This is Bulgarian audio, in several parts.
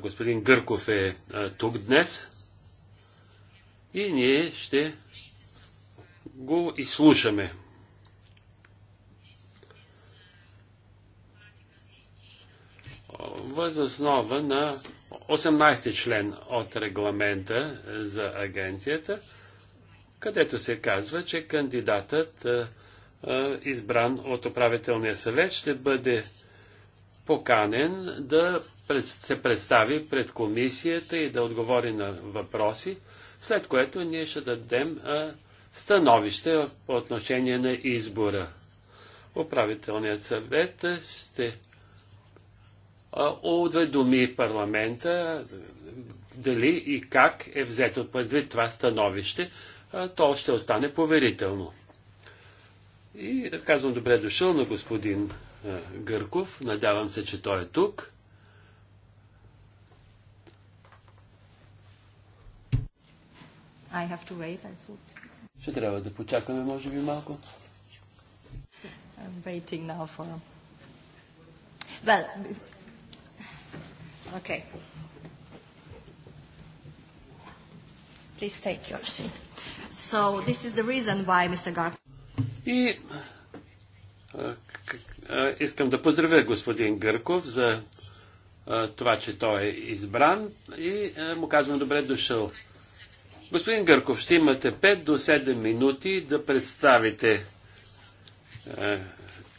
Господин Гърков е тук днес и ние ще го изслушаме. Възоснова на 18 член от регламента за агенцията, където се казва, че кандидатът, избран от управителния съвет, ще бъде поканен да се представи пред комисията и да отговори на въпроси, след което ние ще дадем а, становище по отношение на избора. Управителният съвет ще уведоми парламента дали и как е взето предвид това становище, а, то ще остане поверително. И казвам добре дошъл на господин а, Гърков, надявам се, че той е тук. I have to wait, I thought. Ще трябва да почакаме, може би, малко. I'm waiting now for... Well, okay. Please take your seat. So this is the reason why Mr. Gar... И а, а, искам да поздравя господин Гърков за а, това, че той е избран и му казвам добре дошъл. Господин Гърков, ще имате 5 до 7 минути да представите е,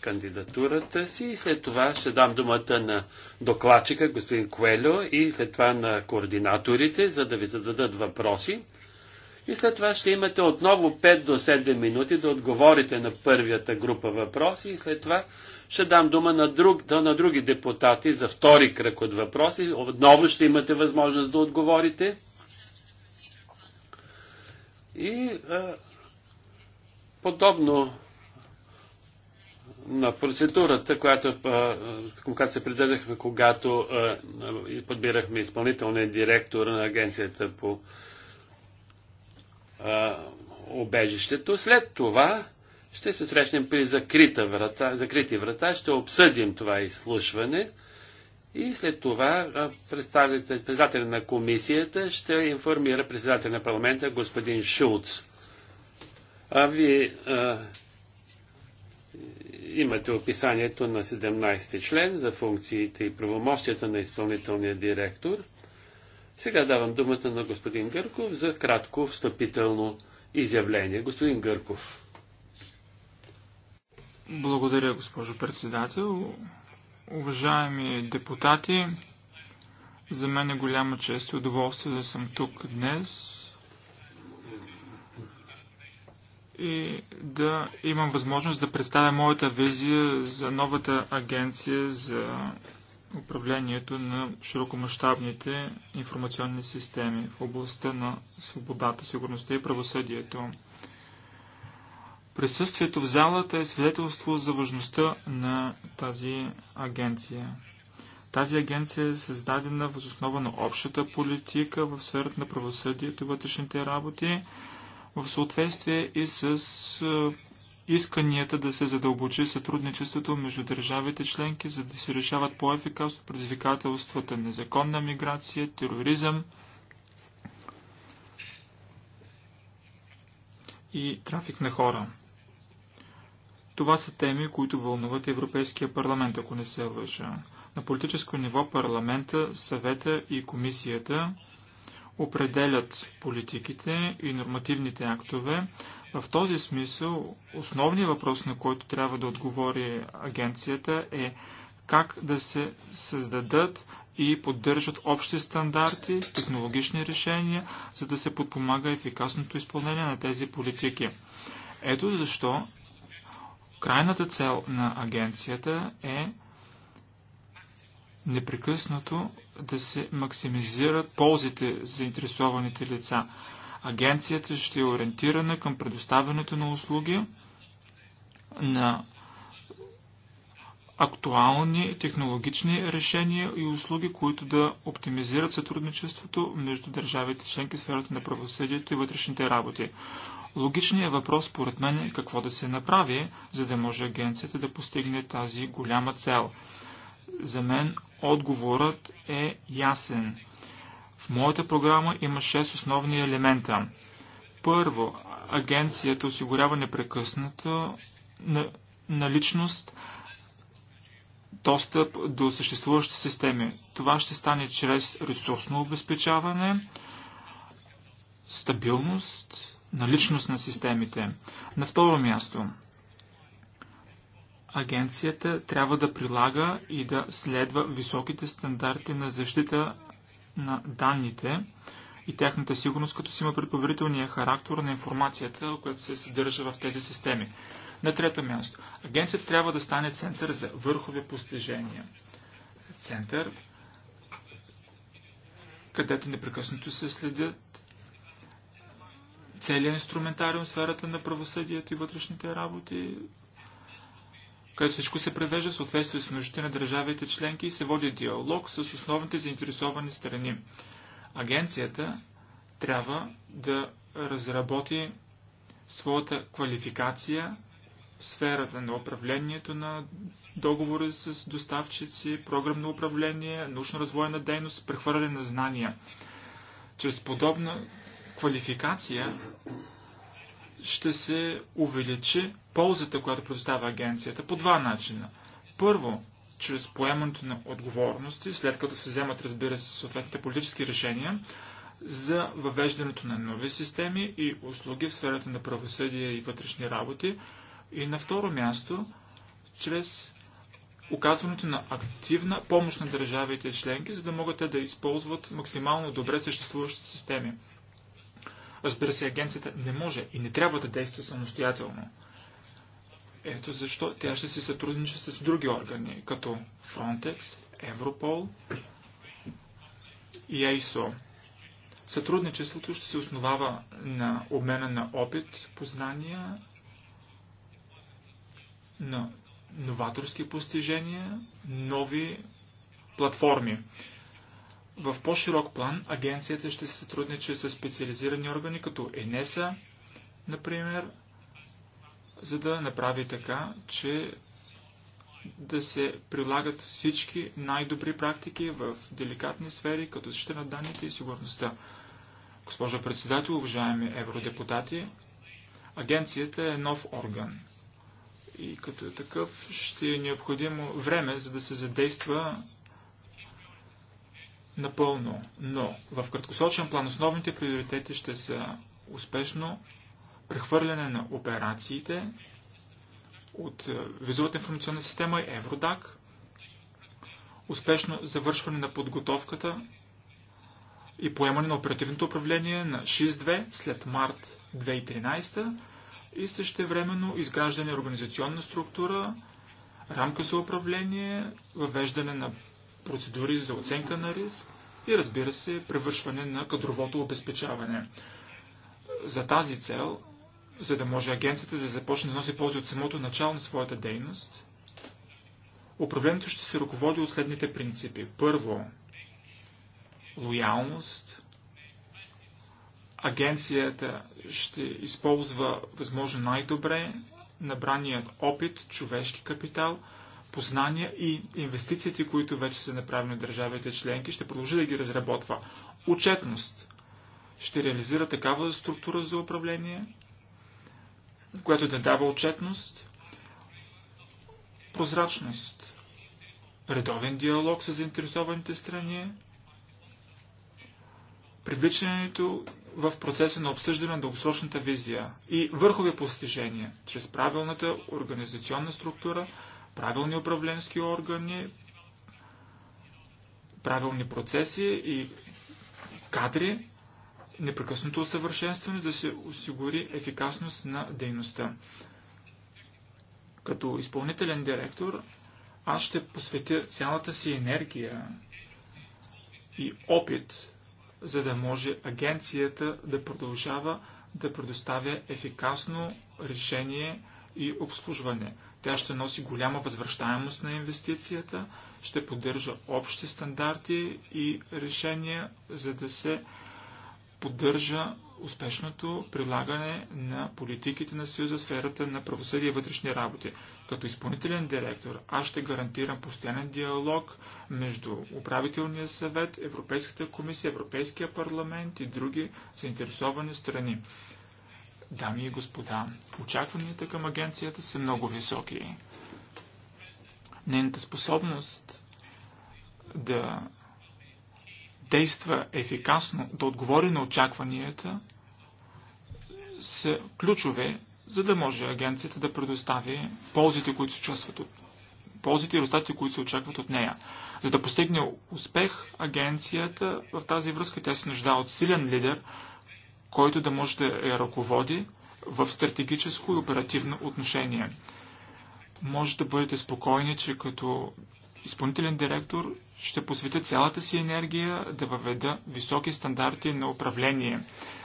кандидатурата си и след това ще дам думата на докладчика, господин Куелю, и след това на координаторите, за да ви зададат въпроси. И след това ще имате отново 5 до 7 минути да отговорите на първията група въпроси и след това ще дам дума на, друг, да, на други депутати за втори кръг от въпроси. Отново ще имате възможност да отговорите. И а, е, подобно на процедурата, която, е, е, към която се придържахме, когато а, подбирахме изпълнителния директор на агенцията по а, обежището. След това ще се срещнем при закрита врата, закрити врата, ще обсъдим това изслушване. И след това председателя на комисията ще информира председателя на парламента господин Шулц. А вие а, имате описанието на 17 член за функциите и правомощията на изпълнителния директор. Сега давам думата на господин Гърков за кратко встъпително изявление. Господин Гърков. Благодаря, госпожо председател. Уважаеми депутати, за мен е голяма чест и удоволствие да съм тук днес и да имам възможност да представя моята визия за новата агенция за управлението на широкомащабните информационни системи в областта на свободата, сигурността и правосъдието. Присъствието в залата е свидетелство за важността на тази агенция. Тази агенция е създадена в основа на общата политика в сферата на правосъдието и вътрешните работи, в съответствие и с исканията да се задълбочи сътрудничеството между държавите членки, за да се решават по-ефикасно предизвикателствата незаконна миграция, тероризъм и трафик на хора. Това са теми, които вълнуват Европейския парламент, ако не се лъжа. На политическо ниво парламента, съвета и комисията определят политиките и нормативните актове. В този смисъл основният въпрос, на който трябва да отговори агенцията е как да се създадат и поддържат общи стандарти, технологични решения, за да се подпомага ефикасното изпълнение на тези политики. Ето защо Крайната цел на агенцията е непрекъснато да се максимизират ползите за заинтересованите лица. Агенцията ще е ориентирана към предоставянето на услуги на актуални технологични решения и услуги, които да оптимизират сътрудничеството между държавите членки в сферата на правосъдието и вътрешните работи. Логичният въпрос, според мен, е какво да се направи, за да може агенцията да постигне тази голяма цел. За мен отговорът е ясен. В моята програма има 6 основни елемента. Първо, агенцията осигурява непрекъсната наличност на достъп до съществуващи системи. Това ще стане чрез ресурсно обезпечаване, стабилност, наличност на системите. На второ място, агенцията трябва да прилага и да следва високите стандарти на защита на данните и тяхната сигурност, като си има предповерителния характер на информацията, която се съдържа в тези системи. На трето място, агенцията трябва да стане център за върхови постижения. Център, където непрекъснато се следят целият инструментариум в сферата на правосъдието и вътрешните работи, където всичко се превежда в съответствие с нуждите на държавите членки и се води диалог с основните заинтересовани страни. Агенцията трябва да разработи своята квалификация в сферата на управлението на договори с доставчици, програмно управление, научно-развойна дейност, прехвърляне на знания. Чрез подобна квалификация ще се увеличи ползата, която предоставя агенцията по два начина. Първо, чрез поемането на отговорности, след като се вземат, разбира се, съответните политически решения за въвеждането на нови системи и услуги в сферата на правосъдие и вътрешни работи, и на второ място, чрез оказването на активна помощ на държавите членки, за да могат да използват максимално добре съществуващите системи. Разбира се, агенцията не може и не трябва да действа самостоятелно. Ето защо тя ще се сътрудничи с други органи, като Frontex, Европол и ISO. Сътрудничеството ще се основава на обмена на опит, познания на новаторски постижения, нови платформи. В по-широк план агенцията ще се сътрудничи с специализирани органи, като ЕНЕСА, например, за да направи така, че да се прилагат всички най-добри практики в деликатни сфери, като защита на данните и сигурността. Госпожо председател, уважаеми евродепутати, агенцията е нов орган. И като е такъв, ще е необходимо време, за да се задейства напълно. Но в краткосрочен план основните приоритети ще са успешно прехвърляне на операциите от е, визуалната информационна система и Евродак, успешно завършване на подготовката и поемане на оперативното управление на 6.2 след март 2013 и същевременно изграждане на организационна структура, рамка за управление, въвеждане на процедури за оценка на риск и разбира се, превършване на кадровото обезпечаване. За тази цел, за да може агенцията да започне да носи ползи от самото начало на своята дейност, управлението ще се ръководи от следните принципи. Първо, лоялност – Агенцията ще използва възможно най-добре набраният опит, човешки капитал, познания и инвестициите, които вече са направени от държавите членки, ще продължи да ги разработва. Отчетност ще реализира такава структура за управление, която да дава отчетност, прозрачност, редовен диалог с заинтересованите страни, привличането в процеса на обсъждане на дългосрочната визия и върхови постижения, чрез правилната организационна структура, правилни управленски органи, правилни процеси и кадри, непрекъснато усъвършенстване да се осигури ефикасност на дейността. Като изпълнителен директор, аз ще посветя цялата си енергия и опит за да може агенцията да продължава да предоставя ефикасно решение и обслужване. Тя ще носи голяма възвръщаемост на инвестицията, ще поддържа общи стандарти и решения, за да се поддържа успешното прилагане на политиките на Съюза в сферата на правосъдие и вътрешни работи. Като изпълнителен директор, аз ще гарантирам постоянен диалог между Управителния съвет, Европейската комисия, Европейския парламент и други заинтересовани страни. Дами и господа, очакванията към агенцията са много високи. Нейната способност да действа ефикасно, да отговори на очакванията, са ключове, за да може агенцията да предостави ползите, които се чувстват от ползите и резултатите, които се очакват от нея. За да постигне успех, агенцията в тази връзка тя се нуждае от силен лидер, който да може да я ръководи в стратегическо и оперативно отношение. Може да бъдете спокойни, че като изпълнителен директор ще посветя цялата си енергия да въведа високи стандарти на управление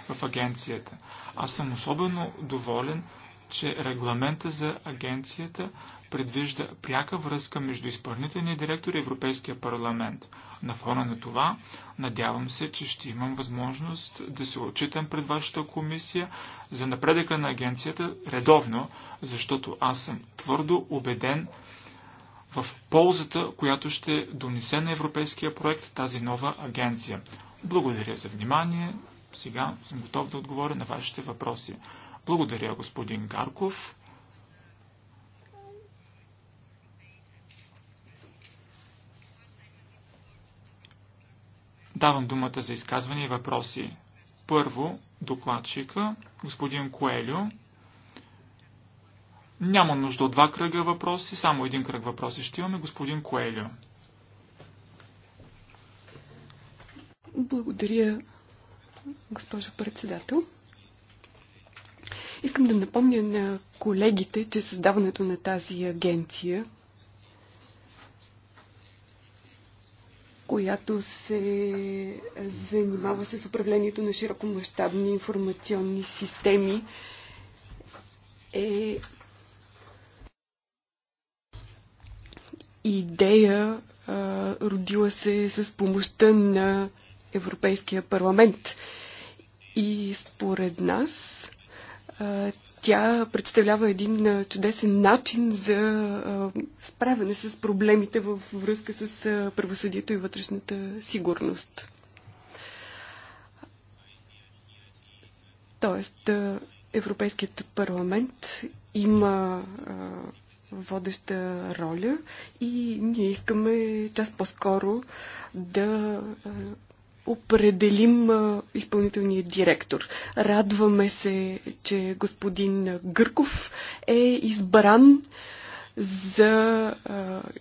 в агенцията. Аз съм особено доволен, че регламента за агенцията предвижда пряка връзка между изпълнителния директор и Европейския парламент. На фона на това, надявам се, че ще имам възможност да се отчитам пред вашата комисия за напредъка на агенцията редовно, защото аз съм твърдо убеден, в ползата, която ще донесе на европейския проект тази нова агенция. Благодаря за внимание. Сега съм готов да отговоря на вашите въпроси. Благодаря, господин Гарков. Давам думата за изказвания и въпроси. Първо, докладчика, господин Коелю. Няма нужда от два кръга въпроси, само един кръг въпроси ще имаме. Господин Коелио. Благодаря, госпожо председател. Искам да напомня на колегите, че създаването на тази агенция, която се занимава с управлението на широкомащабни информационни системи, е идея, а, родила се с помощта на Европейския парламент. И според нас а, тя представлява един чудесен начин за а, справяне с проблемите във връзка с а, правосъдието и вътрешната сигурност. Тоест, Европейският парламент има а, водеща роля и ние искаме част по-скоро да определим изпълнителния директор. Радваме се, че господин Гърков е избран за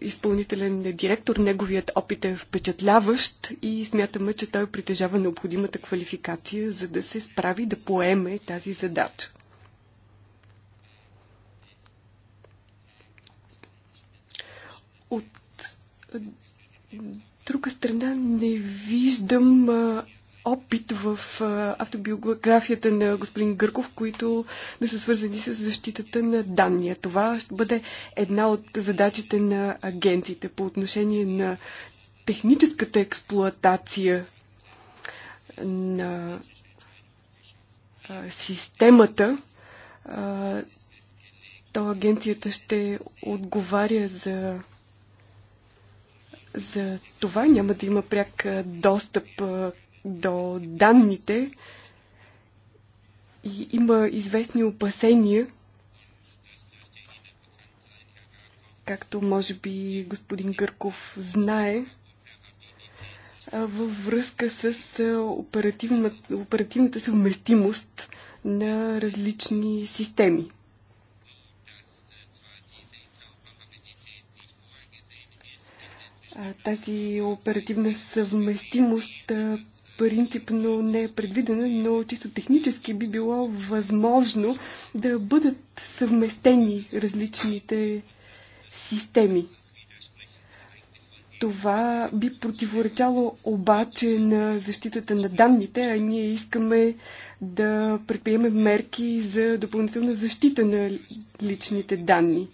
изпълнителен директор. Неговият опит е впечатляващ и смятаме, че той притежава необходимата квалификация, за да се справи да поеме тази задача. От друга страна не виждам опит в автобиографията на господин Гърков, които да са свързани с защитата на данния. Това ще бъде една от задачите на агенциите по отношение на техническата експлоатация на системата. То агенцията ще отговаря за за това няма да има пряк достъп до данните и има известни опасения, както може би господин Гърков знае, във връзка с оперативна, оперативната съвместимост на различни системи. Тази оперативна съвместимост принципно не е предвидена, но чисто технически би било възможно да бъдат съвместени различните системи. Това би противоречало обаче на защитата на данните, а ние искаме да предприемем мерки за допълнителна защита на личните данни.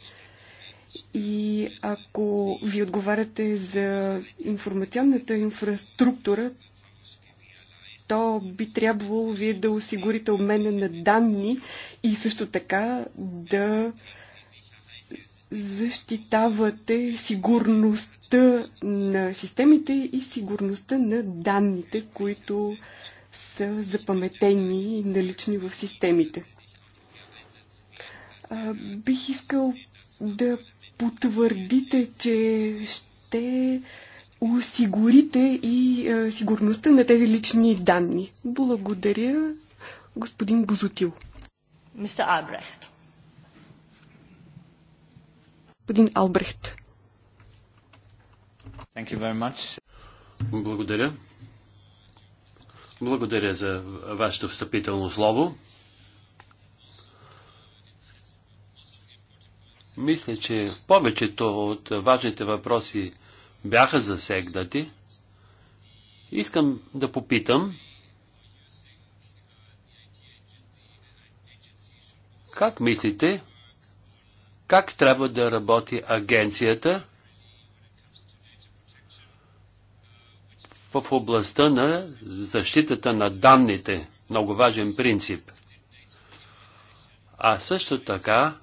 И ако ви отговаряте за информационната инфраструктура, то би трябвало вие да осигурите обмена на данни и също така да защитавате сигурността на системите и сигурността на данните, които са запаметени и налични в системите. бих искал да потвърдите, че ще осигурите и а, е, сигурността на тези лични данни. Благодаря, господин Бозутил. Мистер Албрехт. Господин Албрехт. Thank you very much. Благодаря. Благодаря за вашето встъпително слово. Мисля, че повечето от важните въпроси бяха засегнати. Искам да попитам, как мислите, как трябва да работи агенцията в областта на защитата на данните? Много важен принцип. А също така,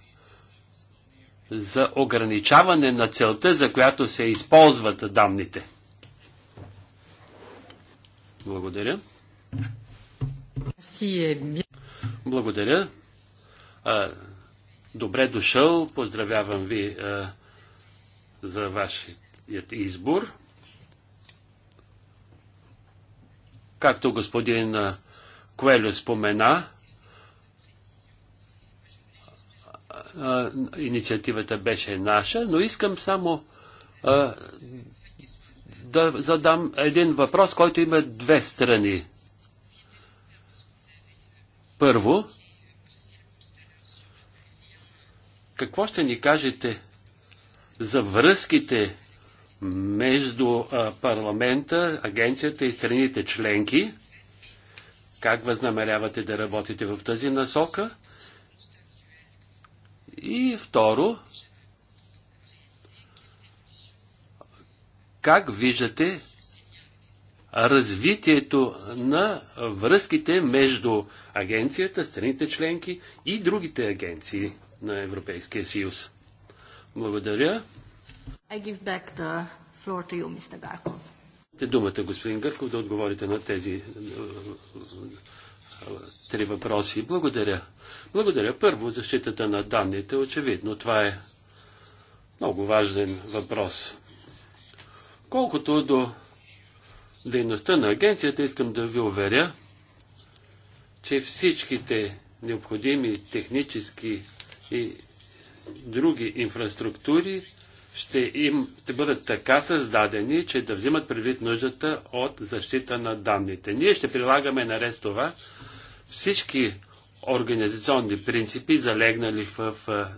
за ограничаване на целта, за която се използват данните. Благодаря. Е Благодаря. Добре дошъл. Поздравявам ви за вашият избор. Както господин Коелю спомена, инициативата беше наша, но искам само а, да задам един въпрос, който има две страни. Първо, какво ще ни кажете за връзките между а, парламента, агенцията и страните членки? Как възнамерявате да работите в тази насока? И второ, как виждате развитието на връзките между агенцията, страните членки и другите агенции на Европейския съюз? Благодаря. I give back the floor to you, Mr. Garkov. Те думата, господин Гърков, да отговорите на тези три въпроси. Благодаря. Благодаря. Първо, защитата на данните. Очевидно, това е много важен въпрос. Колкото до дейността на агенцията, искам да ви уверя, че всичките необходими технически и други инфраструктури ще, им, ще бъдат така създадени, че да взимат предвид нуждата от защита на данните. Ние ще прилагаме наред това всички организационни принципи, залегнали в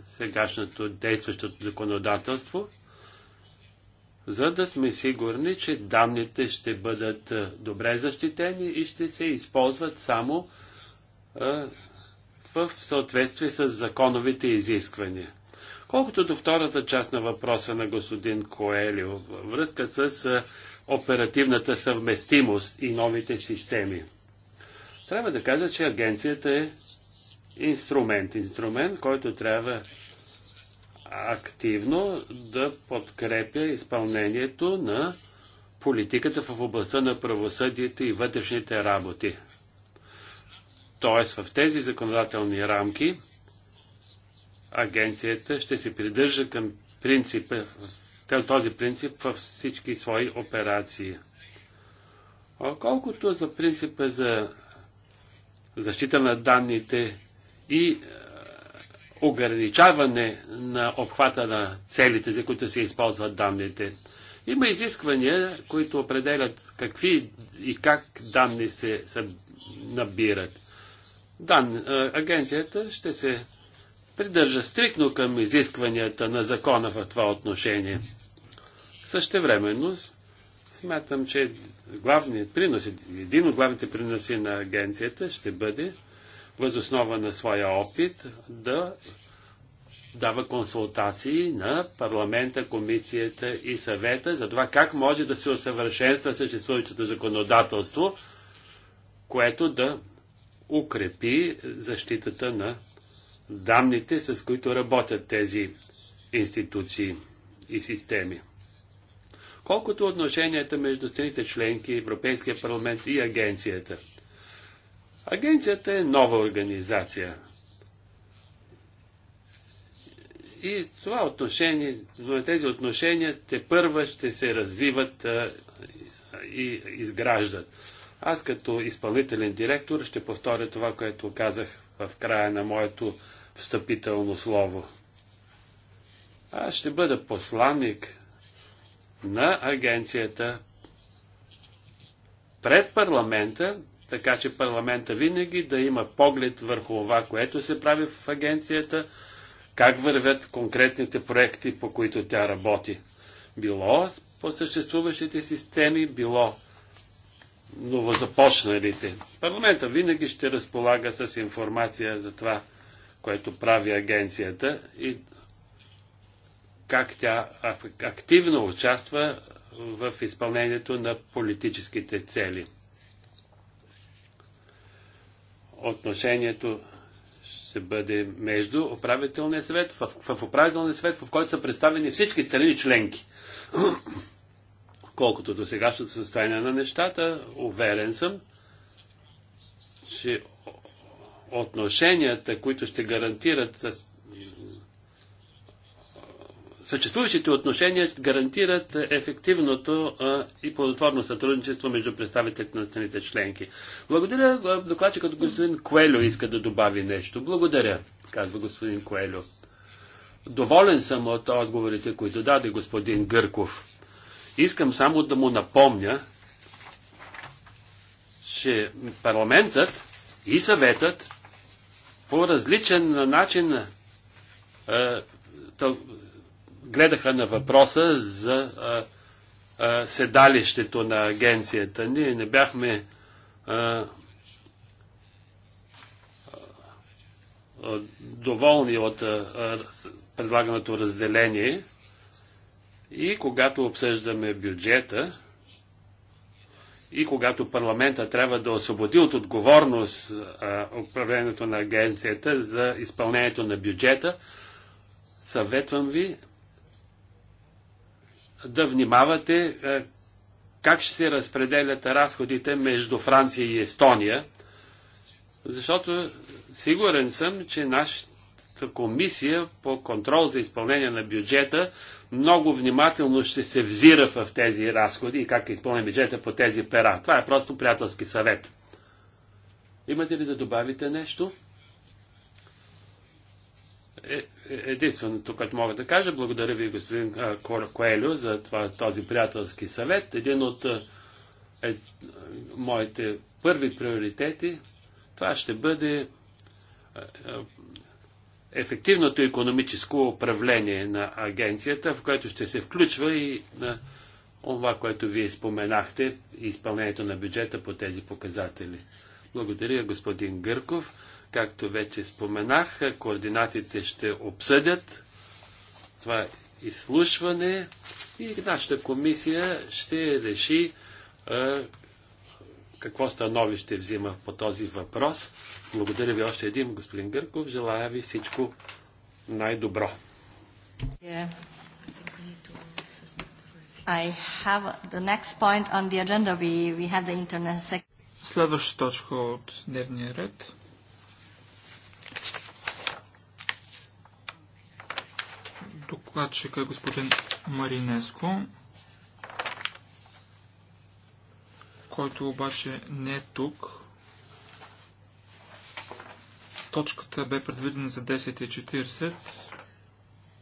сегашното действащото законодателство, за да сме сигурни, че данните ще бъдат е, добре защитени и ще се използват само е, в съответствие с законовите изисквания. Колкото до втората част на въпроса на господин Коелио, връзка с е, оперативната съвместимост и новите системи. Трябва да кажа, че агенцията е инструмент. Инструмент, който трябва активно да подкрепя изпълнението на политиката в областта на правосъдието и вътрешните работи. Тоест в тези законодателни рамки агенцията ще се придържа към, принципа, към този принцип във всички свои операции. колкото за принципа за защита на данните и е, ограничаване на обхвата на целите, за които се използват данните. Има изисквания, които определят какви и как данни се, набират. Дан, е, агенцията ще се придържа стрикно към изискванията на закона в това отношение. Същевременно Смятам, че главният принос, един от главните приноси на агенцията ще бъде възоснова на своя опит да дава консултации на парламента, комисията и съвета за това как може да се усъвършенства съществуващото законодателство, което да укрепи защитата на данните, с които работят тези институции и системи колкото отношенията между страните членки, Европейския парламент и агенцията. Агенцията е нова организация. И това отношение, тези отношения те първа ще се развиват а, и изграждат. Аз като изпълнителен директор ще повторя това, което казах в края на моето встъпително слово. Аз ще бъда посланник на агенцията пред парламента, така че парламента винаги да има поглед върху това, което се прави в агенцията, как вървят конкретните проекти, по които тя работи. Било по съществуващите системи, било новозапочналите. Парламента винаги ще разполага с информация за това, което прави агенцията и как тя активно участва в изпълнението на политическите цели. Отношението ще бъде между управителния съвет, в, в управителния съвет, в който са представени всички страни членки. Колкото до сегашното състояние на нещата, уверен съм, че отношенията, които ще гарантират съществуващите отношения гарантират е, ефективното и плодотворно сътрудничество между представителите на страните членки. Благодаря, докладчикът господин Куелю иска да добави нещо. Благодаря, казва господин Куелю. Доволен съм от отговорите, които даде господин Гърков. Искам само да му напомня, че парламентът и съветът по различен начин гледаха на въпроса за а, а, седалището на агенцията. Ние не бяхме а, доволни от предлаганото разделение и когато обсъждаме бюджета и когато парламента трябва да освободи от отговорност управлението на агенцията за изпълнението на бюджета, съветвам ви да внимавате е, как ще се разпределят разходите между Франция и Естония, защото сигурен съм, че нашата комисия по контрол за изпълнение на бюджета много внимателно ще се взира в тези разходи и как изпълня бюджета по тези пера. Това е просто приятелски съвет. Имате ли да добавите нещо? Е, единственото, което мога да кажа, благодаря ви, господин Коелю, за това, този приятелски съвет. Един от е, моите първи приоритети, това ще бъде ефективното економическо управление на агенцията, в което ще се включва и на това, което вие споменахте, изпълнението на бюджета по тези показатели. Благодаря, господин Гърков. Както вече споменах, координатите ще обсъдят това изслушване и нашата комисия ще реши а, какво становище взима по този въпрос. Благодаря ви още един, господин Гърков. Желая ви всичко най-добро. We, we Следваща точка от дневния ред. докладчика е господин Маринеско, който обаче не е тук. Точката бе предвидена за 10.40,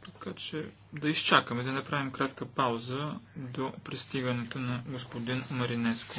така че да изчакаме, да направим кратка пауза до пристигането на господин Маринеско.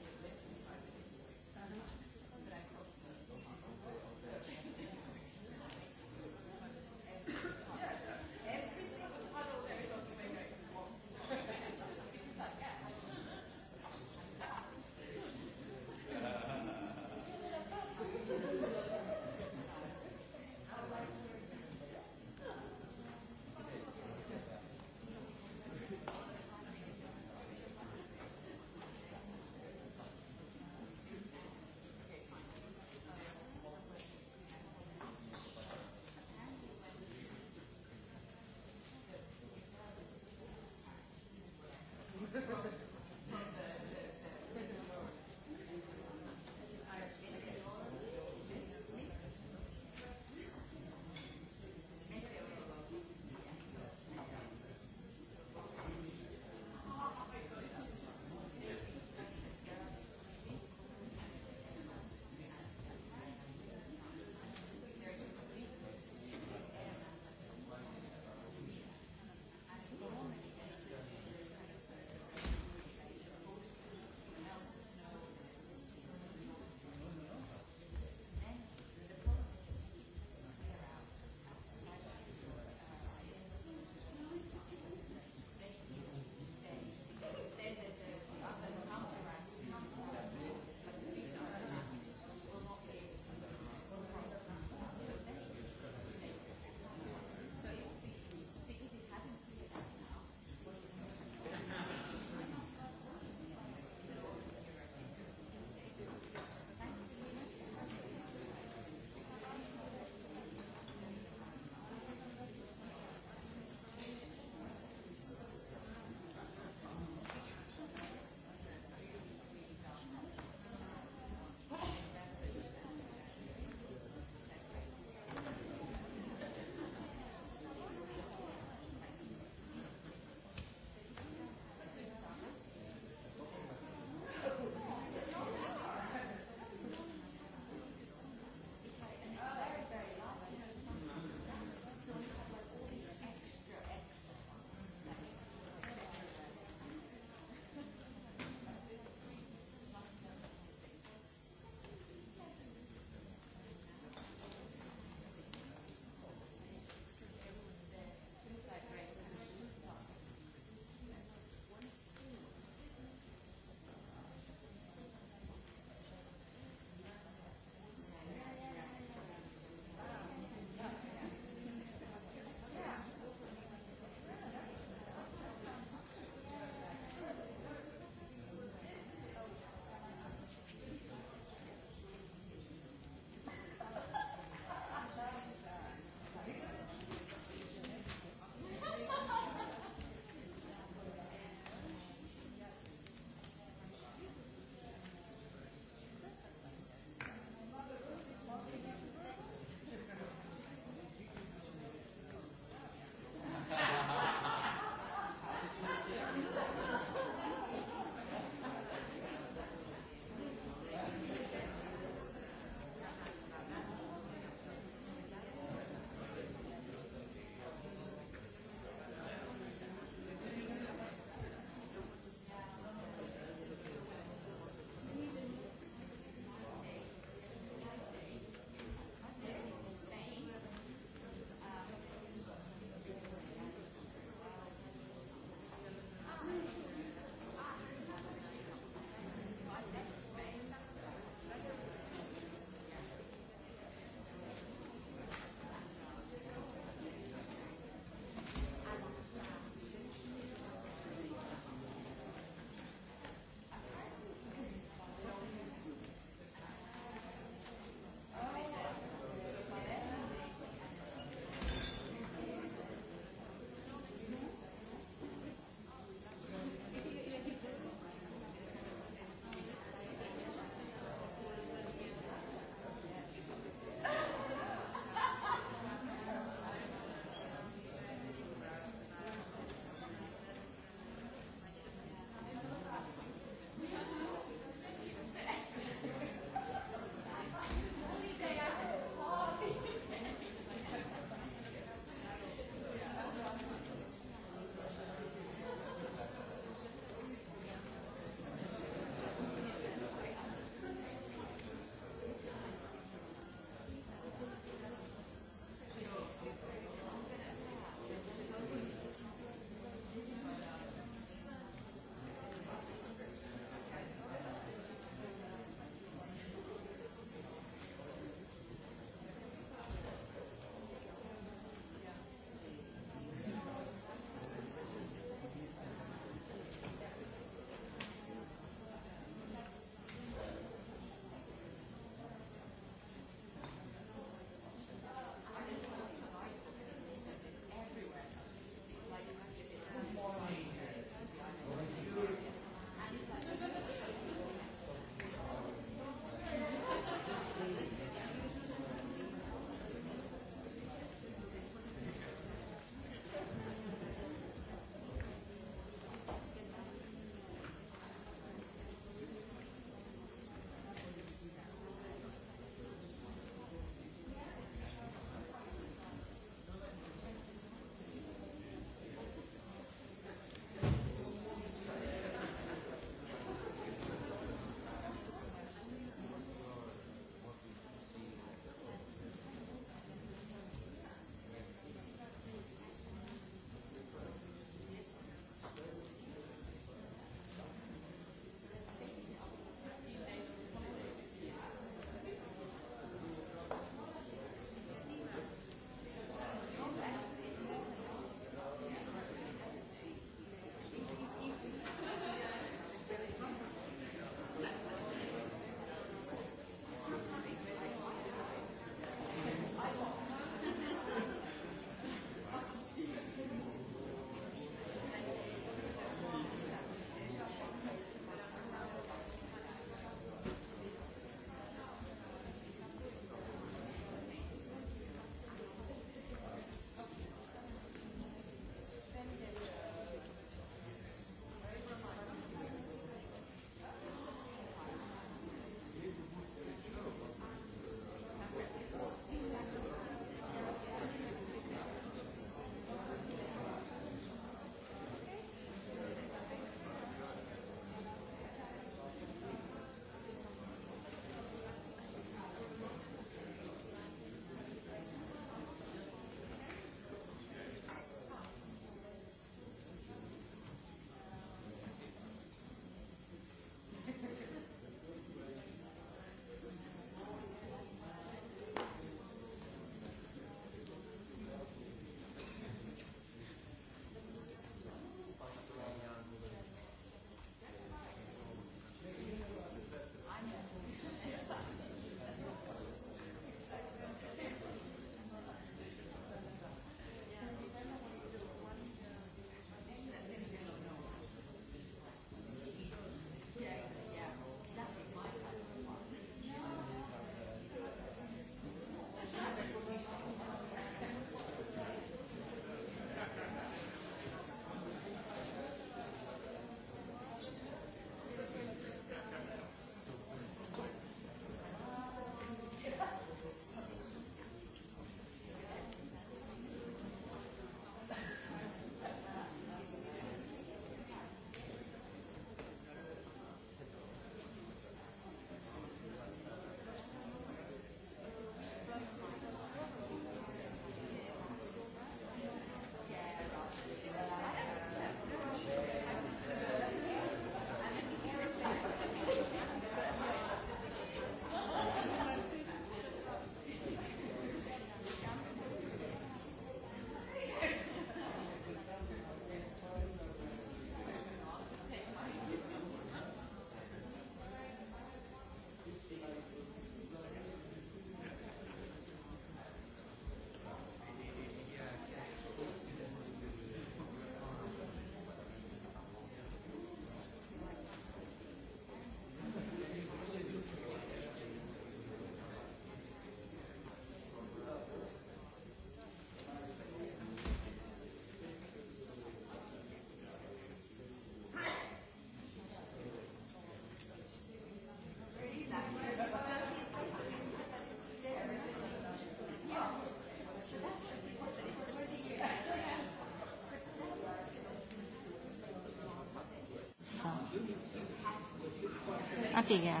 yeah.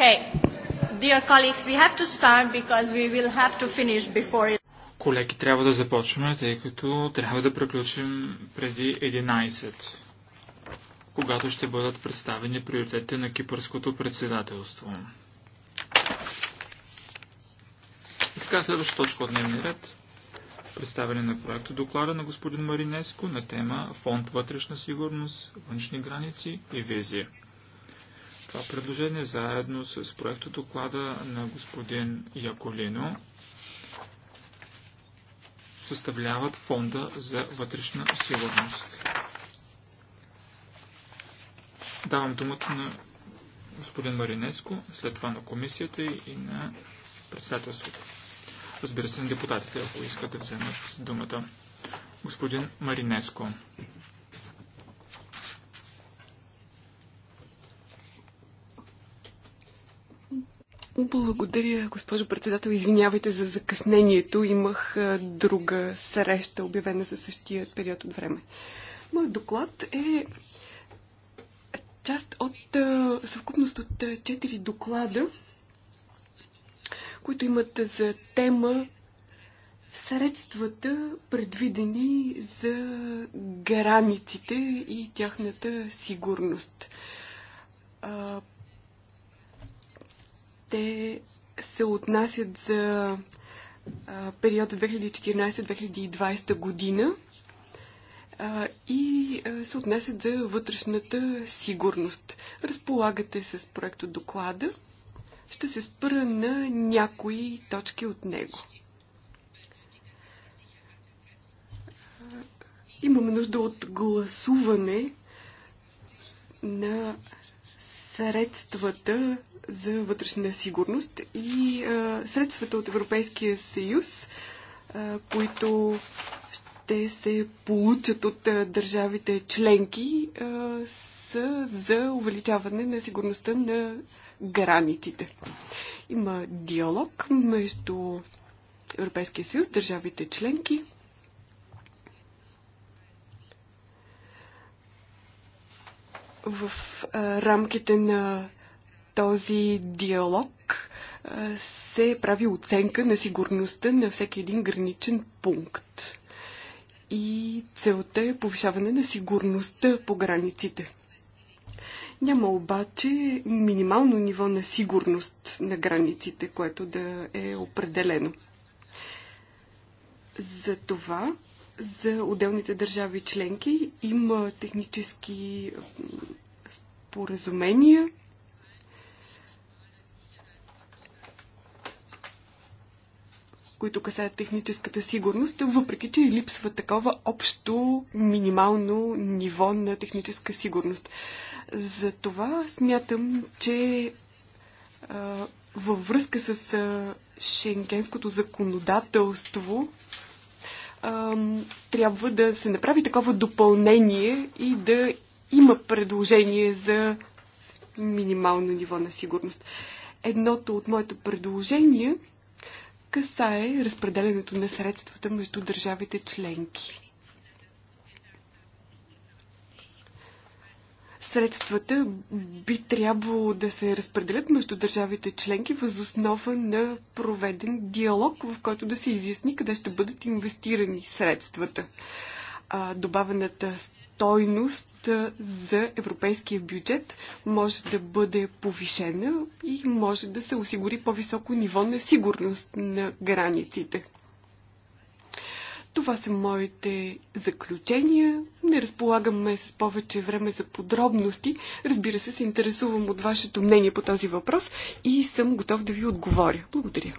Okay. Dear colleagues, we have to start because we will have to finish before Колеги, трябва да започваме, тъй като трябва да приключим преди 11, когато ще бъдат представени приоритетите на кипърското председателство. И така, следваща точка от дневния ред. Представяне на проекта доклада на господин Маринеско на тема Фонд вътрешна сигурност, външни граници и визия това предложение заедно с проекта доклада на господин Яколино съставляват фонда за вътрешна сигурност. Давам думата на господин Маринецко, след това на комисията и на председателството. Разбира се, на депутатите, ако искат да вземат думата. Господин Маринеско. Благодаря, госпожо председател. Извинявайте за закъснението. Имах друга среща, обявена за същия период от време. Моят доклад е част от съвкупност от четири доклада, които имат за тема средствата, предвидени за границите и тяхната сигурност те се отнасят за периода 2014-2020 година и се отнасят за вътрешната сигурност. Разполагате с проекто доклада. Ще се спра на някои точки от него. Имаме нужда от гласуване на средствата за вътрешна сигурност и а, средствата от Европейския съюз, а, които ще се получат от а, държавите членки, а, са за увеличаване на сигурността на границите. Има диалог между Европейския съюз, държавите членки. В а, рамките на този диалог се прави оценка на сигурността на всеки един граничен пункт. И целта е повишаване на сигурността по границите. Няма обаче минимално ниво на сигурност на границите, което да е определено. За това за отделните държави членки има технически споразумения, които касаят техническата сигурност, въпреки че и липсва такова общо минимално ниво на техническа сигурност. Затова смятам, че а, във връзка с а, шенгенското законодателство а, трябва да се направи такова допълнение и да има предложение за минимално ниво на сигурност. Едното от моето предложение касае разпределянето на средствата между държавите членки. Средствата би трябвало да се разпределят между държавите членки въз основа на проведен диалог, в който да се изясни къде ще бъдат инвестирани средствата. Добавената добавената стойност за европейския бюджет може да бъде повишена и може да се осигури по-високо ниво на сигурност на границите. Това са моите заключения. Не разполагаме с повече време за подробности. Разбира се, се интересувам от вашето мнение по този въпрос и съм готов да ви отговоря. Благодаря.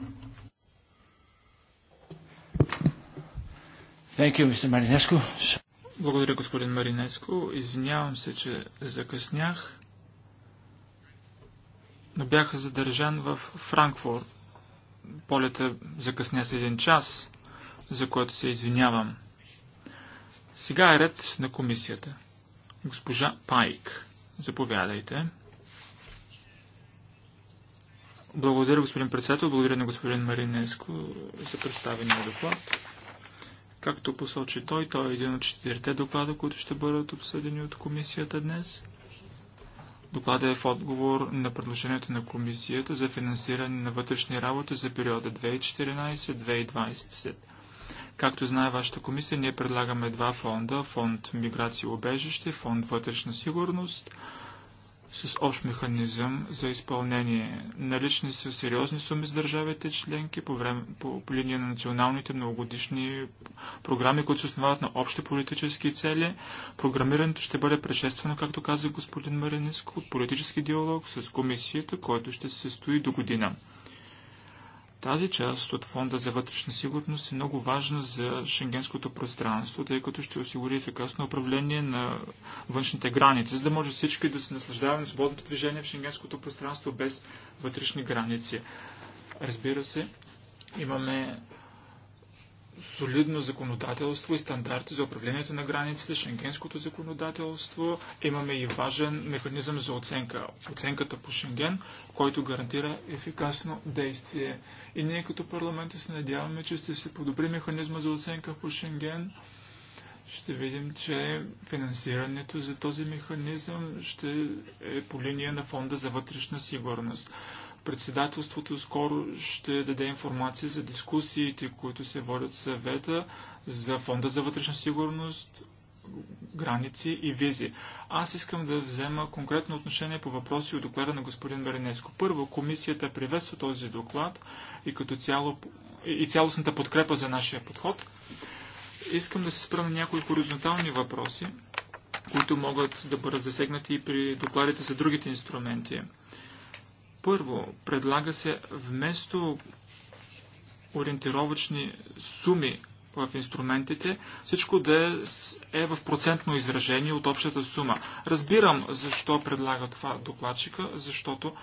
Thank you, Mr. Marinescu. Благодаря, господин Маринеско. Извинявам се, че закъснях, но бях задържан в Франкфурт. Полета закъсня с един час, за което се извинявам. Сега е ред на комисията. Госпожа Пайк, заповядайте. Благодаря, господин председател. Благодаря на господин Маринеско за представения доклад. Както посочи той, той е един от четирите доклада, които ще бъдат обсъдени от комисията днес. Доклада е в отговор на предложението на комисията за финансиране на вътрешни работи за периода 2014-2020. Както знае вашата комисия, ние предлагаме два фонда. Фонд Миграция и обежище, фонд Вътрешна сигурност – с общ механизъм за изпълнение. Налични са сериозни суми с държавите членки по, време, по, по линия на националните многогодишни програми, които се основават на общи политически цели. Програмирането ще бъде предшествено, както каза господин Мариниско, от политически диалог с комисията, който ще се състои до година. Тази част от фонда за вътрешна сигурност е много важна за шенгенското пространство, тъй като ще осигури ефикасно управление на външните граници, за да може всички да се наслаждаваме на свободното движение в шенгенското пространство без вътрешни граници. Разбира се, имаме солидно законодателство и стандарти за управлението на границите, шенгенското законодателство. Имаме и важен механизъм за оценка. Оценката по Шенген, който гарантира ефикасно действие. И ние като парламент се надяваме, че ще се подобри механизма за оценка по Шенген. Ще видим, че финансирането за този механизъм ще е по линия на фонда за вътрешна сигурност. Председателството скоро ще даде информация за дискусиите, които се водят в съвета за Фонда за вътрешна сигурност, граници и визи. Аз искам да взема конкретно отношение по въпроси от доклада на господин Маринеско. Първо, комисията приветства този доклад и като цяло и цялостната подкрепа за нашия подход. Искам да се спра на някои хоризонтални въпроси, които могат да бъдат засегнати и при докладите за другите инструменти. Първо, предлага се вместо ориентировъчни суми в инструментите, всичко да е, е в процентно изражение от общата сума. Разбирам защо предлага това докладчика, защото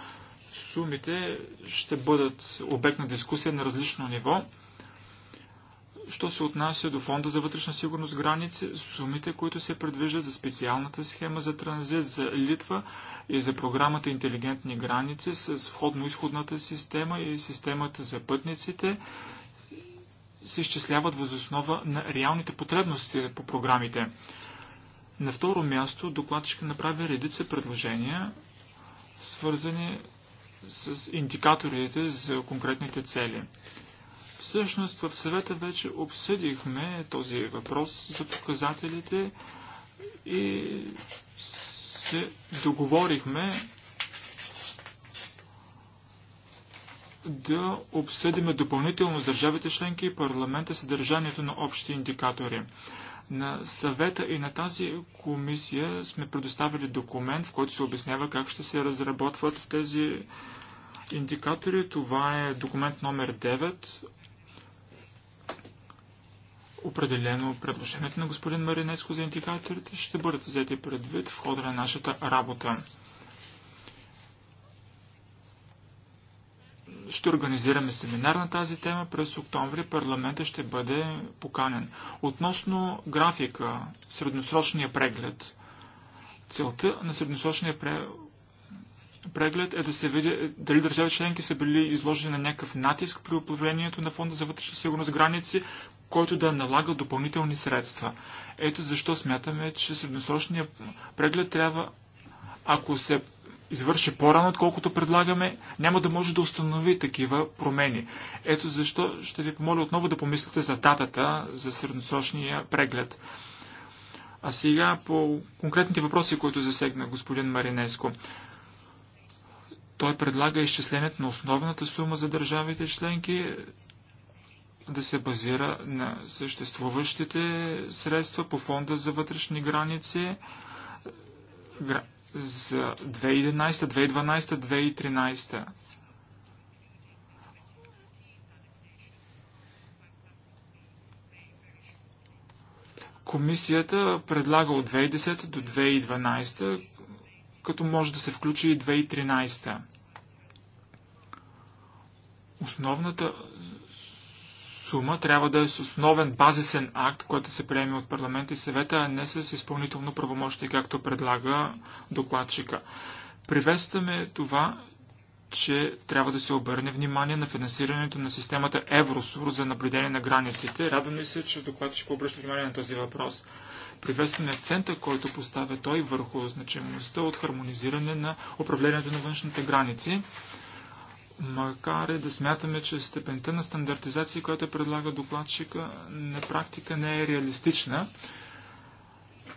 сумите ще бъдат обект на дискусия на различно ниво Що се отнася до Фонда за вътрешна сигурност граници, сумите, които се предвиждат за специалната схема за транзит за Литва и за програмата Интелигентни граници с входно-изходната система и системата за пътниците, се изчисляват възоснова на реалните потребности по програмите. На второ място докладчика направи редица предложения, свързани с индикаторите за конкретните цели. Всъщност в съвета вече обсъдихме този въпрос за показателите и се договорихме да обсъдиме допълнително с държавите членки и парламента съдържанието на общите индикатори. На съвета и на тази комисия сме предоставили документ, в който се обяснява как ще се разработват тези индикатори. Това е документ номер 9 Определено предложението на господин Маринеско за индикаторите ще бъдат взети предвид в хода на нашата работа. ще организираме семинар на тази тема. През октомври парламента ще бъде поканен. Относно графика, средносрочния преглед. Целта на средносрочния преглед е да се види дали държави членки са били изложени на някакъв натиск при управлението на Фонда за вътрешна сигурност граници, който да налага допълнителни средства. Ето защо смятаме, че средносрочният преглед трябва, ако се извърши по-рано, отколкото предлагаме, няма да може да установи такива промени. Ето защо ще ви помоля отново да помислите за датата за средносрочния преглед. А сега по конкретните въпроси, които засегна господин Маринеско. Той предлага изчислението на основната сума за държавите членки да се базира на съществуващите средства по фонда за вътрешни граници за 2011, 2012, 2013. Комисията предлага от 2010 до 2012, като може да се включи и 2013. Основната сума трябва да е с основен базисен акт, който се приеме от парламента и съвета, а не с изпълнително правомощие, както предлага докладчика. Приветстваме това, че трябва да се обърне внимание на финансирането на системата Евросур за наблюдение на границите. Радваме се, че докладчик обръща внимание на този въпрос. Приветстваме акцента, който поставя той върху значимостта от хармонизиране на управлението на външните граници макар и да смятаме, че степента на стандартизация, която е предлага докладчика, на практика не е реалистична.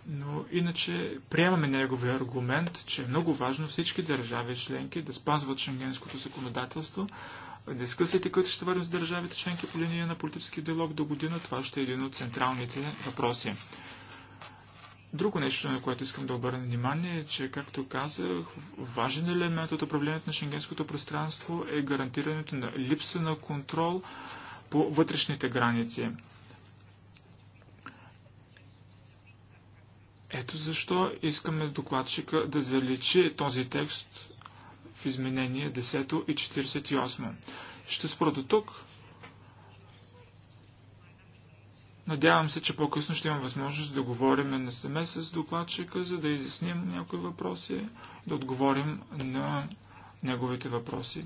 Но иначе приемаме неговия аргумент, че е много важно всички държави членки да спазват шенгенското законодателство. Дискусиите, които ще върнем с държавите членки по линия на политически диалог до година, това ще е един от централните въпроси. Друго нещо, на което искам да обърна внимание, е, че, както казах, важен елемент от управлението на шенгенското пространство е гарантирането на липса на контрол по вътрешните граници. Ето защо искаме докладчика да заличи този текст в изменение 10 и 48. Ще спра до тук. Надявам се, че по-късно ще имам възможност да говорим на семе с докладчика, за да изясним някои въпроси, да отговорим на неговите въпроси.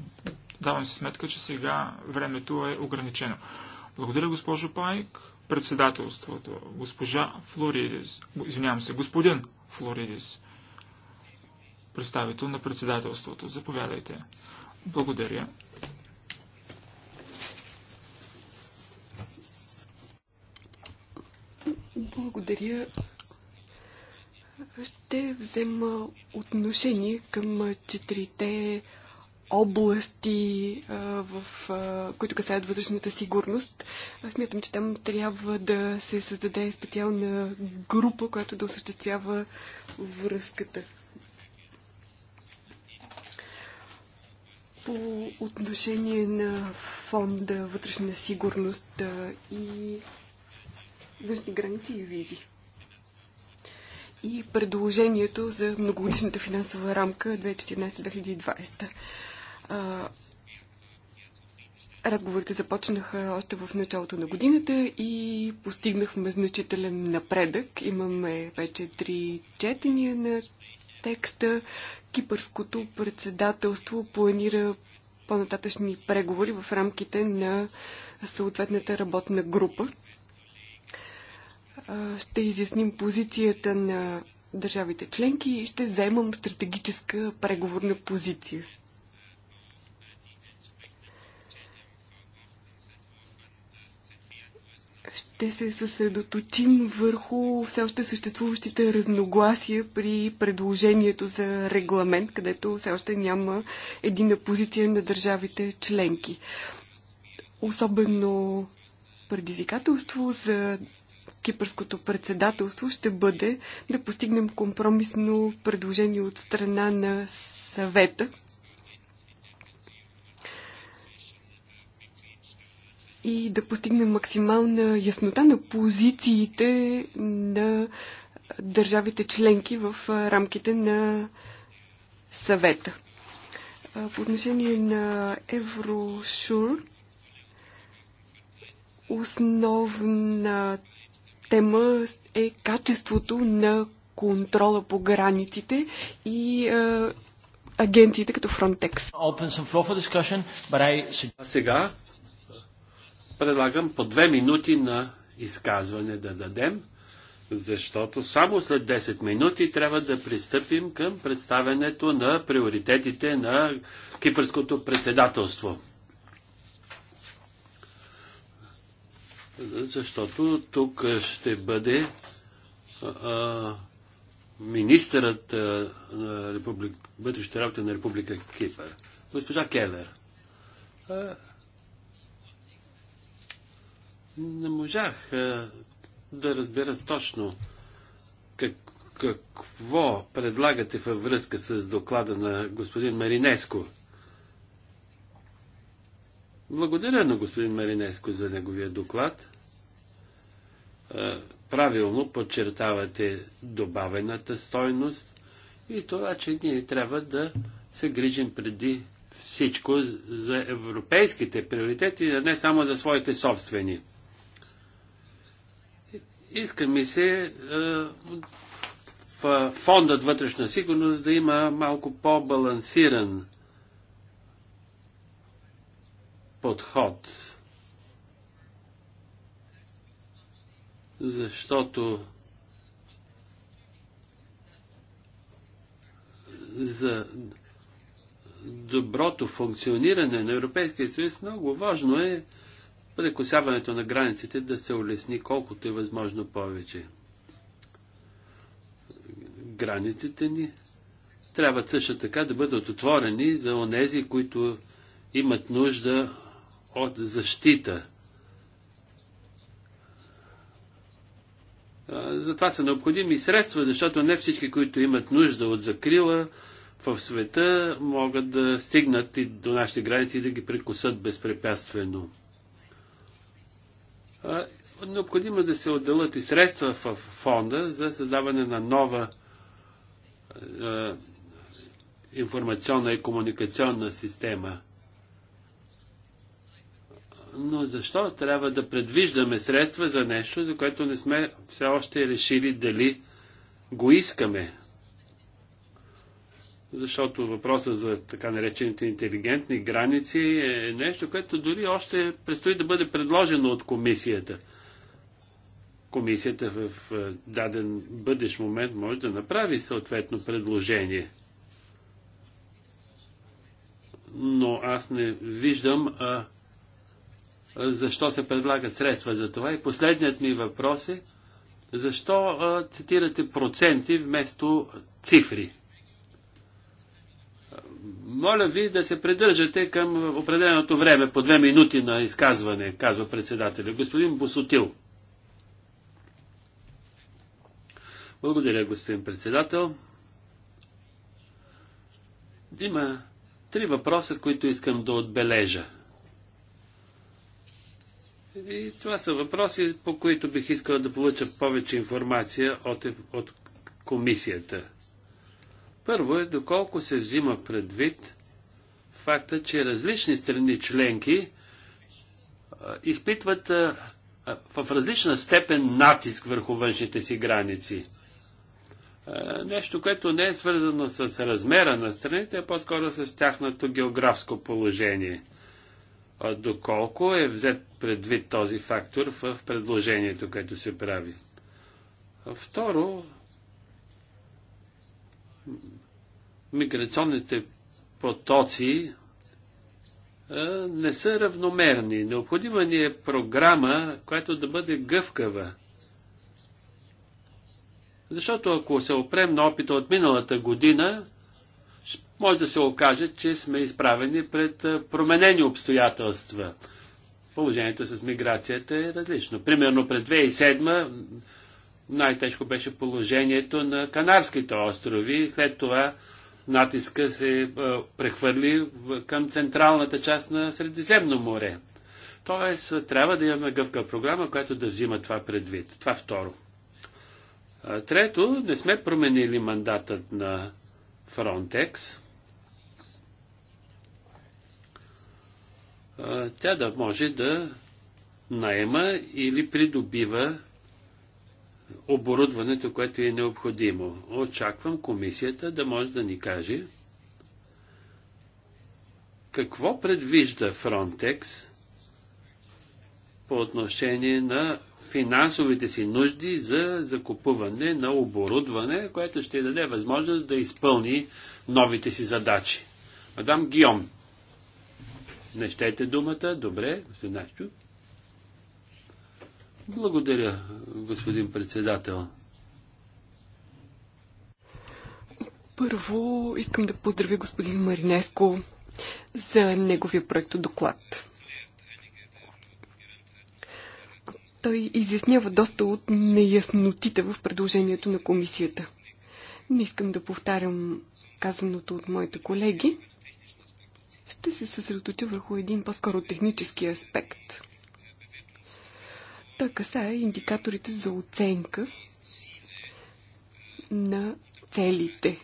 Давам си сметка, че сега времето е ограничено. Благодаря, госпожо Пайк. Председателството, госпожа Флоридис, извинявам се, господин Флоридис, представител на председателството. Заповядайте. Благодаря. Благодаря. Ще взема отношение към четирите области, в които касаят вътрешната сигурност. Аз Смятам, че там трябва да се създаде специална група, която да осъществява връзката. По отношение на фонда вътрешна сигурност и външни граници и визи. И предложението за многогодишната финансова рамка 2014-2020. Разговорите започнаха още в началото на годината и постигнахме значителен напредък. Имаме вече три четения на текста. Кипърското председателство планира по-нататъчни преговори в рамките на съответната работна група ще изясним позицията на държавите членки и ще вземам стратегическа преговорна позиция. ще се съсредоточим върху все още съществуващите разногласия при предложението за регламент, където все още няма едина позиция на държавите членки. Особено предизвикателство за кипърското председателство ще бъде да постигнем компромисно предложение от страна на съвета. И да постигнем максимална яснота на позициите на държавите членки в рамките на съвета. По отношение на Еврошур, основната тема е качеството на контрола по границите и е, агенциите като Frontex. А сега предлагам по две минути на изказване да дадем, защото само след 10 минути трябва да пристъпим към представенето на приоритетите на кипърското председателство. защото тук ще бъде а, министърът а, на Републик... вътрешните работи на Република Кипър, госпожа Келер. А, не можах а, да разбера точно как, какво предлагате във връзка с доклада на господин Маринеско. Благодаря на господин Маринеско за неговия доклад. Е, правилно подчертавате добавената стойност и това, че ние трябва да се грижим преди всичко за европейските приоритети, а не само за своите собствени. Иска ми се е, в фондът вътрешна сигурност да има малко по-балансиран подход, защото за доброто функциониране на Европейския съюз много важно е прекосяването на границите да се улесни колкото е възможно повече. Границите ни трябва също така да бъдат отворени за онези, които имат нужда от защита. Затова са необходими средства, защото не всички, които имат нужда от закрила в света, могат да стигнат и до нашите граници и да ги прекусат безпрепятствено. Необходимо да се отделят и средства в фонда за създаване на нова информационна и комуникационна система но защо трябва да предвиждаме средства за нещо, за което не сме все още решили дали го искаме? Защото въпроса за така наречените интелигентни граници е нещо, което дори още предстои да бъде предложено от комисията. Комисията в даден бъдещ момент може да направи съответно предложение но аз не виждам а, защо се предлагат средства за това. И последният ми въпрос е, защо цитирате проценти вместо цифри? Моля ви да се придържате към определеното време, по две минути на изказване, казва председателя. Господин Босотил. Благодаря, господин председател. Има три въпроса, които искам да отбележа. И това са въпроси, по които бих искал да получа повече информация от, от комисията. Първо е доколко се взима предвид факта, че различни страни членки изпитват а, а, в различна степен натиск върху външните си граници. Нещо, което не е свързано с размера на страните, а по-скоро с тяхното географско положение – доколко е взет предвид този фактор в предложението, което се прави. Второ, миграционните потоци не са равномерни. Необходима ни е програма, която да бъде гъвкава. Защото ако се опрем на опита от миналата година, може да се окаже, че сме изправени пред променени обстоятелства. Положението с миграцията е различно. Примерно пред 2007 най-тежко беше положението на Канарските острови. След това натиска се прехвърли към централната част на Средиземно море. Тоест, трябва да имаме гъвка програма, която да взима това предвид. Това второ. Трето, не сме променили мандатът на Фронтекс. тя да може да найема или придобива оборудването, което е необходимо. Очаквам комисията да може да ни каже какво предвижда Фронтекс по отношение на финансовите си нужди за закупуване на оборудване, което ще даде възможност да изпълни новите си задачи. Мадам Гион. Не щете думата? Добре, господин Начук. Благодаря, господин председател. Първо искам да поздравя господин Маринеско за неговия проект доклад. Той изяснява доста от неяснотите в предложението на комисията. Не искам да повтарям казаното от моите колеги. Ще се съсредоточа върху един по-скоро технически аспект. Той касае индикаторите за оценка на целите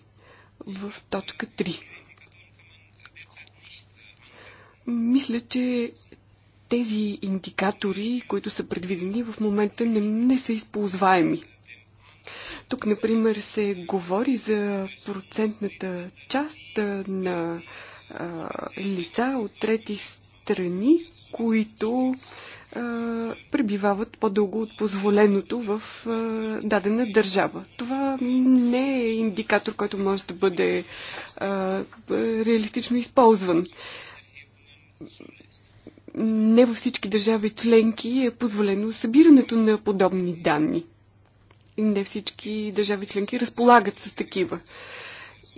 в точка 3. Мисля, че тези индикатори, които са предвидени в момента, не, не са използваеми. Тук, например, се говори за процентната част на лица от трети страни, които а, пребивават по-дълго от позволеното в а, дадена държава. Това не е индикатор, който може да бъде а, реалистично използван. Не във всички държави членки е позволено събирането на подобни данни. Не всички държави членки разполагат с такива.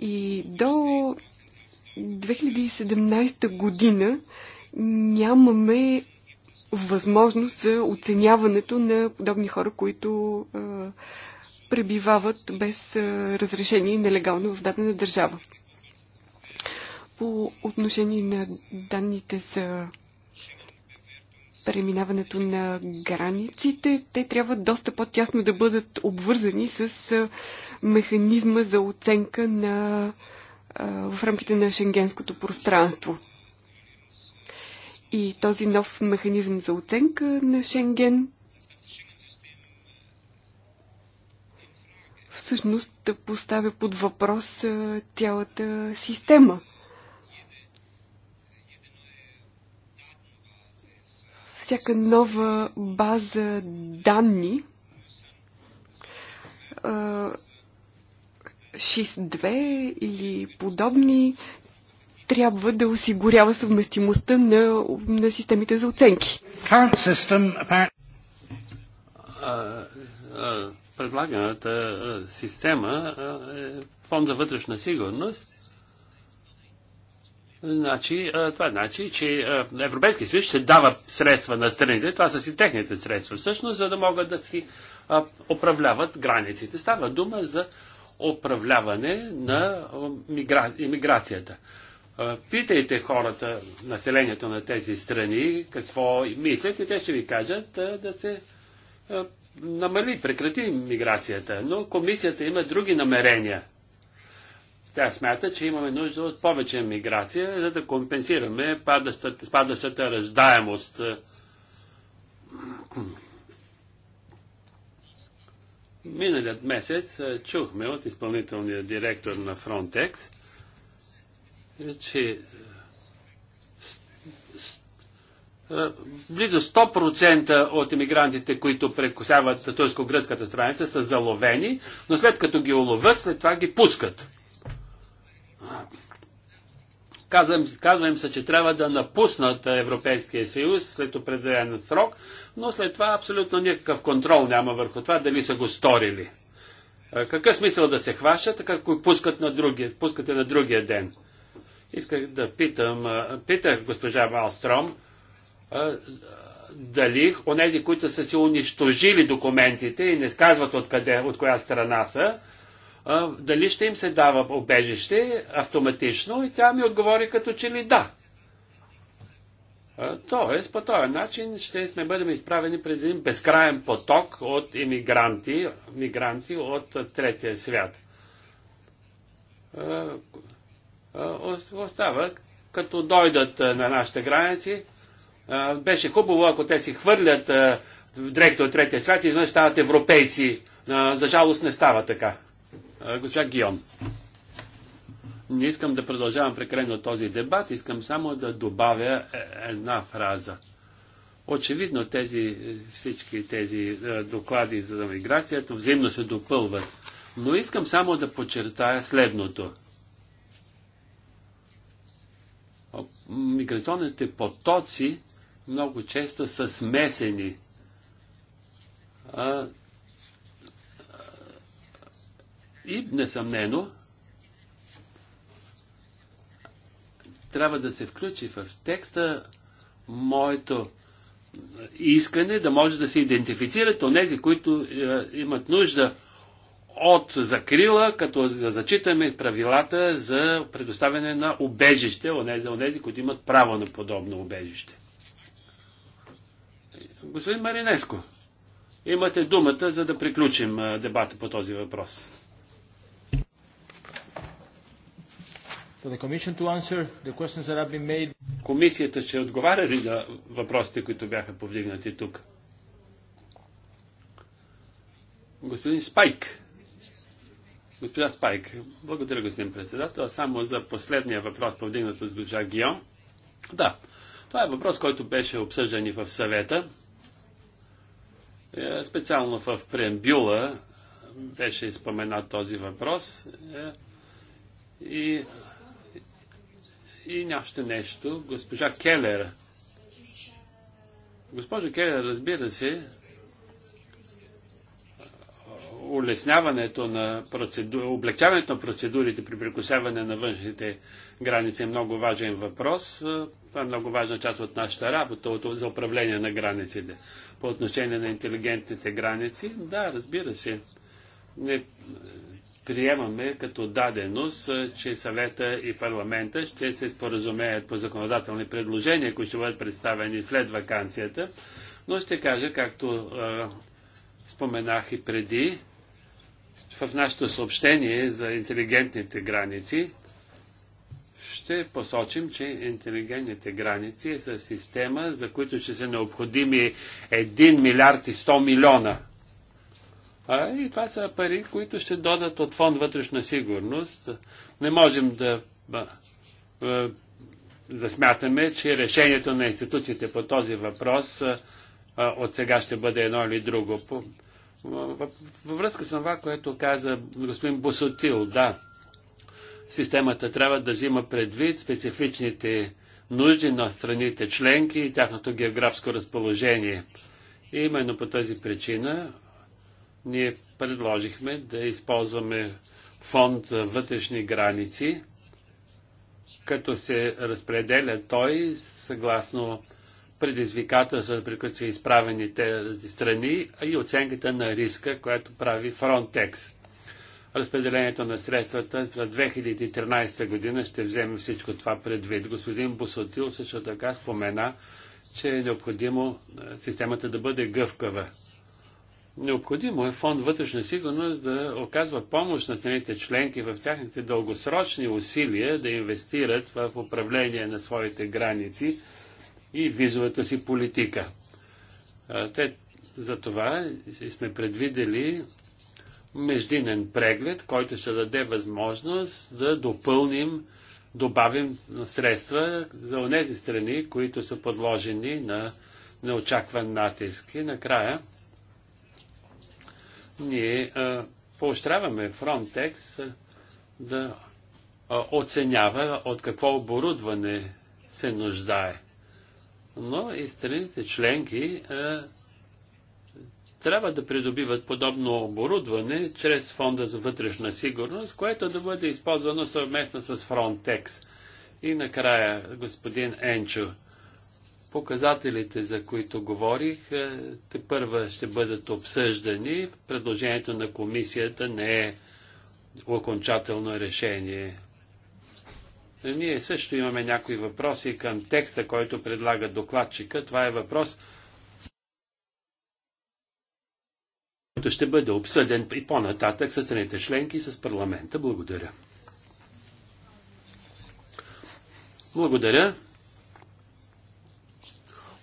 И до 2017 година нямаме възможност за оценяването на подобни хора, които а, пребивават без а, разрешение нелегално в дадена държава. По отношение на данните за преминаването на границите, те трябва доста по-тясно да бъдат обвързани с механизма за оценка на в рамките на шенгенското пространство. И този нов механизъм за оценка на Шенген всъщност поставя под въпрос цялата система. Всяка нова база данни 6 2 или подобни трябва да осигурява съвместимостта на, на системите за оценки. Предлаганата система е фонд за вътрешна сигурност. Значи, това значи, че Европейския съюз ще дава средства на страните, това са си техните средства всъщност, за да могат да си управляват границите. Става дума за управляване на мигра... иммиграцията. Питайте хората, населението на тези страни, какво мислят и те ще ви кажат да се намали, прекрати миграцията. Но комисията има други намерения. Тя смята, че имаме нужда от повече миграция, за да компенсираме падащата, падащата раздаемост. Миналият месец е, чухме от изпълнителния директор на Frontex, е, че е, близо 100% от иммигрантите, които прекусяват турско-гръцката страница, са заловени, но след като ги уловят, след това ги пускат. Казвам, казвам се, че трябва да напуснат Европейския съюз след определен срок, но след това абсолютно никакъв контрол няма върху това дали са го сторили. Какъв смисъл да се хващат, ако пускат на другия, пускате на другия ден? Исках да питам, питах госпожа Малстром, дали онези, които са си унищожили документите и не казват откъде, от коя страна са, дали ще им се дава обежище автоматично и тя ми отговори като че ли да. тоест, по този начин ще сме бъдем изправени пред един безкраен поток от иммигранти, мигранти от третия свят. остава, като дойдат на нашите граници, беше хубаво, ако те си хвърлят директно от третия свят и изведнъж стават европейци. За жалост не става така. Госпожа Гион. Не искам да продължавам прекалено този дебат, искам само да добавя е, една фраза. Очевидно тези, всички тези е, доклади за миграцията взаимно се допълват. Но искам само да подчертая следното. Миграционните потоци много често са смесени. И несъмнено, трябва да се включи в текста моето искане да може да се идентифицират онези, които е, имат нужда от закрила, като да зачитаме правилата за предоставяне на убежище, онези, онези, които имат право на подобно убежище. Господин Маринеско, имате думата, за да приключим е, дебата по този въпрос. Комисията ще отговаря ли на въпросите, които бяха повдигнати тук? Господин Спайк. Господин Спайк, благодаря, господин председател. Само за последния въпрос, повдигнат от госпожа Гион. Да, това е въпрос, който беше обсъждан и в съвета. Е, специално в преамбюла беше изпоменат този въпрос. Е, и и още нещо, госпожа Келер. Госпожо Келер, разбира се, улесняването на процедури, облегчаването на процедурите при прекусяване на външните граници е много важен въпрос. Това е много важна част от нашата работа от, за управление на границите. По отношение на интелигентните граници, да, разбира се. Не, приемаме като даденост, че съвета и парламента ще се споразумеят по законодателни предложения, които ще бъдат представени след вакансията, но ще кажа, както е, споменах и преди, в нашето съобщение за интелигентните граници, ще посочим, че интелигентните граници са система, за които ще са необходими 1 милиард и 100 милиона а, и това са пари, които ще додат от фонд вътрешна сигурност. Не можем да, да смятаме, че решението на институциите по този въпрос от сега ще бъде едно или друго. Във връзка с това, което каза господин Босотил, да, системата трябва да взима предвид специфичните нужди на страните членки и тяхното географско разположение. И именно по тази причина ние предложихме да използваме фонд за вътрешни граници, като се разпределя той съгласно предизвикателства, при които са изправени тези страни, а и оценката на риска, която прави Frontex. Разпределението на средствата за 2013 година ще вземе всичко това предвид. Господин Босотил също така спомена, че е необходимо системата да бъде гъвкава. Необходимо е фонд вътрешна сигурност да оказва помощ на страните членки в тяхните дългосрочни усилия да инвестират в управление на своите граници и визовата си политика. Те за това сме предвидели междинен преглед, който ще даде възможност да допълним, добавим средства за тези страни, които са подложени на неочакван натиск. И накрая ние а, поощряваме Frontex а, да а, оценява от какво оборудване се нуждае. Но и страните членки а, трябва да придобиват подобно оборудване чрез Фонда за вътрешна сигурност, което да бъде използвано съвместно с Frontex. И накрая, господин Енчо, Показателите, за които говорих, е, те първа ще бъдат обсъждани. Предложението на комисията не е окончателно решение. Е, ние също имаме някои въпроси към текста, който предлага докладчика. Това е въпрос, който ще бъде обсъден и по-нататък с страните членки и с парламента. Благодаря. Благодаря.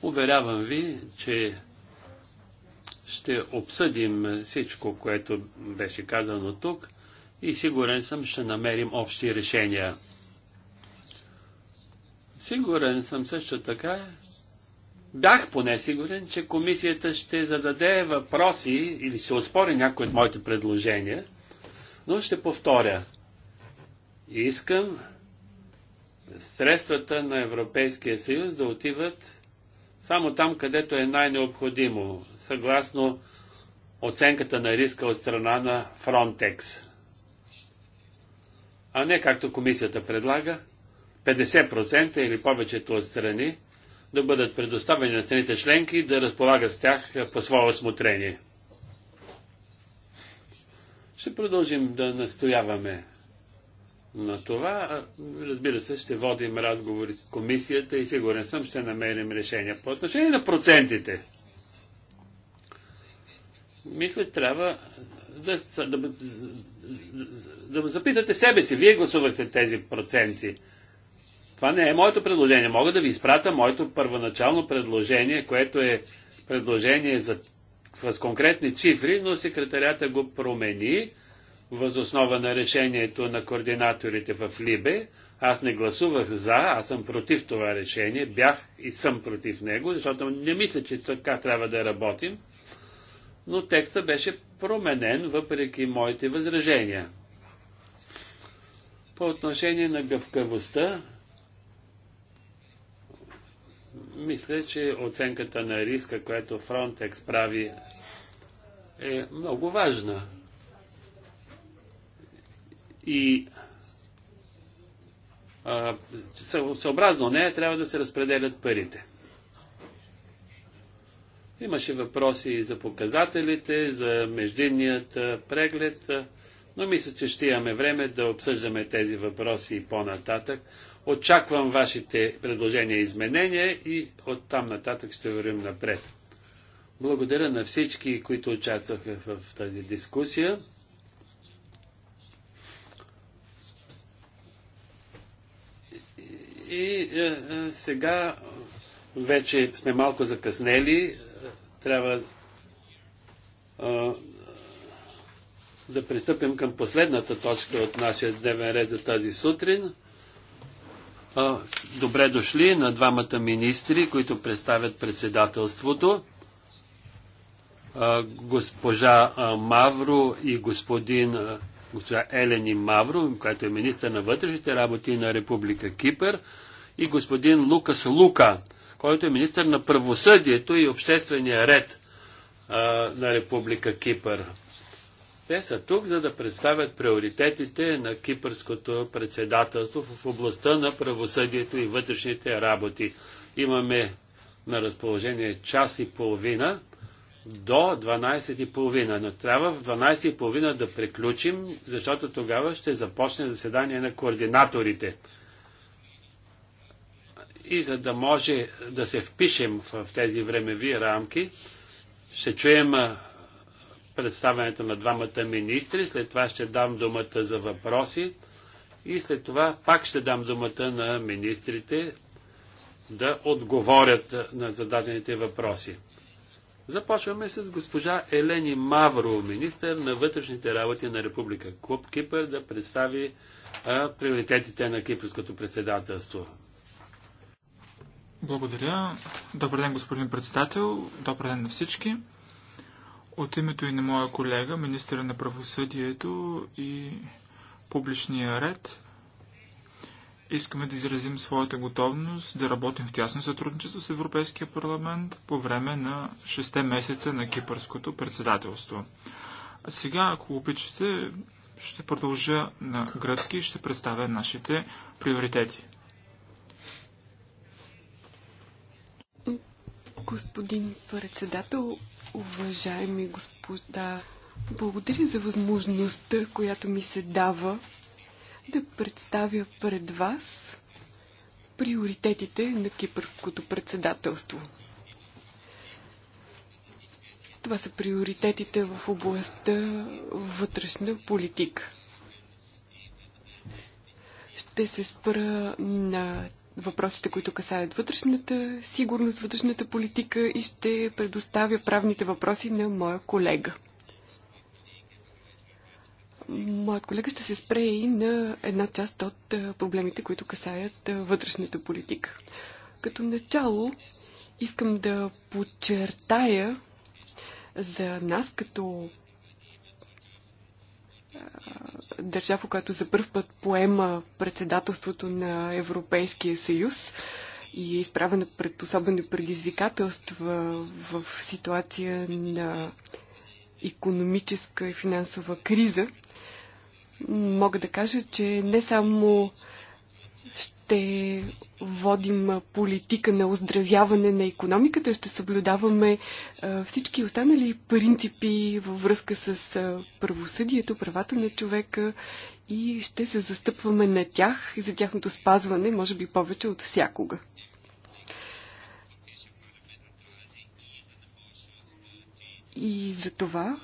Уверявам ви, че ще обсъдим всичко, което беше казано тук и сигурен съм, ще намерим общи решения. Сигурен съм също така, бях поне сигурен, че комисията ще зададе въпроси или ще оспори някои от моите предложения, но ще повторя. Искам средствата на Европейския съюз да отиват само там, където е най-необходимо, съгласно оценката на риска от страна на Frontex. А не както комисията предлага, 50% или повечето от страни да бъдат предоставени на страните членки и да разполагат с тях е, по свое осмотрение. Ще продължим да настояваме на това. Разбира се, ще водим разговори с комисията и сигурен съм, ще намерим решение. По отношение на процентите, мисля, трябва да, да, да, да запитате себе си. Вие гласувахте тези проценти. Това не е моето предложение. Мога да ви изпратя моето първоначално предложение, което е предложение за, с конкретни цифри, но секретарята го промени възоснова на решението на координаторите в Либе. Аз не гласувах за, аз съм против това решение, бях и съм против него, защото не мисля, че така трябва да работим. Но текста беше променен въпреки моите възражения. По отношение на гъвкавостта, мисля, че оценката на риска, която Frontex прави, е много важна и а, съобразно нея трябва да се разпределят парите. Имаше въпроси и за показателите, за междинният преглед, но мисля, че ще имаме време да обсъждаме тези въпроси по-нататък. Очаквам вашите предложения и изменения и от там нататък ще вървим напред. Благодаря на всички, които участваха в тази дискусия. И е, е, сега вече сме малко закъснели. Трябва е, да пристъпим към последната точка от нашия дневен ред за тази сутрин. Добре дошли на двамата министри, които представят председателството. Госпожа Мавро и господин госпожа Елени Мавро, която е министър на вътрешните работи на Република Кипър, и господин Лукас Лука, който е министър на правосъдието и обществения ред а, на Република Кипър. Те са тук, за да представят приоритетите на кипърското председателство в областта на правосъдието и вътрешните работи. Имаме на разположение час и половина до 12.30, но трябва в 12.30 да приключим, защото тогава ще започне заседание на координаторите. И за да може да се впишем в тези времеви рамки, ще чуем представянето на двамата министри, след това ще дам думата за въпроси и след това пак ще дам думата на министрите да отговорят на зададените въпроси. Започваме с госпожа Елени Мавро, министър на вътрешните работи на Република Клуб Кипър, да представи а, приоритетите на кипърското председателство. Благодаря. Добър ден, господин председател. Добър ден на всички. От името и на моя колега, министър на правосъдието и публичния ред, Искаме да изразим своята готовност да работим в тясно сътрудничество с Европейския парламент по време на 6 месеца на кипърското председателство. А сега, ако обичате, ще продължа на гръцки и ще представя нашите приоритети. Господин председател, уважаеми господа, благодаря за възможността, която ми се дава да представя пред вас приоритетите на кипърското председателство. Това са приоритетите в областта вътрешна политика. Ще се спра на въпросите, които касаят вътрешната сигурност, вътрешната политика и ще предоставя правните въпроси на моя колега. Моят колега ще се спре и на една част от проблемите, които касаят вътрешната политика. Като начало искам да подчертая за нас като държава, която за първ път поема председателството на Европейския съюз и е изправена пред особени предизвикателства в ситуация на економическа и финансова криза – мога да кажа, че не само ще водим политика на оздравяване на економиката, ще съблюдаваме е, всички останали принципи във връзка с е, правосъдието, правата на човека и ще се застъпваме на тях и за тяхното спазване, може би повече от всякога. И за това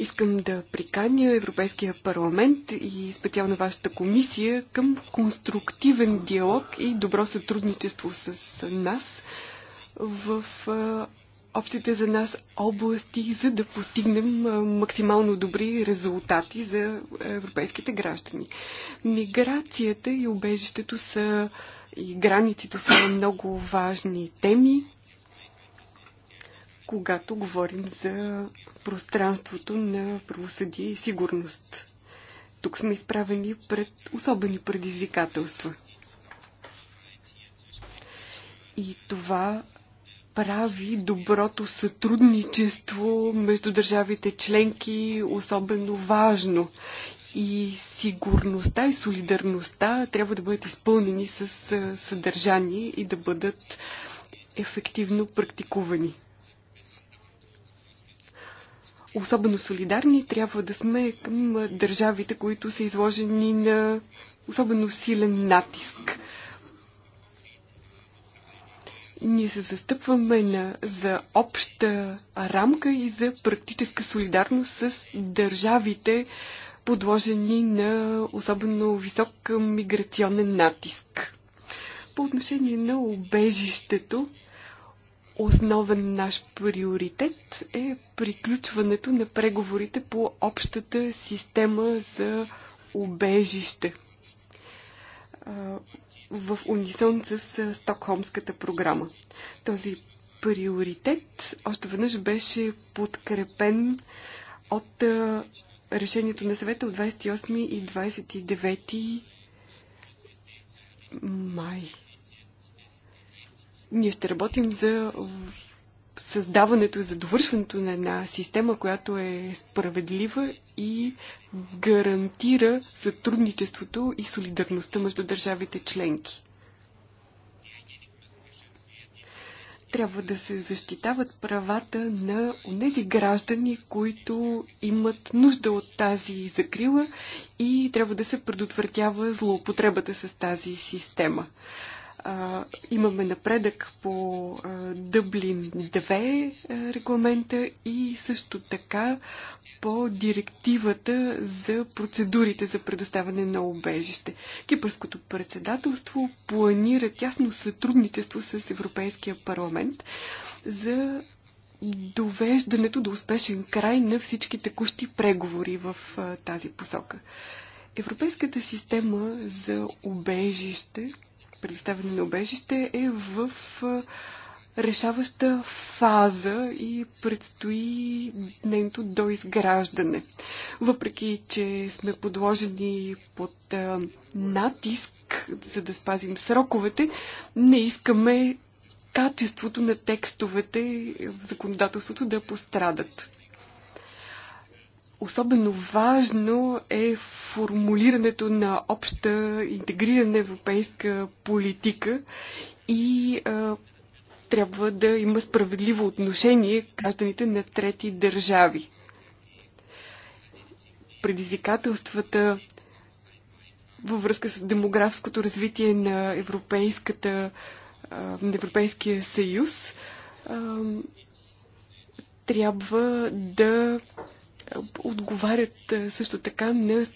Искам да приканя Европейския парламент и специално вашата комисия към конструктивен диалог и добро сътрудничество с нас в общите за нас области, за да постигнем максимално добри резултати за европейските граждани. Миграцията и убежището са и границите са много важни теми когато говорим за пространството на правосъдие и сигурност. Тук сме изправени пред особени предизвикателства. И това прави доброто сътрудничество между държавите членки особено важно. И сигурността и солидарността трябва да бъдат изпълнени с съдържание и да бъдат ефективно практикувани особено солидарни трябва да сме към държавите, които са изложени на особено силен натиск. Ние се застъпваме на, за обща рамка и за практическа солидарност с държавите, подложени на особено висок миграционен натиск. По отношение на обежището, Основен наш приоритет е приключването на преговорите по общата система за убежище в унисон с Стокхолмската програма. Този приоритет още веднъж беше подкрепен от решението на съвета от 28 и 29 май. Ние ще работим за създаването, за довършването на една система, която е справедлива и гарантира сътрудничеството и солидарността между държавите членки. трябва да се защитават правата на тези граждани, които имат нужда от тази закрила и трябва да се предотвратява злоупотребата с тази система имаме напредък по Дъблин 2 регламента и също така по директивата за процедурите за предоставяне на обежище. Кипърското председателство планира тясно сътрудничество с Европейския парламент за довеждането до успешен край на всички текущи преговори в тази посока. Европейската система за обежище предоставяне на обежище е в решаваща фаза и предстои нейното доизграждане. Въпреки, че сме подложени под натиск, за да спазим сроковете, не искаме качеството на текстовете в законодателството да пострадат. Особено важно е формулирането на обща интегрирана европейска политика и а, трябва да има справедливо отношение гражданите на трети държави. Предизвикателствата във връзка с демографското развитие на Европейската, на Европейския съюз трябва да отговарят също така на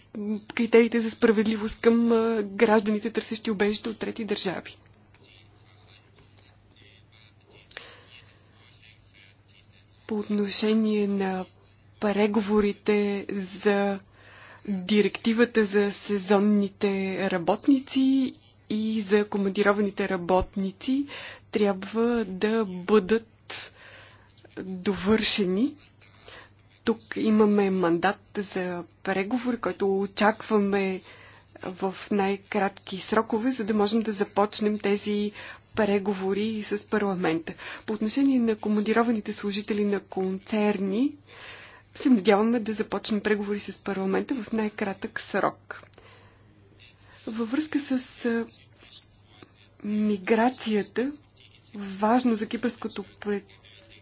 критериите за справедливост към гражданите, търсещи убежище от трети държави. По отношение на преговорите за директивата за сезонните работници и за командированите работници трябва да бъдат довършени тук имаме мандат за преговори, който очакваме в най-кратки срокове, за да можем да започнем тези преговори с парламента. По отношение на командированите служители на концерни, се надяваме да започнем преговори с парламента в най-кратък срок. Във връзка с миграцията, важно за кипърското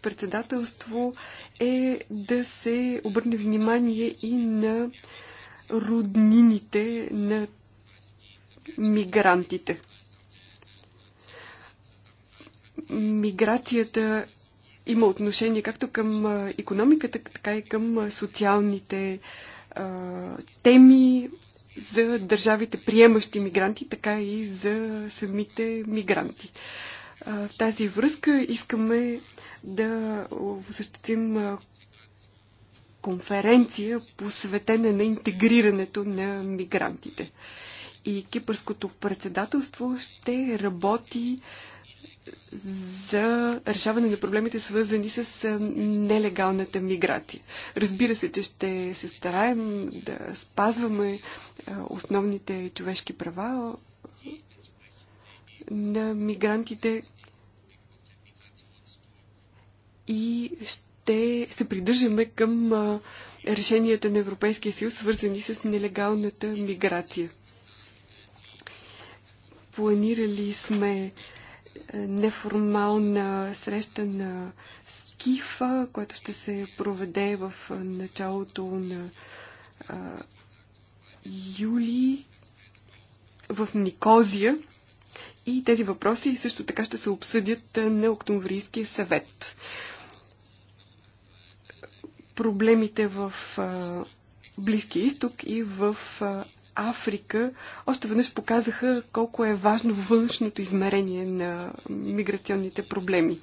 председателство е да се обърне внимание и на роднините на мигрантите. Миграцията има отношение както към економиката, така и към социалните а, теми за държавите приемащи мигранти, така и за самите мигранти. В тази връзка искаме да осъществим конференция посветена на интегрирането на мигрантите. И кипърското председателство ще работи за решаване на проблемите, свързани с нелегалната миграция. Разбира се, че ще се стараем да спазваме основните човешки права, на мигрантите и ще се придържаме към решенията на Европейския съюз, свързани с нелегалната миграция. Планирали сме неформална среща на Скифа, която ще се проведе в началото на а, юли в Никозия. И тези въпроси също така ще се обсъдят е, на Октомврийския съвет. Проблемите в Близкия изток и в Африка още веднъж показаха колко е важно външното измерение на миграционните проблеми.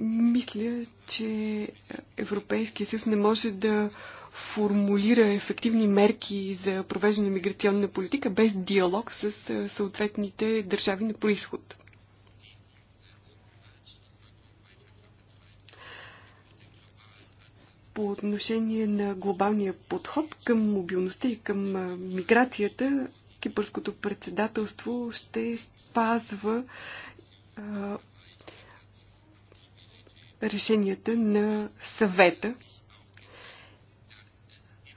мисля, че Европейския съюз не може да формулира ефективни мерки за провеждане на миграционна политика без диалог с съответните държави на происход. по отношение на глобалния подход към мобилността и към миграцията, кипърското председателство ще спазва решенията на съвета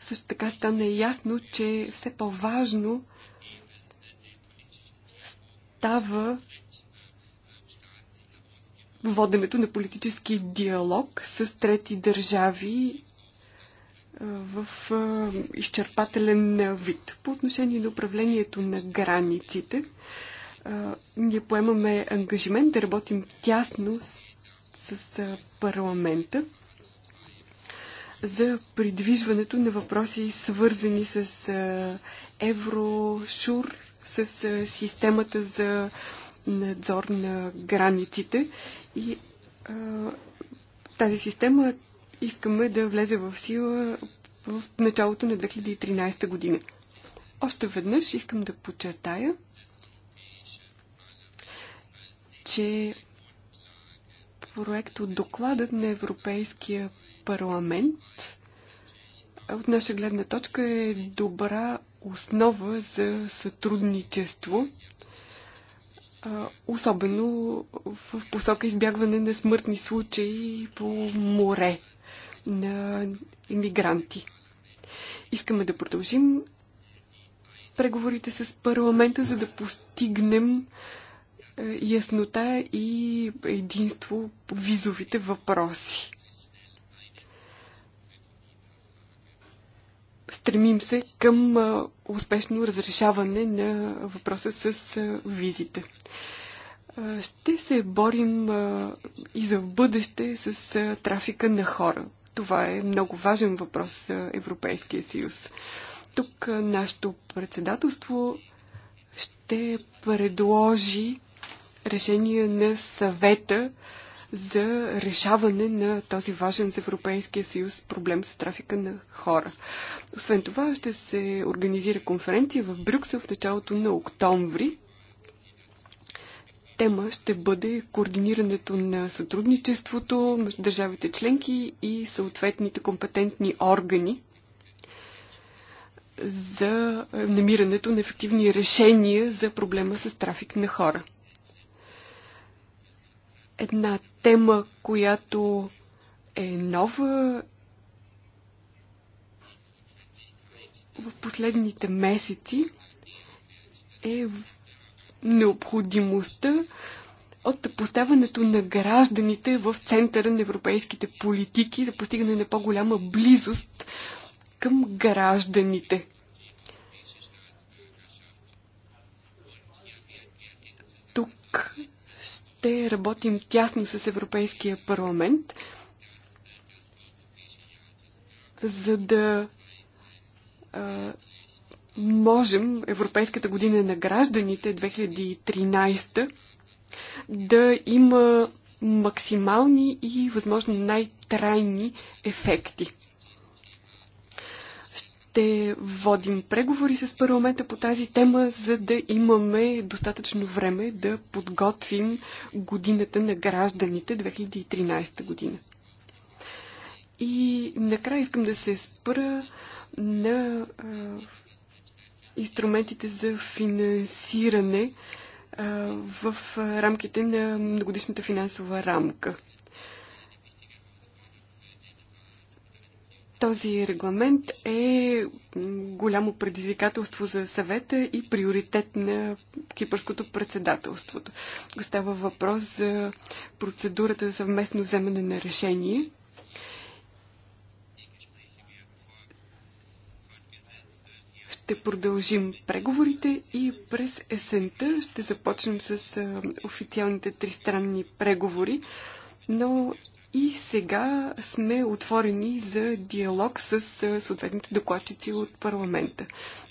също така стана ясно, че все по-важно става воденето на политически диалог с трети държави в изчерпателен вид. По отношение на управлението на границите, ние поемаме ангажимент да работим тясно с, парламента за придвижването на въпроси, свързани с Еврошур, с системата за надзор на границите. И тази система искаме да влезе в сила в началото на 2013 година. Още веднъж искам да подчертая, че проекто докладът на Европейския парламент от наша гледна точка е добра основа за сътрудничество, особено в посока избягване на смъртни случаи по море на иммигранти. Искаме да продължим преговорите с парламента, за да постигнем яснота и единство по визовите въпроси. Стремим се към успешно разрешаване на въпроса с визите. Ще се борим и за в бъдеще с трафика на хора. Това е много важен въпрос за Европейския съюз. Тук нашето председателство ще предложи решение на съвета за решаване на този важен за Европейския съюз проблем с трафика на хора. Освен това, ще се организира конференция в Брюксел в началото на октомври. Тема ще бъде координирането на сътрудничеството между държавите членки и съответните компетентни органи за намирането на ефективни решения за проблема с трафик на хора една тема, която е нова в последните месеци е необходимостта от поставянето на гражданите в центъра на европейските политики за постигане на по-голяма близост към гражданите. ще работим тясно с Европейския парламент, за да а, можем Европейската година на гражданите 2013 да има максимални и възможно най-трайни ефекти. Ще водим преговори с парламента по тази тема, за да имаме достатъчно време да подготвим годината на гражданите 2013 година. И накрая искам да се спра на а, инструментите за финансиране а, в рамките на многодишната финансова рамка. Този регламент е голямо предизвикателство за съвета и приоритет на кипърското председателството. Става въпрос за процедурата за съвместно вземане на решение. Ще продължим преговорите и през есента ще започнем с официалните тристранни преговори, но и сега сме отворени за диалог с съответните докладчици от парламента.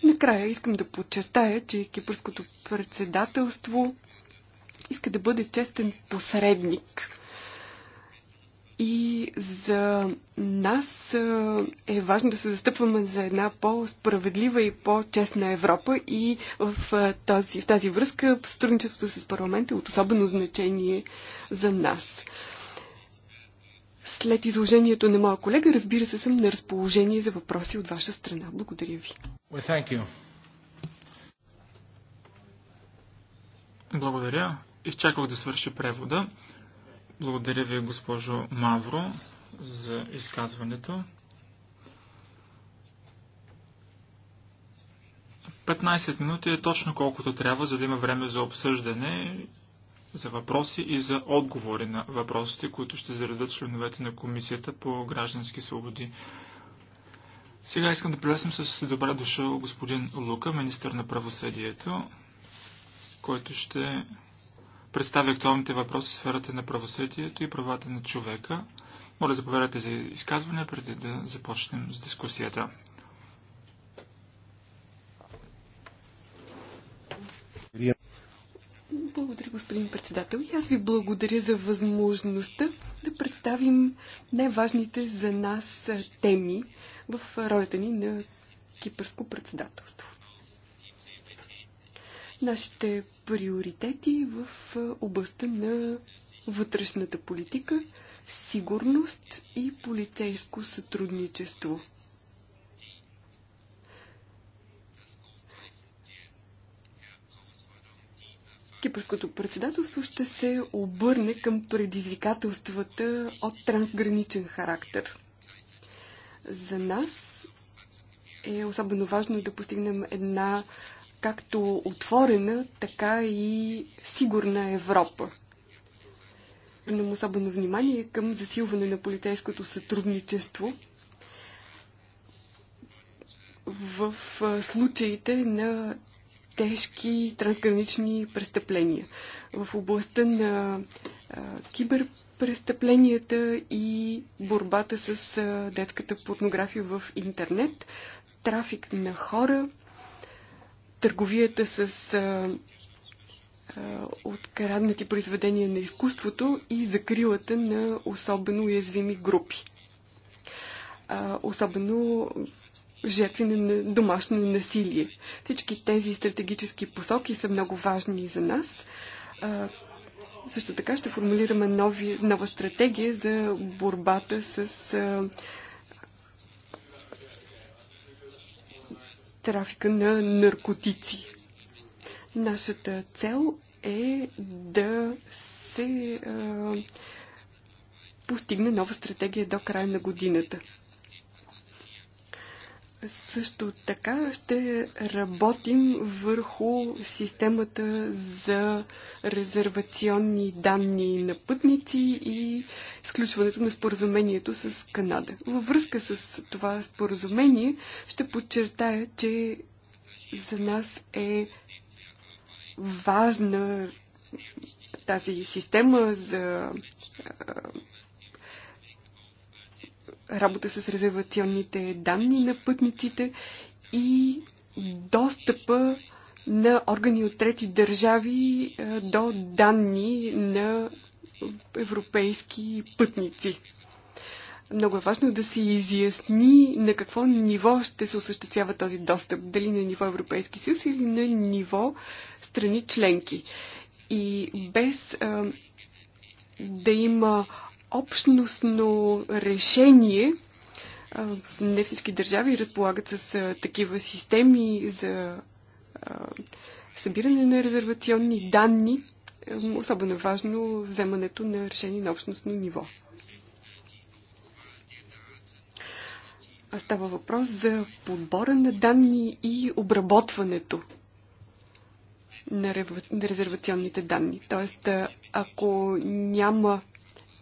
Накрая искам да подчертая, че кипърското председателство иска да бъде честен посредник. И за нас е важно да се застъпваме за една по-справедлива и по-честна Европа и в тази, в тази връзка сътрудничеството с парламента е от особено значение за нас след изложението на моя колега. Разбира се, съм на разположение за въпроси от ваша страна. Благодаря ви. Благодаря. Изчаквах да свърши превода. Благодаря ви, госпожо Мавро, за изказването. 15 минути е точно колкото трябва, за да има време за обсъждане за въпроси и за отговори на въпросите, които ще заредат членовете на Комисията по граждански свободи. Сега искам да приветствам с добра дошъл господин Лука, министър на правосъдието, който ще представи актуалните въпроси в сферата на правосъдието и правата на човека. Моля, заповядайте за изказване преди да започнем с дискусията. Благодаря, господин председател. И аз ви благодаря за възможността да представим най-важните за нас теми в ролята ни на кипърско председателство. Нашите приоритети в областта на вътрешната политика, сигурност и полицейско сътрудничество – Кипърското председателство ще се обърне към предизвикателствата от трансграничен характер. За нас е особено важно да постигнем една както отворена, така и сигурна Европа. Имам особено внимание към засилване на полицейското сътрудничество в случаите на тежки трансгранични престъпления. В областта на а, киберпрестъпленията и борбата с а, детската порнография в интернет, трафик на хора, търговията с а, а, откраднати произведения на изкуството и закрилата на особено уязвими групи. А, особено жертви на домашно насилие. Всички тези стратегически посоки са много важни за нас. Също така ще формулираме нови, нова стратегия за борбата с а, трафика на наркотици. Нашата цел е да се а, постигне нова стратегия до края на годината. Също така ще работим върху системата за резервационни данни на пътници и сключването на споразумението с Канада. Във връзка с това споразумение ще подчертая, че за нас е важна тази система за работа с резервационните данни на пътниците и достъпа на органи от трети държави е, до данни на европейски пътници. Много е важно да се изясни на какво ниво ще се осъществява този достъп. Дали на ниво Европейски съюз или на ниво страни членки. И без а, е, да има общностно решение. Не всички държави разполагат с такива системи за събиране на резервационни данни. Особено е важно вземането на решение на общностно ниво. Става въпрос за подбора на данни и обработването на резервационните данни. Тоест, ако няма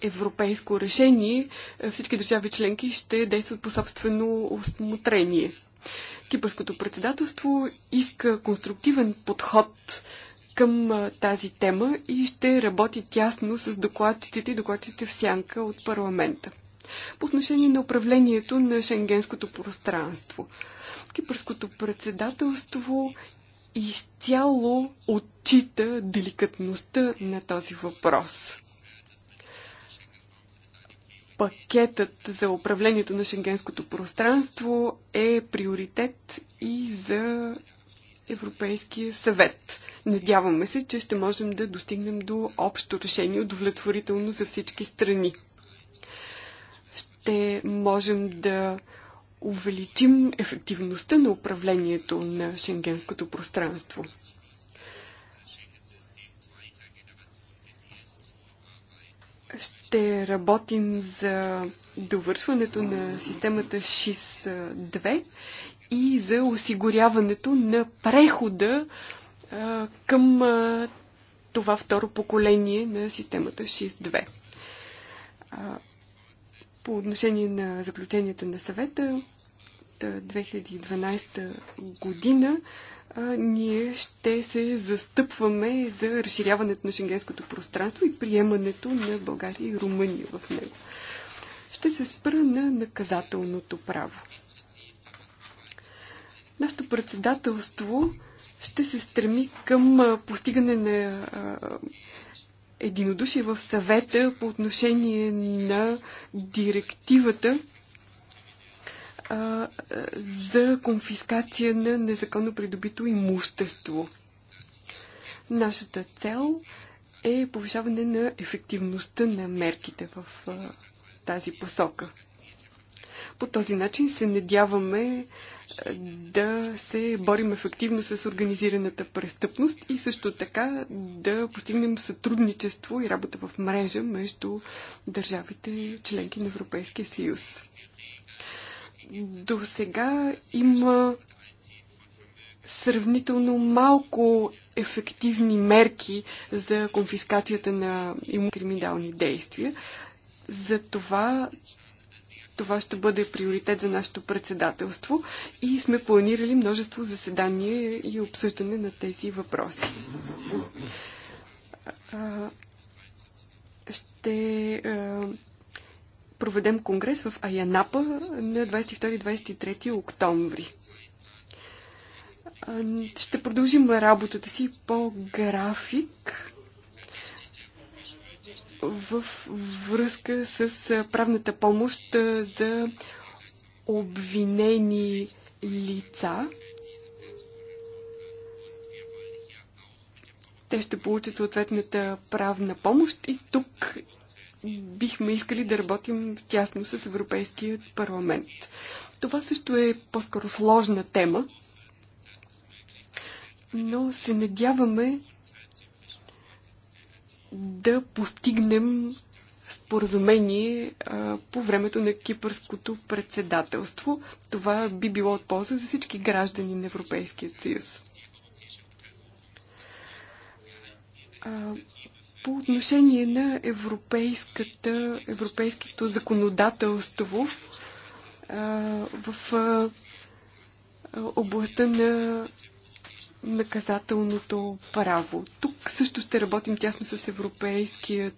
европейско решение. Е, всички държави членки ще действат по собствено осмотрение. Кипърското председателство иска конструктивен подход към тази тема и ще работи тясно с докладчиците и докладчиците в сянка от парламента. По отношение на управлението на шенгенското пространство. Кипърското председателство изцяло отчита деликатността на този въпрос пакетът за управлението на шенгенското пространство е приоритет и за Европейския съвет. Надяваме се, че ще можем да достигнем до общо решение, удовлетворително за всички страни. Ще можем да увеличим ефективността на управлението на шенгенското пространство. Ще работим за довършването на системата ШИС-2 и за осигуряването на прехода а, към а, това второ поколение на системата ШИС-2. По отношение на заключенията на съвета от 2012 година ние ще се застъпваме за разширяването на шенгенското пространство и приемането на България и Румъния в него. Ще се спра на наказателното право. Нашето председателство ще се стреми към постигане на единодушие в съвета по отношение на директивата а, за конфискация на незаконно придобито имущество. Нашата цел е повишаване на ефективността на мерките в а, тази посока. По този начин се надяваме да се борим ефективно с организираната престъпност и също така да постигнем сътрудничество и работа в мрежа между държавите членки на Европейския съюз. До сега има сравнително малко ефективни мерки за конфискацията на криминални действия. За това това ще бъде приоритет за нашето председателство и сме планирали множество заседания и обсъждане на тези въпроси. Ще проведем конгрес в Аянапа на 22-23 октомври. Ще продължим работата си по график в връзка с правната помощ за обвинени лица. Те ще получат съответната правна помощ и тук бихме искали да работим тясно с Европейския парламент. Това също е по-скоро сложна тема, но се надяваме да постигнем споразумение а, по времето на кипърското председателство. Това би било от полза за всички граждани на Европейския съюз. А, по отношение на европейската, европейското законодателство а, в а, областта на наказателното право. Тук също ще работим тясно с Европейския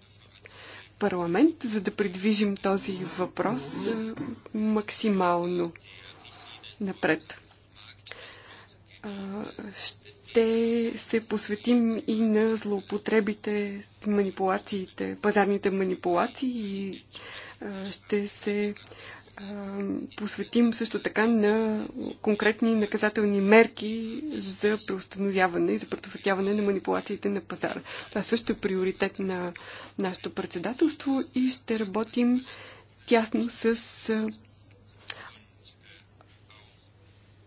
парламент, за да предвижим този въпрос а, максимално напред. ще ще се посветим и на злоупотребите, манипулациите, пазарните манипулации и ще се посветим също така на конкретни наказателни мерки за преустановяване и за предотвратяване на манипулациите на пазара. Това също е приоритет на нашето председателство и ще работим тясно с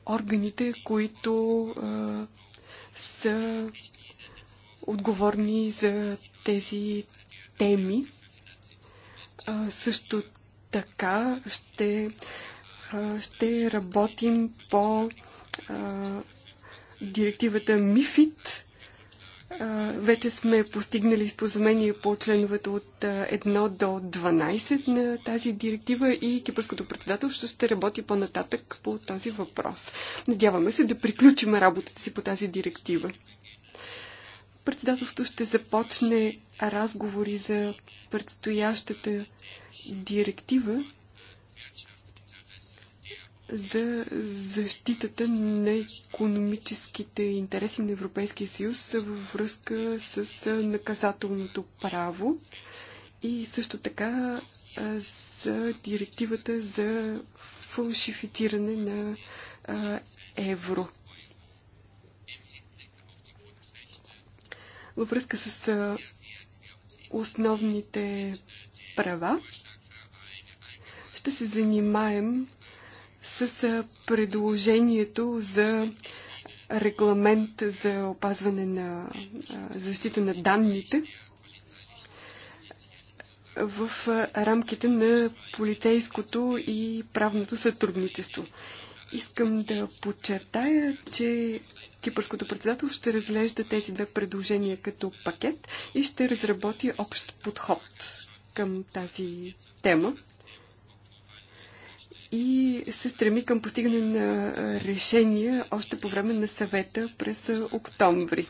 органите, които са отговорни за тези теми. А, също така ще, а, ще работим по а, директивата МИФИТ вече сме постигнали споразумение по членовете от 1 до 12 на тази директива и Кипърското председателство ще работи по-нататък по този въпрос. Надяваме се да приключим работата си по тази директива. Председателството ще започне разговори за предстоящата директива за защитата на економическите интереси на Европейския съюз във връзка с наказателното право и също така за директивата за фалшифициране на евро. Във връзка с основните права ще се занимаем с предложението за регламент за опазване на защита на данните в рамките на полицейското и правното сътрудничество. Искам да подчертая, че Кипърското председателство ще разглежда тези две предложения като пакет и ще разработи общ подход към тази тема и се стреми към постигане на решения още по време на съвета през октомври.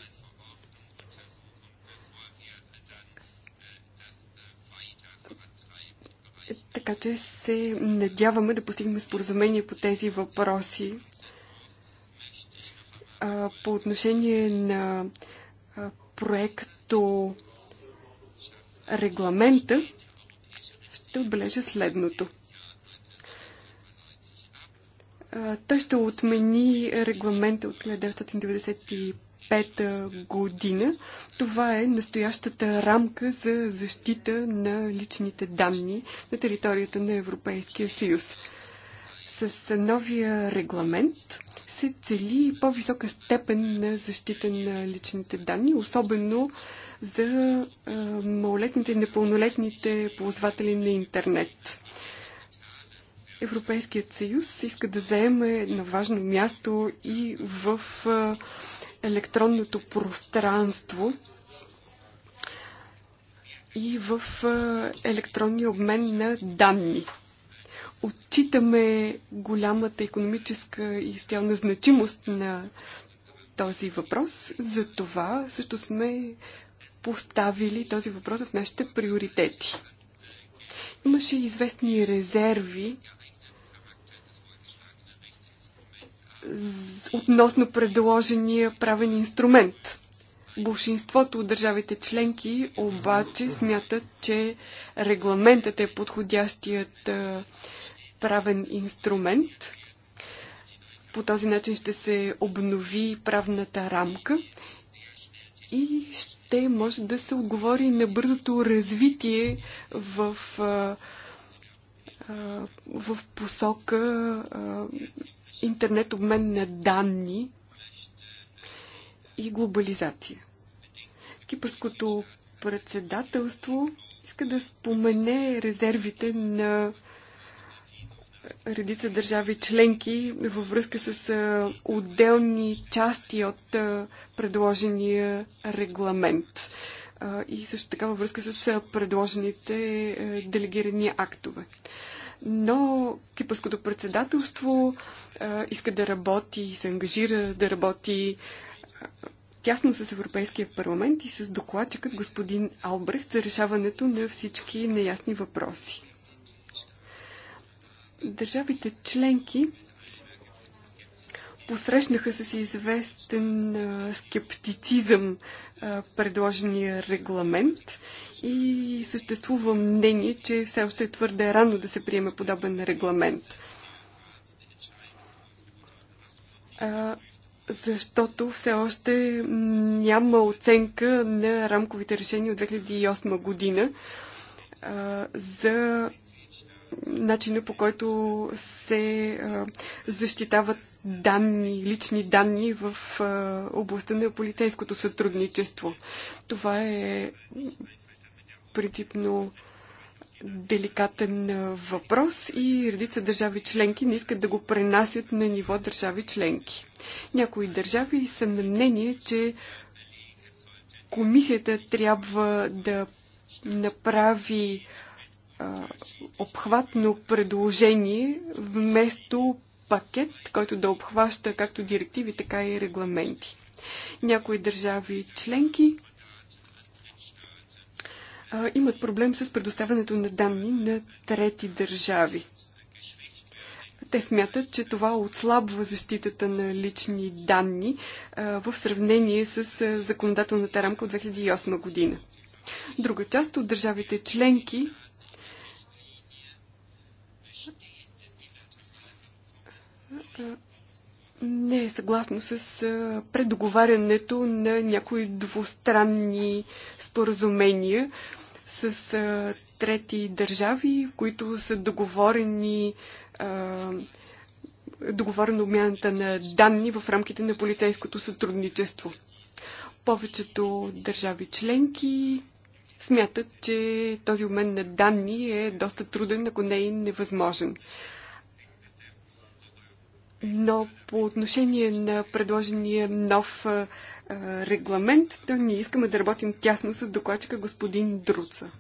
Така че се надяваме да постигнем споразумение по тези въпроси. По отношение на проекто регламента, ще отбележа следното – той ще отмени регламента от 1995 година. Това е настоящата рамка за защита на личните данни на територията на Европейския съюз. С новия регламент се цели по-висока степен на защита на личните данни, особено за малолетните и непълнолетните ползватели на интернет. Европейският съюз иска да заеме на важно място и в електронното пространство и в електронния обмен на данни. Отчитаме голямата економическа и социална значимост на този въпрос. За това също сме поставили този въпрос в нашите приоритети. Имаше известни резерви относно предложения правен инструмент. Большинството от държавите членки обаче смятат, че регламентът е подходящият правен инструмент. По този начин ще се обнови правната рамка и ще може да се отговори на бързото развитие в, в посока интернет обмен на данни и глобализация. Кипърското председателство иска да спомене резервите на редица държави членки във връзка с отделни части от предложения регламент и също така във връзка с предложените делегирани актове но кипърското председателство а, иска да работи се ангажира да работи а, тясно с Европейския парламент и с докладчикът господин Албрехт за решаването на всички неясни въпроси. Държавите членки посрещнаха с известен скептицизъм предложения регламент и съществува мнение, че все още е твърде рано да се приеме подобен регламент. Защото все още няма оценка на рамковите решения от 2008 година за начина по който се защитават данни, лични данни в областта на полицейското сътрудничество. Това е принципно деликатен въпрос и редица държави членки не искат да го пренасят на ниво държави членки. Някои държави са на мнение, че комисията трябва да направи обхватно предложение вместо пакет, който да обхваща както директиви, така и регламенти. Някои държави членки имат проблем с предоставянето на данни на трети държави. Те смятат, че това отслабва защитата на лични данни в сравнение с законодателната рамка от 2008 година. Друга част от държавите членки не е съгласно с предоговарянето на някои двустранни споразумения с трети държави, които са договорени договорена обмяната на данни в рамките на полицейското сътрудничество. Повечето държави членки смятат, че този обмен на данни е доста труден, ако не е невъзможен. Но по отношение на предложения нов регламент, то ние искаме да работим тясно с докладчика господин Друца.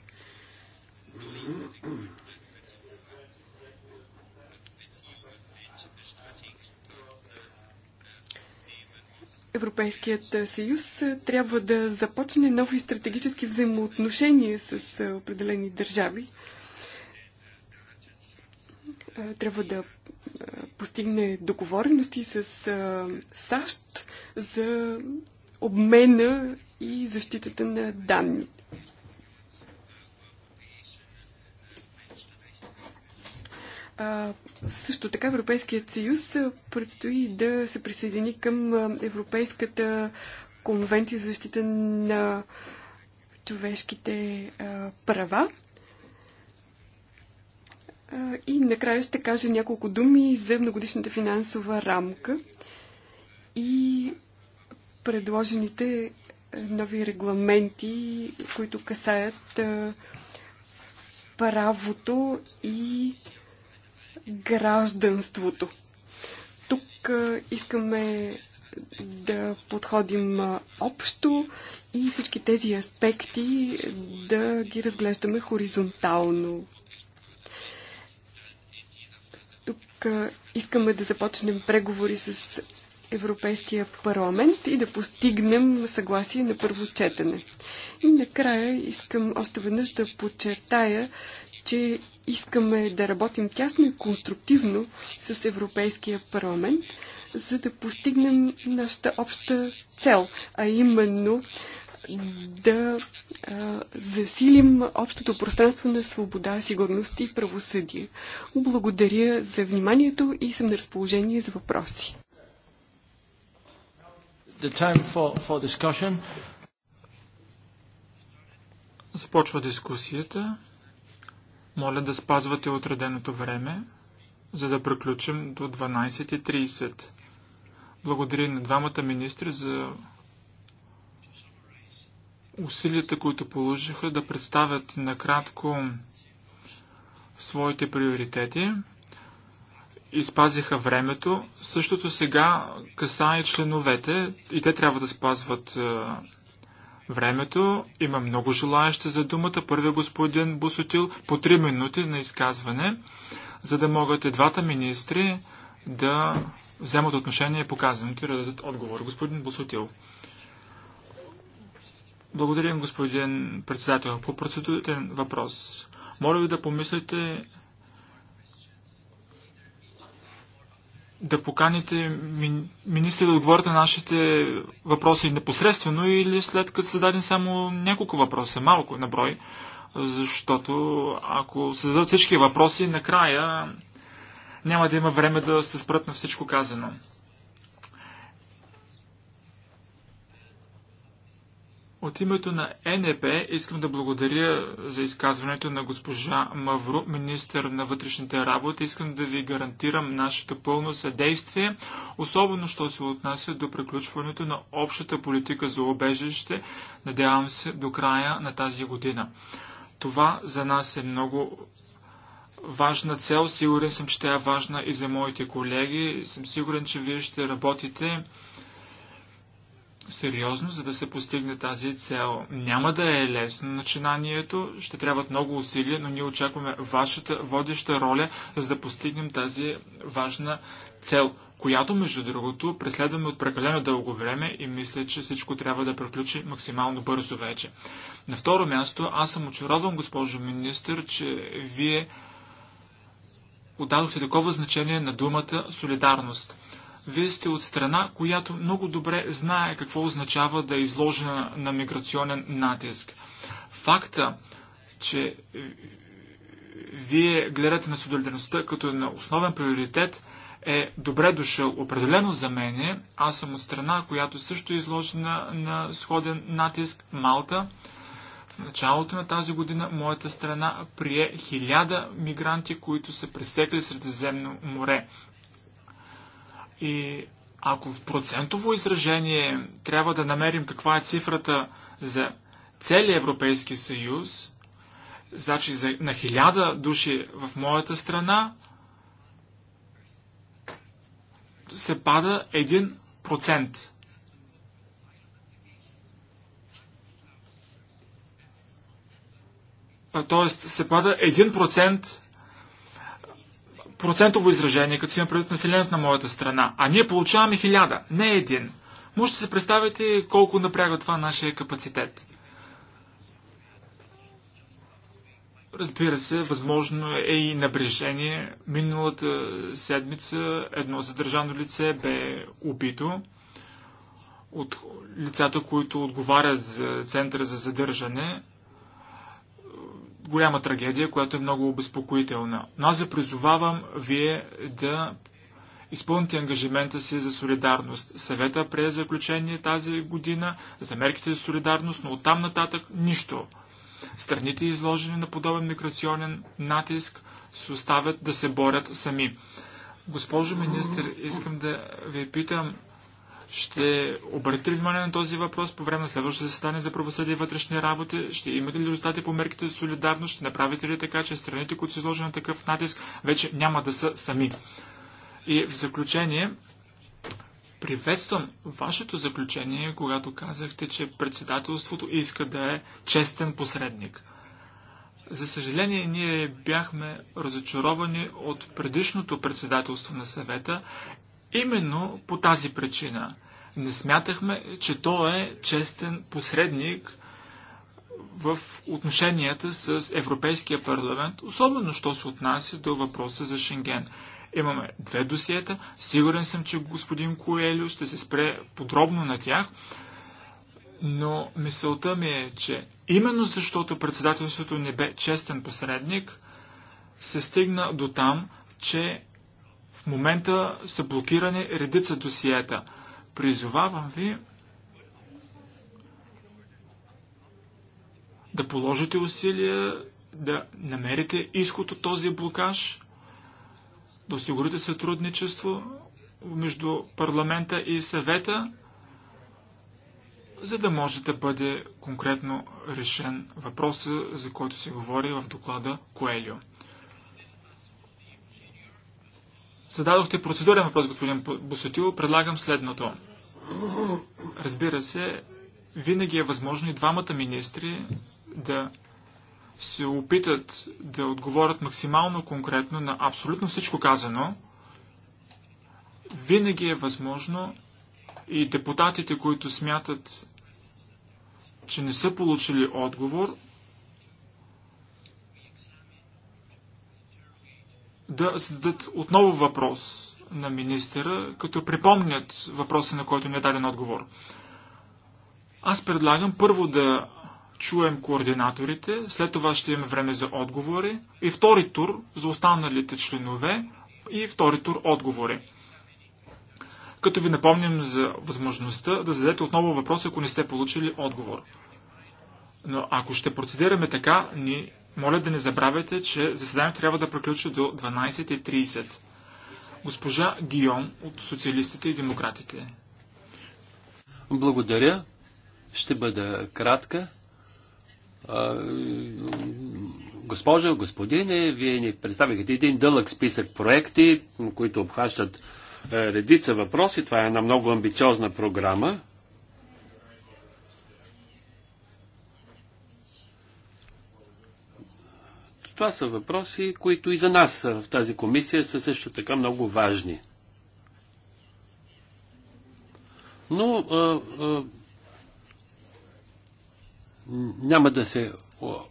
Европейският съюз трябва да започне нови стратегически взаимоотношения с определени държави. Трябва да постигне договорености с а, САЩ за обмена и защитата на данните. А, също така Европейският съюз предстои да се присъедини към Европейската конвенция за защита на човешките а, права. И накрая ще кажа няколко думи за многодишната финансова рамка и предложените нови регламенти, които касаят правото и гражданството. Тук искаме да подходим общо и всички тези аспекти да ги разглеждаме хоризонтално искаме да започнем преговори с Европейския парламент и да постигнем съгласие на първо четене. И накрая искам още веднъж да подчертая, че искаме да работим тясно и конструктивно с Европейския парламент, за да постигнем нашата обща цел, а именно да а, засилим общото пространство на свобода, сигурност и правосъдие. Благодаря за вниманието и съм на разположение за въпроси. For, for Започва дискусията. Моля да спазвате отреденото време, за да приключим до 12.30. Благодаря на двамата министри за усилията, които положиха да представят накратко своите приоритети. Изпазиха времето. Същото сега и членовете и те трябва да спазват е, времето. Има много желаящи за думата. Първият господин Бусотил по три минути на изказване, за да могат и двата министри да вземат отношение по показването и да дадат отговор. Господин Бусотил. Благодаря, господин председател. По процедурен въпрос. Моля ви да помислите да поканите ми, министри да отговорят на нашите въпроси непосредствено или след като са дадени само няколко въпроса, малко на брой, защото ако се зададат всички въпроси, накрая няма да има време да се спрат на всичко казано. От името на НЕП искам да благодаря за изказването на госпожа Мавро, министър на вътрешните работи. Искам да ви гарантирам нашето пълно съдействие, особено що се отнася до приключването на общата политика за обежище, надявам се, до края на тази година. Това за нас е много важна цел. Сигурен съм, че тя е важна и за моите колеги. Съм сигурен, че вие ще работите сериозно, за да се постигне тази цел. Няма да е лесно начинанието, ще трябват много усилия, но ние очакваме вашата водеща роля, за да постигнем тази важна цел, която, между другото, преследваме от прекалено дълго време и мисля, че всичко трябва да приключи максимално бързо вече. На второ място, аз съм очарован, госпожо министр, че вие отдадохте такова значение на думата солидарност. Вие сте от страна, която много добре знае какво означава да е изложена на миграционен натиск. Факта, че вие гледате на солидарността като на основен приоритет, е добре дошъл определено за мене. Аз съм от страна, която също е изложена на сходен натиск Малта. В началото на тази година моята страна прие хиляда мигранти, които са пресекли Средиземно море. И ако в процентово изражение трябва да намерим каква е цифрата за целия Европейски съюз, значи за, на хиляда души в моята страна, се пада 1%. Тоест се пада 1% процентово изражение, като си има предвид населението на моята страна, а ние получаваме хиляда, не един. Можете да се представите колко напряга това нашия капацитет. Разбира се, възможно е и напрежение. Миналата седмица едно задържано лице бе убито от лицата, които отговарят за центъра за задържане голяма трагедия, която е много обезпокоителна. Но аз ви призовавам вие да изпълните ангажимента си за солидарност. Съвета прие заключение тази година за мерките за солидарност, но оттам нататък нищо. Страните, изложени на подобен миграционен натиск, се оставят да се борят сами. Госпожо министр, искам да ви питам ще обърнете ли внимание на този въпрос по време на следващото заседание за правосъдие и вътрешни работи? Ще имате ли резултати по мерките за солидарност? Ще направите ли така, че страните, които са изложени на такъв натиск, вече няма да са сами? И в заключение, приветствам вашето заключение, когато казахте, че председателството иска да е честен посредник. За съжаление, ние бяхме разочаровани от предишното председателство на съвета Именно по тази причина не смятахме, че той е честен посредник в отношенията с Европейския парламент, особено що се отнася до въпроса за Шенген. Имаме две досиета. Сигурен съм, че господин Коелю ще се спре подробно на тях. Но мисълта ми е, че именно защото председателството не бе честен посредник, се стигна до там, че в момента са блокирани редица досиета. Призовавам ви да положите усилия да намерите изход от този блокаж, да осигурите сътрудничество между парламента и съвета, за да може да бъде конкретно решен въпроса, за който се говори в доклада Коелио. Зададохте процедурен въпрос, господин Босотил. Предлагам следното. Разбира се, винаги е възможно и двамата министри да се опитат да отговорят максимално конкретно на абсолютно всичко казано. Винаги е възможно и депутатите, които смятат, че не са получили отговор, да зададат отново въпрос на министъра, като припомнят въпроса, на който не е даден отговор. Аз предлагам първо да чуем координаторите, след това ще имаме време за отговори и втори тур за останалите членове и втори тур отговори. Като ви напомням за възможността да зададете отново въпрос, ако не сте получили отговор. Но ако ще процедираме така, ни моля да не забравяйте, че заседанието трябва да приключи до 12.30. Госпожа Гион от Социалистите и Демократите. Благодаря. Ще бъда кратка. Госпожо, господине, вие ни представихте един дълъг списък проекти, които обхващат е, редица въпроси. Това е една много амбициозна програма. Това са въпроси, които и за нас в тази комисия са също така много важни. Но а, а, няма да се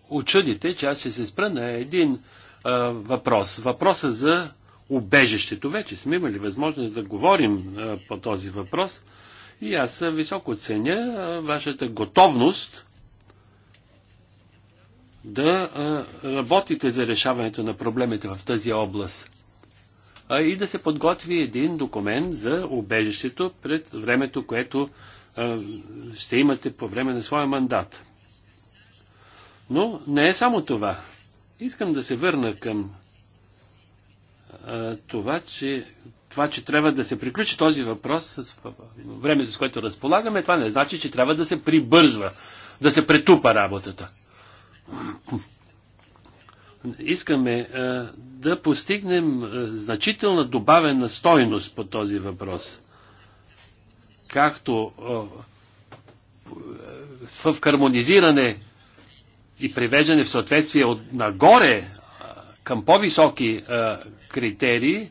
очудите, че аз ще се спра на един а, въпрос. Въпроса за убежището. Вече сме имали възможност да говорим а, по този въпрос и аз високо ценя а, вашата готовност да работите за решаването на проблемите в тази област и да се подготви един документ за убежището пред времето, което ще имате по време на своя мандат. Но не е само това. Искам да се върна към това, че това, че трябва да се приключи този въпрос с времето, с което разполагаме, това не значи, че трябва да се прибързва, да се претупа работата. Искаме е, да постигнем е, значителна добавена стойност по този въпрос. Както е, в хармонизиране и привеждане в съответствие от нагоре към по-високи критерии,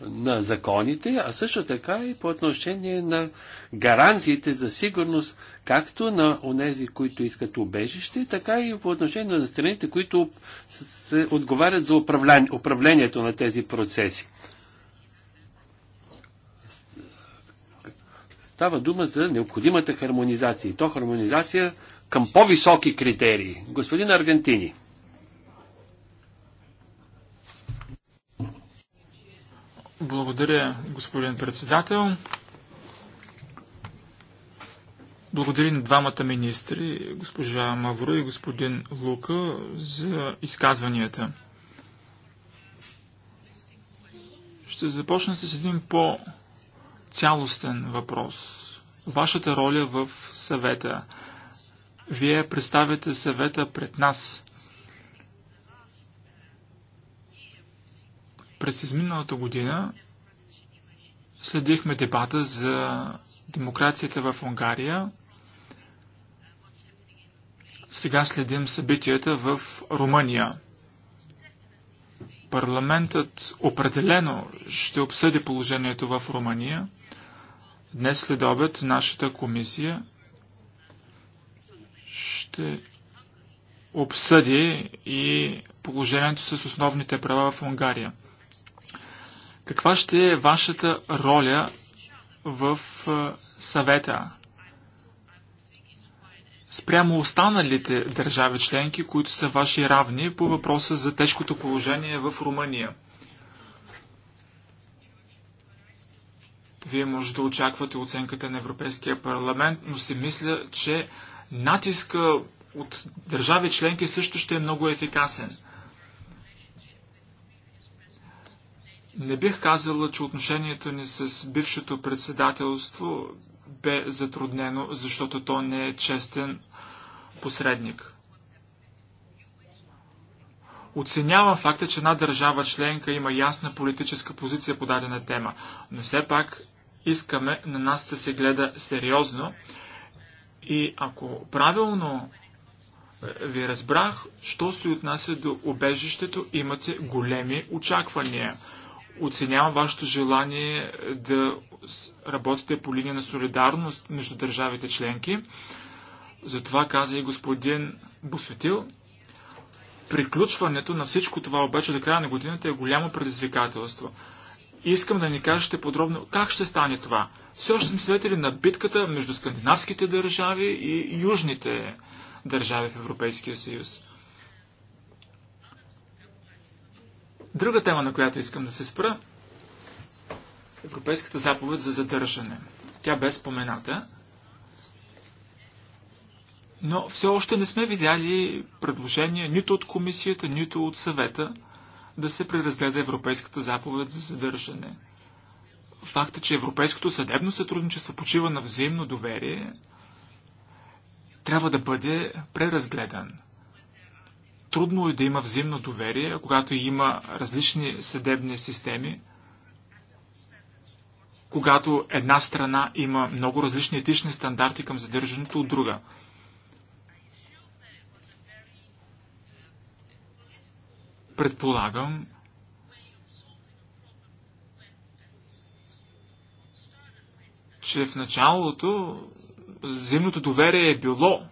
на законите, а също така и по отношение на гаранциите за сигурност, както на онези, които искат убежище, така и по отношение на страните, които се отговарят за управлението на тези процеси. Става дума за необходимата хармонизация. И то хармонизация към по-високи критерии. Господин Аргентини. Благодаря, господин председател. Благодаря на двамата министри, госпожа Мавро и господин Лука, за изказванията. Ще започна с един по-цялостен въпрос. Вашата роля в съвета. Вие представяте съвета пред нас. През изминалата година следихме дебата за демокрацията в Унгария. Сега следим събитията в Румъния. Парламентът определено ще обсъди положението в Румъния. Днес след обед нашата комисия ще обсъди и положението с основните права в Унгария. Каква ще е вашата роля в е, съвета спрямо останалите държави членки, които са ваши равни по въпроса за тежкото положение в Румъния? Вие може да очаквате оценката на Европейския парламент, но си мисля, че натиска от държави членки също ще е много ефикасен. Не бих казала, че отношението ни с бившето председателство бе затруднено, защото то не е честен посредник. Оценявам факта, че една държава членка има ясна политическа позиция по дадена тема, но все пак искаме на нас да се гледа сериозно и ако правилно е, ви разбрах, що се отнася до обежището, имате големи очаквания – Оценявам вашето желание да работите по линия на солидарност между държавите членки. Затова каза и господин Босотил. Приключването на всичко това обаче до края на годината е голямо предизвикателство. Искам да ни кажете подробно как ще стане това. Все още сме свидетели на битката между скандинавските държави и южните държави в Европейския съюз. Друга тема, на която искам да се спра, Европейската заповед за задържане. Тя бе спомената, но все още не сме видяли предложения нито от комисията, нито от съвета да се преразгледа Европейската заповед за задържане. Факта, че Европейското съдебно сътрудничество почива на взаимно доверие, трябва да бъде преразгледан – Трудно е да има взаимно доверие, когато има различни съдебни системи, когато една страна има много различни етични стандарти към задържането от друга. Предполагам, че в началото взаимното доверие е било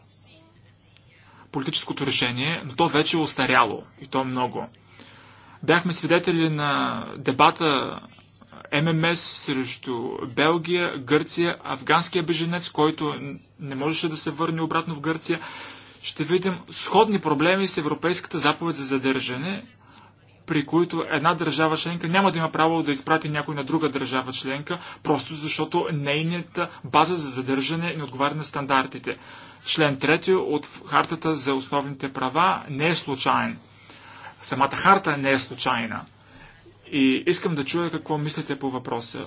политическото решение, но то вече е устаряло и то много. Бяхме свидетели на дебата ММС срещу Белгия, Гърция, афганския беженец, който не можеше да се върне обратно в Гърция. Ще видим сходни проблеми с Европейската заповед за задържане, при които една държава членка няма да има право да изпрати някой на друга държава членка, просто защото нейната база за задържане не отговаря на стандартите. Член 3 от Хартата за основните права не е случайен. Самата харта не е случайна. И искам да чуя какво мислите по въпроса.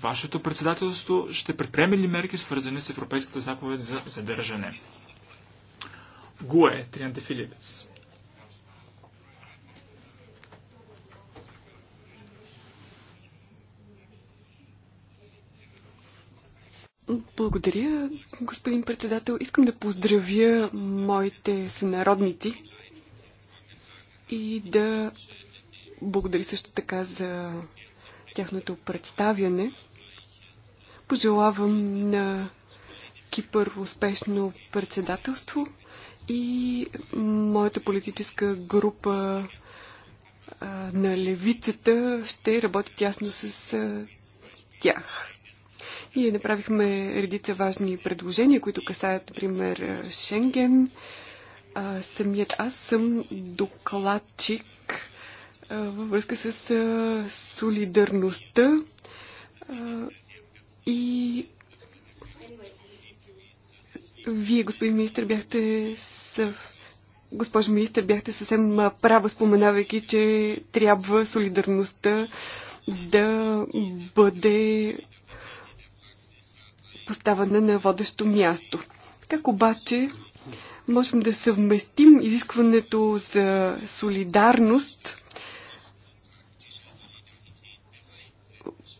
Вашето председателство ще предприеме ли мерки, свързани с Европейската заповед за задържане? Гуе Триантефилидес. Благодаря, господин председател. Искам да поздравя моите сънародници и да благодаря също така за тяхното представяне. Пожелавам на Кипър успешно председателство и моята политическа група на левицата ще работи тясно с тях. Ние направихме редица важни предложения, които касаят, например, Шенген. А, самият аз съм докладчик а, във връзка с а, солидарността а, и вие, господин министр, бяхте с... Госпожо министр, бяхте съвсем права, споменавайки, че трябва солидарността да бъде поставане на водещо място. Как обаче можем да съвместим изискването за солидарност,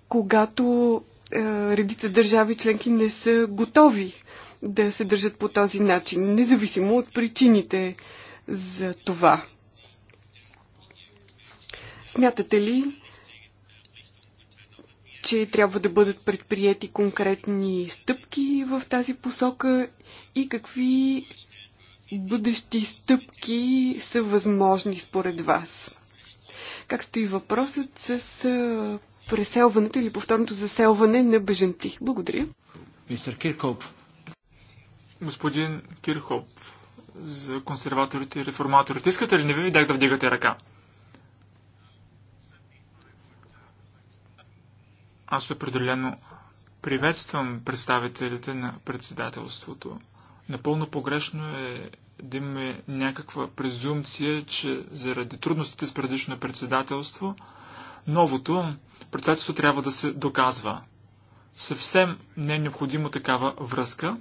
когато е, редица държави членки не са готови да се държат по този начин, независимо от причините за това. Смятате ли, че трябва да бъдат предприяти конкретни стъпки в тази посока и какви бъдещи стъпки са възможни според вас? Как стои въпросът с преселването или повторното заселване на беженци? Благодаря. Мистер Кирхоп. Господин Кирхоп, за консерваторите и реформаторите. Искате ли? Не ви видях да вдигате ръка. Аз определено приветствам представителите на председателството. Напълно погрешно е да имаме някаква презумпция, че заради трудностите с предишно председателство, новото председателство трябва да се доказва. Съвсем не е необходимо такава връзка.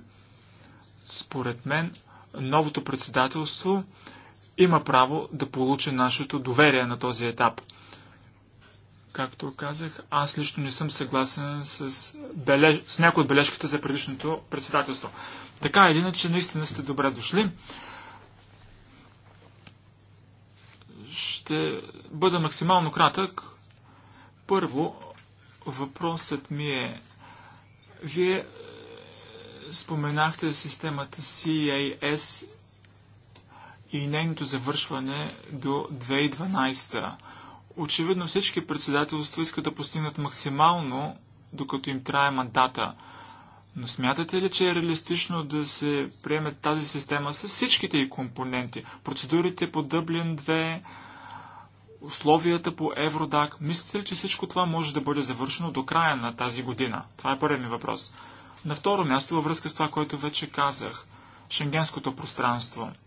Според мен, новото председателство има право да получи нашето доверие на този етап – Както казах, аз лично не съм съгласен с, бележ... с някои от бележките за предишното председателство. Така или иначе, наистина сте добре дошли. Ще бъда максимално кратък. Първо, въпросът ми е, вие е, споменахте системата CAS и нейното завършване до 2012. Очевидно всички председателства искат да постигнат максимално, докато им трае мандата. Но смятате ли, че е реалистично да се приеме тази система с всичките и компоненти? Процедурите по Дъблин 2, условията по Евродак. Мислите ли, че всичко това може да бъде завършено до края на тази година? Това е първият ми въпрос. На второ място, във връзка с това, което вече казах, шенгенското пространство –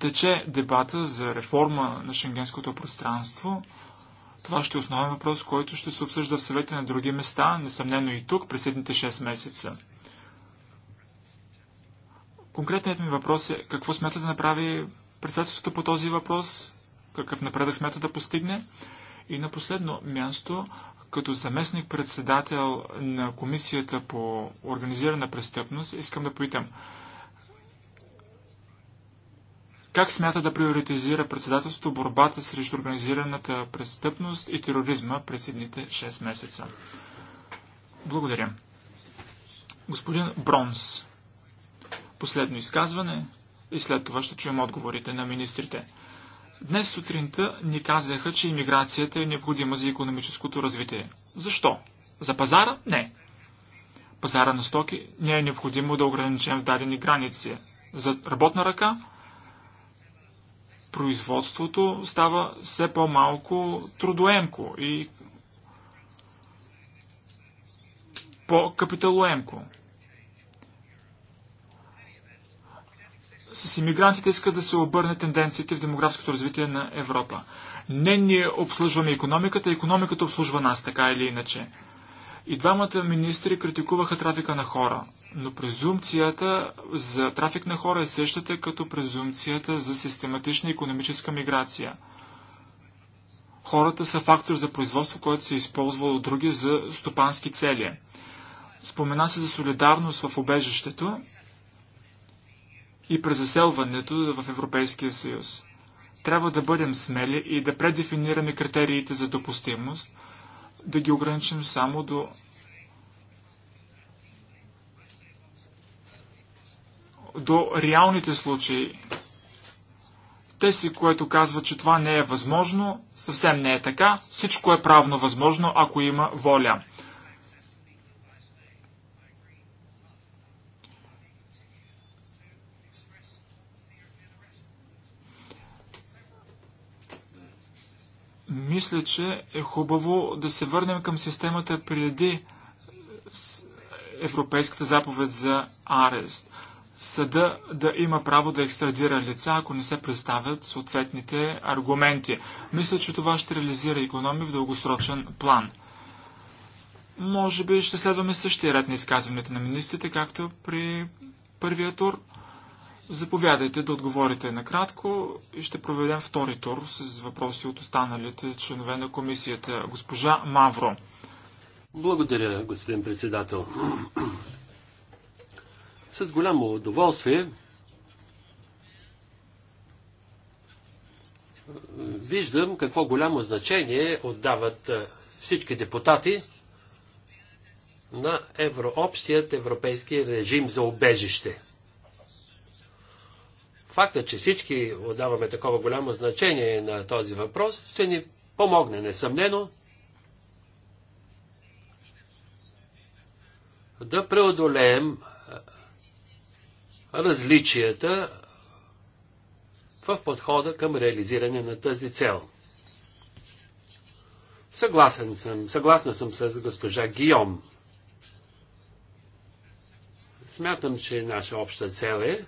Тече дебата за реформа на шенгенското пространство. Това ще е основен въпрос, който ще се обсъжда в съвете на други места, несъмнено и тук, през следните 6 месеца. Конкретният ми въпрос е какво смята да направи председателството по този въпрос, какъв напредък смята да постигне и на последно място, като заместник председател на Комисията по организирана престъпност, искам да попитам, как смята да приоритизира председателството борбата срещу организираната престъпност и тероризма през едните 6 месеца? Благодаря. Господин Бронс, последно изказване и след това ще чуем отговорите на министрите. Днес сутринта ни казаха, че иммиграцията е необходима за економическото развитие. Защо? За пазара? Не. Пазара на стоки не е необходимо да ограничим в дадени граници. За работна ръка? производството става все по-малко трудоемко и по-капиталоемко. С иммигрантите иска да се обърне тенденциите в демографското развитие на Европа. Не ние обслужваме економиката, економиката обслужва нас, така или иначе. И двамата министри критикуваха трафика на хора, но презумпцията за трафик на хора е същата като презумпцията за систематична економическа миграция. Хората са фактор за производство, което се използва от други за стопански цели. Спомена се за солидарност в обежището и през заселването в Европейския съюз. Трябва да бъдем смели и да предефинираме критериите за допустимост – да ги ограничим само до до реалните случаи. Те си, което казват, че това не е възможно, съвсем не е така. Всичко е правно възможно, ако има воля. Мисля, че е хубаво да се върнем към системата преди Европейската заповед за арест. Съда да има право да екстрадира лица, ако не се представят съответните аргументи. Мисля, че това ще реализира економи в дългосрочен план. Може би ще следваме същия ред на изказването на министрите, както при първия тур. Заповядайте да отговорите накратко и ще проведем втори тур с въпроси от останалите членове на комисията. Госпожа Мавро. Благодаря, господин председател. С голямо удоволствие е, виждам какво голямо значение отдават е, всички депутати на еврообщият европейски режим за обежище факта, че всички отдаваме такова голямо значение на този въпрос, ще ни помогне несъмнено да преодолеем различията в подхода към реализиране на тази цел. Съгласен съм, съгласна съм с госпожа Гиом. Смятам, че наша обща цел е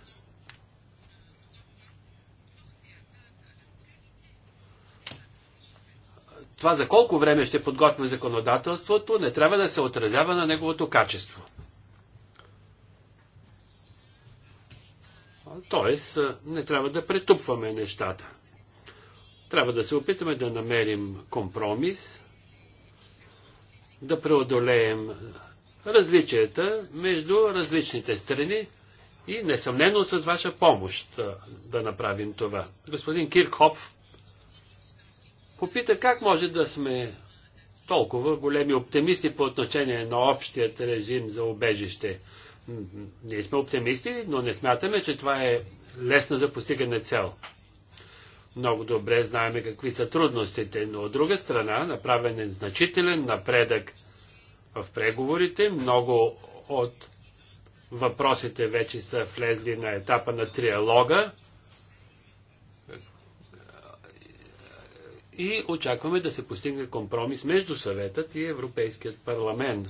това за колко време ще подготвим законодателството, не трябва да се отразява на неговото качество. Тоест, не трябва да претупваме нещата. Трябва да се опитаме да намерим компромис, да преодолеем различията между различните страни и несъмнено с ваша помощ да направим това. Господин Киркхоп попита как може да сме толкова големи оптимисти по отношение на общият режим за обежище. Ние сме оптимисти, но не смятаме, че това е лесна за постигане цел. Много добре знаем какви са трудностите, но от друга страна направен е значителен напредък в преговорите. Много от въпросите вече са влезли на етапа на триалога и очакваме да се постигне компромис между съветът и Европейският парламент.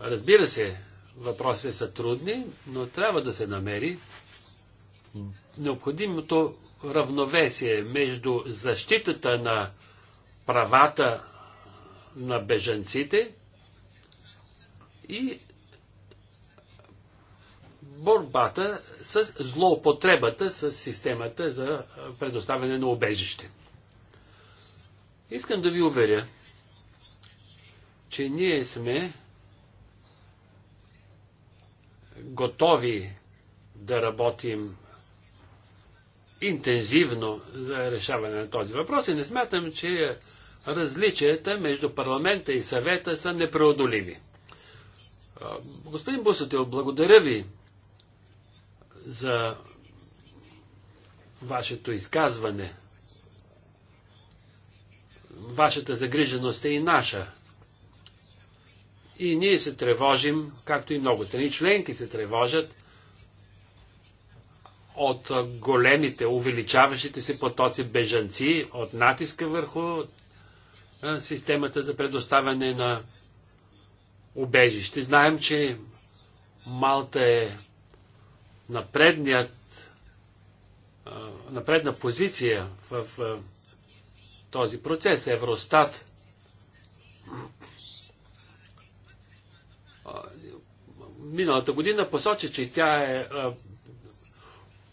Разбира се, въпросите са трудни, но трябва да се намери необходимото равновесие между защитата на правата на бежанците и борбата с злоупотребата с системата за предоставяне на обежище. Искам да ви уверя, че ние сме готови да работим интензивно за решаване на този въпрос и не смятам, че различията между парламента и съвета са непреодолими. Господин Бусател, благодаря ви за вашето изказване. Вашата загриженост е и наша. И ние се тревожим, както и много страни членки се тревожат от големите, увеличаващите се потоци бежанци, от натиска върху системата за предоставяне на убежище. Знаем, че Малта е Напредна на позиция в този процес. Евростат миналата година посочи, че тя е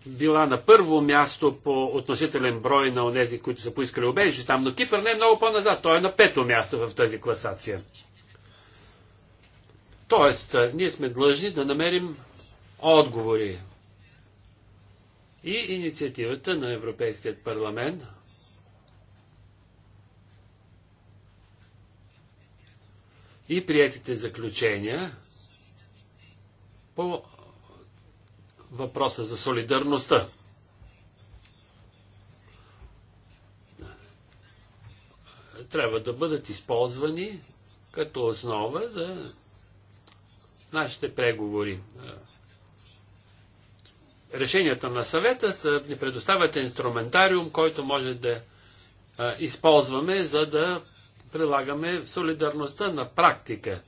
била на първо място по относителен брой на онези, които са поискали убежище там, но Кипър не е много по-назад. Той е на пето място в тази класация. Тоест, ние сме длъжни да намерим отговори. И инициативата на Европейският парламент и приятите заключения по въпроса за солидарността. Трябва да бъдат използвани като основа за нашите преговори решенията на съвета са, ни предоставят инструментариум, който може да а, използваме, за да прилагаме солидарността на практика.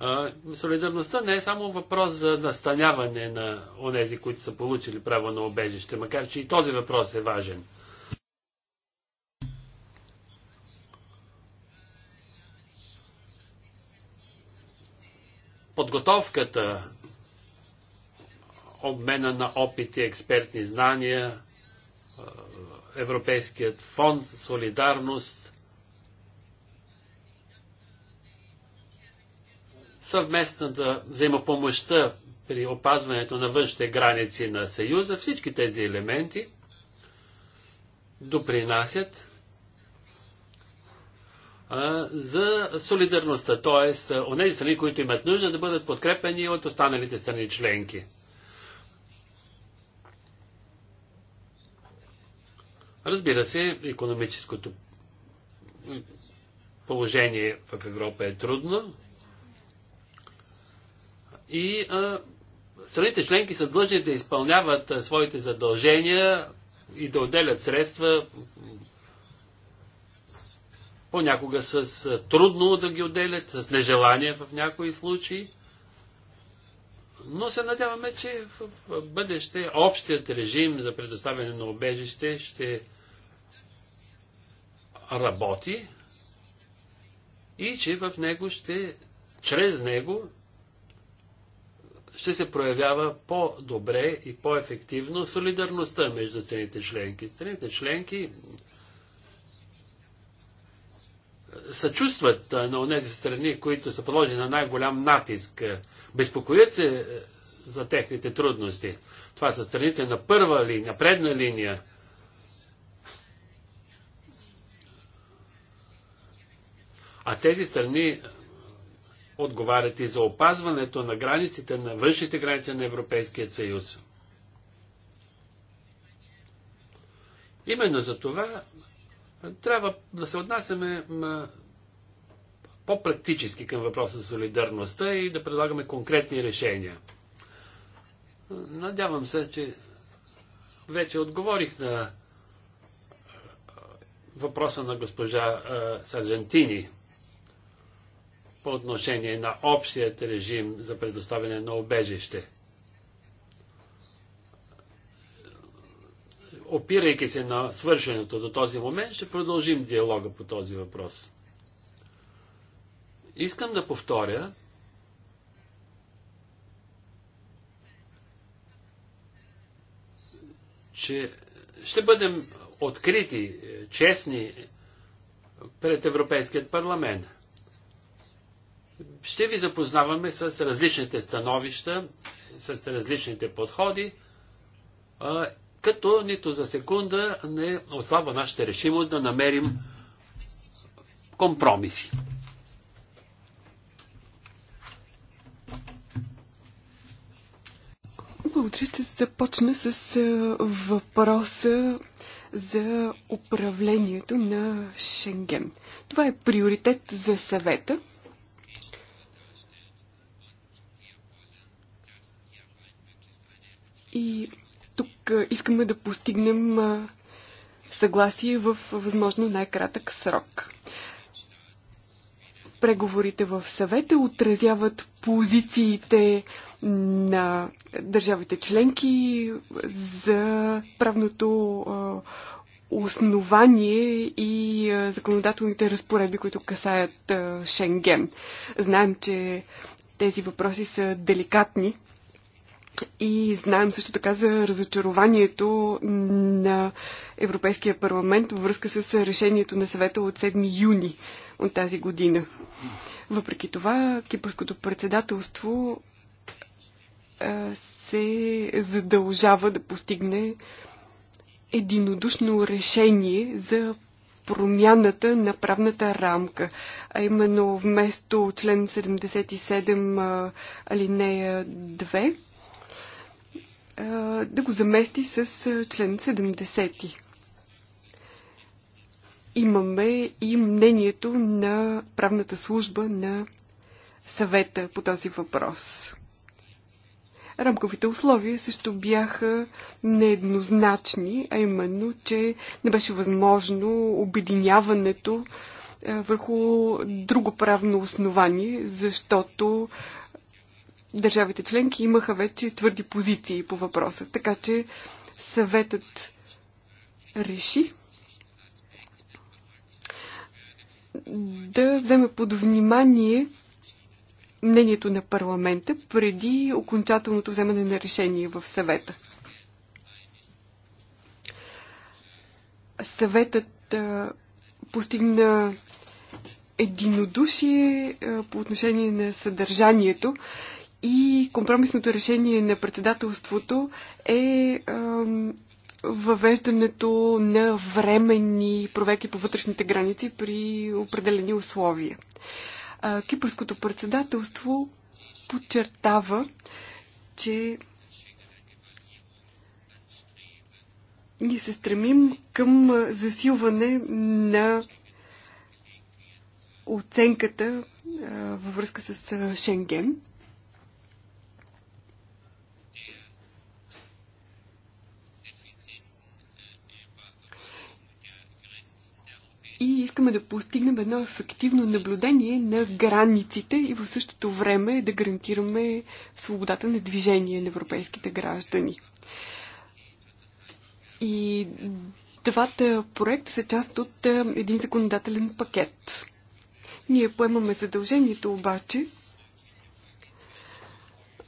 А, солидарността не е само въпрос за настаняване на онези, които са получили право на обежище, макар че и този въпрос е важен. Подготовката, обмена на опити, експертни знания, Европейският фонд, солидарност, съвместната взаимопомощта при опазването на външните граници на Съюза, всички тези елементи допринасят за солидарността, т.е. тези страни, които имат нужда да бъдат подкрепени от останалите страни членки. Разбира се, економическото положение в Европа е трудно и а, страните членки са длъжни да изпълняват а, своите задължения и да отделят средства понякога с а, трудно да ги отделят, с нежелание в някои случаи. Но се надяваме, че в бъдеще общият режим за предоставяне на обежище ще работи и че в него ще, чрез него, ще се проявява по-добре и по-ефективно солидарността между страните членки. Страните членки съчувстват на тези страни, които са подложени на най-голям натиск, безпокоят се за техните трудности. Това са страните на първа линия, предна линия, А тези страни отговарят и за опазването на границите, на външните граници на Европейския съюз. Именно за това трябва да се отнасяме по-практически към въпроса за солидарността и да предлагаме конкретни решения. Надявам се, че вече отговорих на въпроса на госпожа Саржентини по отношение на общият режим за предоставяне на обежище. Опирайки се на свършеното до този момент, ще продължим диалога по този въпрос. Искам да повторя, че ще бъдем открити, честни пред Европейският парламент. Ще ви запознаваме с различните становища, с различните подходи, като нито за секунда не отслабва нашата решимост да намерим компромиси. Благодаря, ще започна с въпроса за управлението на Шенген. Това е приоритет за съвета. И тук искаме да постигнем съгласие в възможно най-кратък срок. Преговорите в съвета отразяват позициите на държавите членки за правното основание и законодателните разпоредби, които касаят Шенген. Знаем, че тези въпроси са деликатни и знаем също така за разочарованието на Европейския парламент във връзка с решението на съвета от 7 юни от тази година. Въпреки това, кипърското председателство се задължава да постигне единодушно решение за промяната на правната рамка, а именно вместо член 77 алинея 2 да го замести с член 70. Имаме и мнението на правната служба на съвета по този въпрос. Рамковите условия също бяха нееднозначни, а именно, че не беше възможно обединяването върху друго правно основание, защото държавите членки имаха вече твърди позиции по въпроса. Така че съветът реши да вземе под внимание мнението на парламента преди окончателното вземане на решение в съвета. Съветът а, постигна единодушие а, по отношение на съдържанието и компромисното решение на председателството е въвеждането на временни проверки по вътрешните граници при определени условия. Кипърското председателство подчертава, че ние се стремим към засилване на оценката във връзка с Шенген – и искаме да постигнем едно ефективно наблюдение на границите и в същото време да гарантираме свободата на движение на европейските граждани. И двата проекта са част от един законодателен пакет. Ние поемаме задължението обаче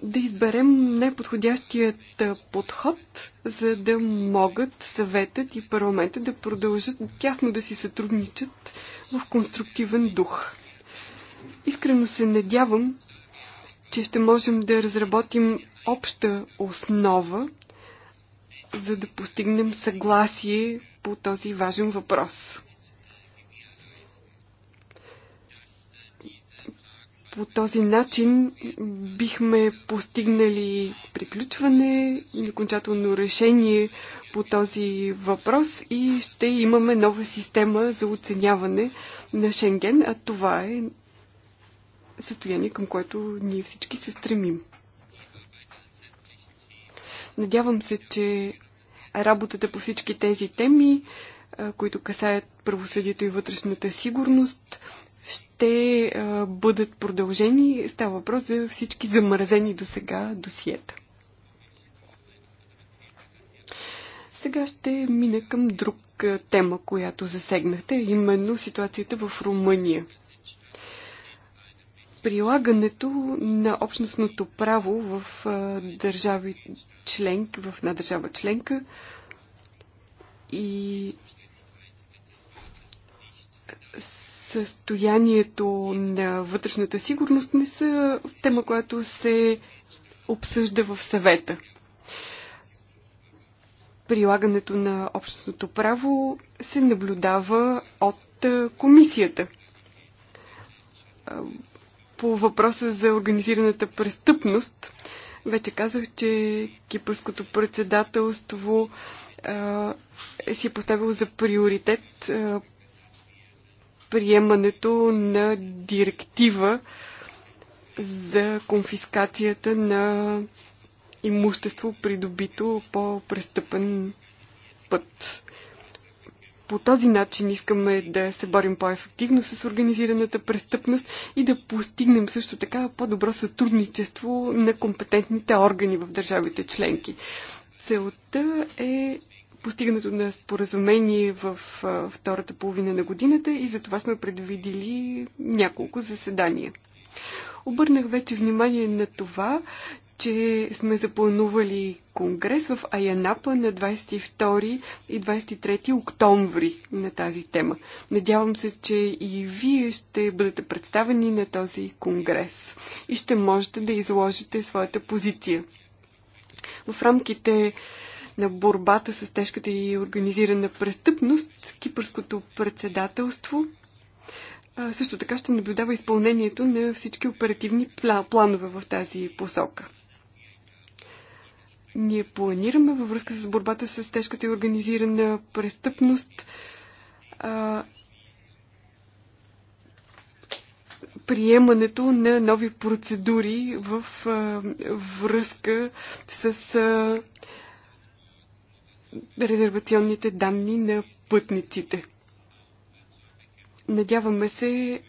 да изберем най-подходящият подход, за да могат съветът и парламента да продължат тясно да си сътрудничат в конструктивен дух. Искрено се надявам, че ще можем да разработим обща основа, за да постигнем съгласие по този важен въпрос. по този начин бихме постигнали приключване и окончателно решение по този въпрос и ще имаме нова система за оценяване на Шенген, а това е състояние, към което ние всички се стремим. Надявам се, че работата по всички тези теми, които касаят правосъдието и вътрешната сигурност, ще бъдат продължени. Става въпрос за всички замразени до сега досиета. Сега ще мина към друг тема, която засегнахте, именно ситуацията в Румъния. Прилагането на общностното право в държави членки в една държава членка и състоянието на вътрешната сигурност не са тема, която се обсъжда в съвета. Прилагането на общностното право се наблюдава от комисията. По въпроса за организираната престъпност, вече казах, че кипърското председателство е си поставило за приоритет приемането на директива за конфискацията на имущество, придобито по престъпен път. По този начин искаме да се борим по-ефективно с организираната престъпност и да постигнем също така по-добро сътрудничество на компетентните органи в държавите членки. Целта е постигнато на споразумение в втората половина на годината и за това сме предвидили няколко заседания. Обърнах вече внимание на това, че сме запланували конгрес в Аянапа на 22 и 23 октомври на тази тема. Надявам се, че и вие ще бъдете представени на този конгрес и ще можете да изложите своята позиция. В рамките на борбата с тежката и организирана престъпност, кипърското председателство също така ще наблюдава изпълнението на всички оперативни планове в тази посока. Ние планираме във връзка с борбата с тежката и организирана престъпност а, приемането на нови процедури в а, връзка с а, резервационните данни на пътниците. Надяваме се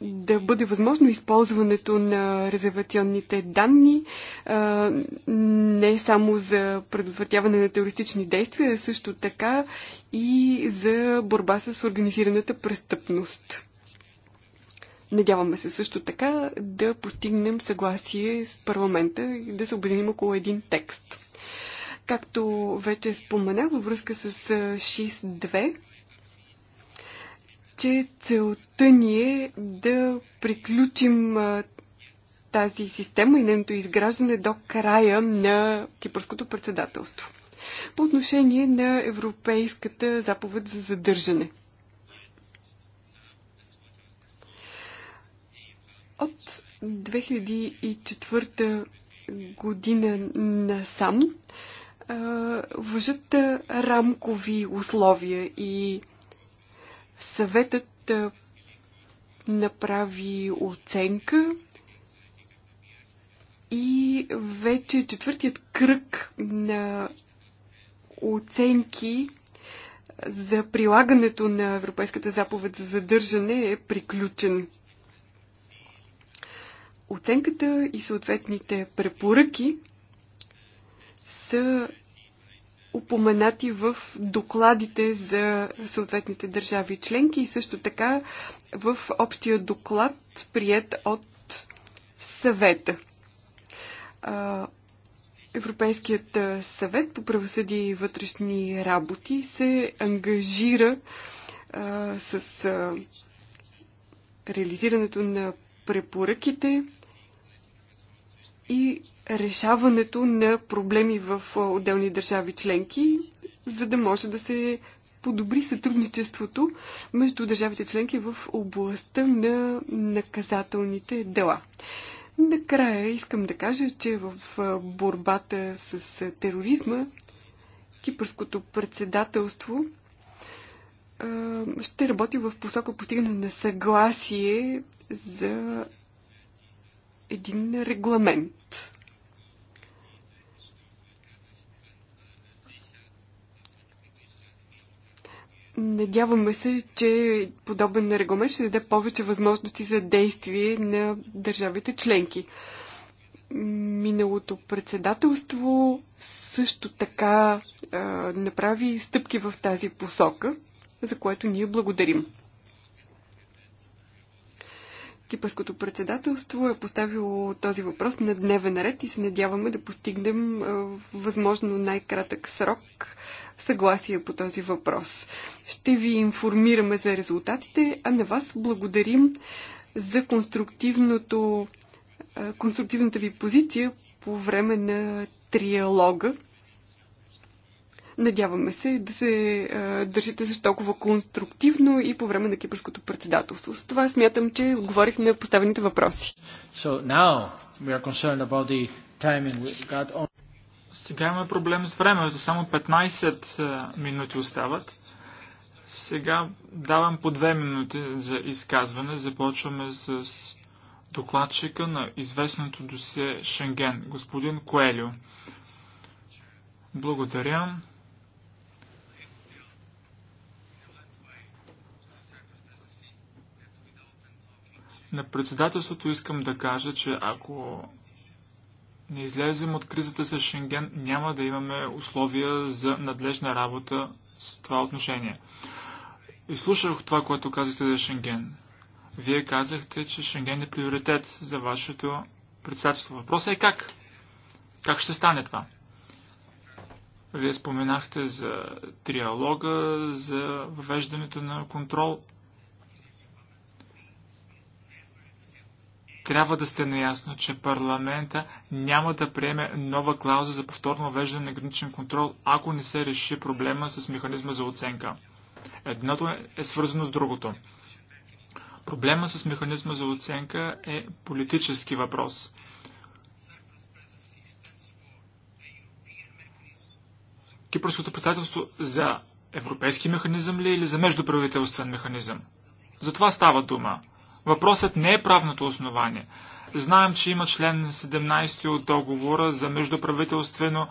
да бъде възможно използването на резервационните данни а, не само за предотвратяване на терористични действия, а също така и за борба с организираната престъпност. Надяваме се също така да постигнем съгласие с парламента и да се обединим около един текст. Както вече споменах във връзка с 6.2, че целта ни е да приключим тази система и нейното изграждане до края на кипърското председателство. По отношение на Европейската заповед за задържане. От 2004 година насам въжат рамкови условия и съветът направи оценка и вече четвъртият кръг на оценки за прилагането на Европейската заповед за задържане е приключен. Оценката и съответните препоръки – са упоменати в докладите за съответните държави членки и също така в общия доклад, прият от съвета. Европейският съвет по правосъдие и вътрешни работи се ангажира а, с а, реализирането на препоръките и решаването на проблеми в отделни държави членки, за да може да се подобри сътрудничеството между държавите членки в областта на наказателните дела. Накрая искам да кажа, че в борбата с тероризма кипърското председателство ще работи в посока постигане на съгласие за един регламент. Надяваме се, че подобен регламент ще даде повече възможности за действие на държавите членки. Миналото председателство също така е, направи стъпки в тази посока, за което ние благодарим. Кипърското председателство е поставило този въпрос на дневен ред и се надяваме да постигнем възможно най-кратък срок съгласие по този въпрос. Ще ви информираме за резултатите, а на вас благодарим за конструктивното, конструктивната ви позиция по време на триалога Надяваме се да се а, държите също толкова конструктивно и по време на кипърското председателство. С това смятам, че отговорих на поставените въпроси. So now we are about the timing we got on... Сега имаме проблем с времето. Само 15 минути остават. Сега давам по 2 минути за изказване. Започваме с докладчика на известното досе Шенген, господин Коелио, Благодаря. На председателството искам да кажа, че ако не излезем от кризата с Шенген, няма да имаме условия за надлежна работа с това отношение. И слушах това, което казахте за Шенген. Вие казахте, че Шенген е приоритет за вашето председателство. Въпросът е как? Как ще стане това? Вие споменахте за триалога, за въвеждането на контрол. Трябва да сте наясно, че парламента няма да приеме нова клауза за повторно въвеждане на граничен контрол, ако не се реши проблема с механизма за оценка. Едното е свързано с другото. Проблема с механизма за оценка е политически въпрос. Кипърското председателство за европейски механизъм ли е или за междуправителствен механизъм? За това става дума. Въпросът не е правното основание. Знаем, че има член 17 от договора за междуправителствено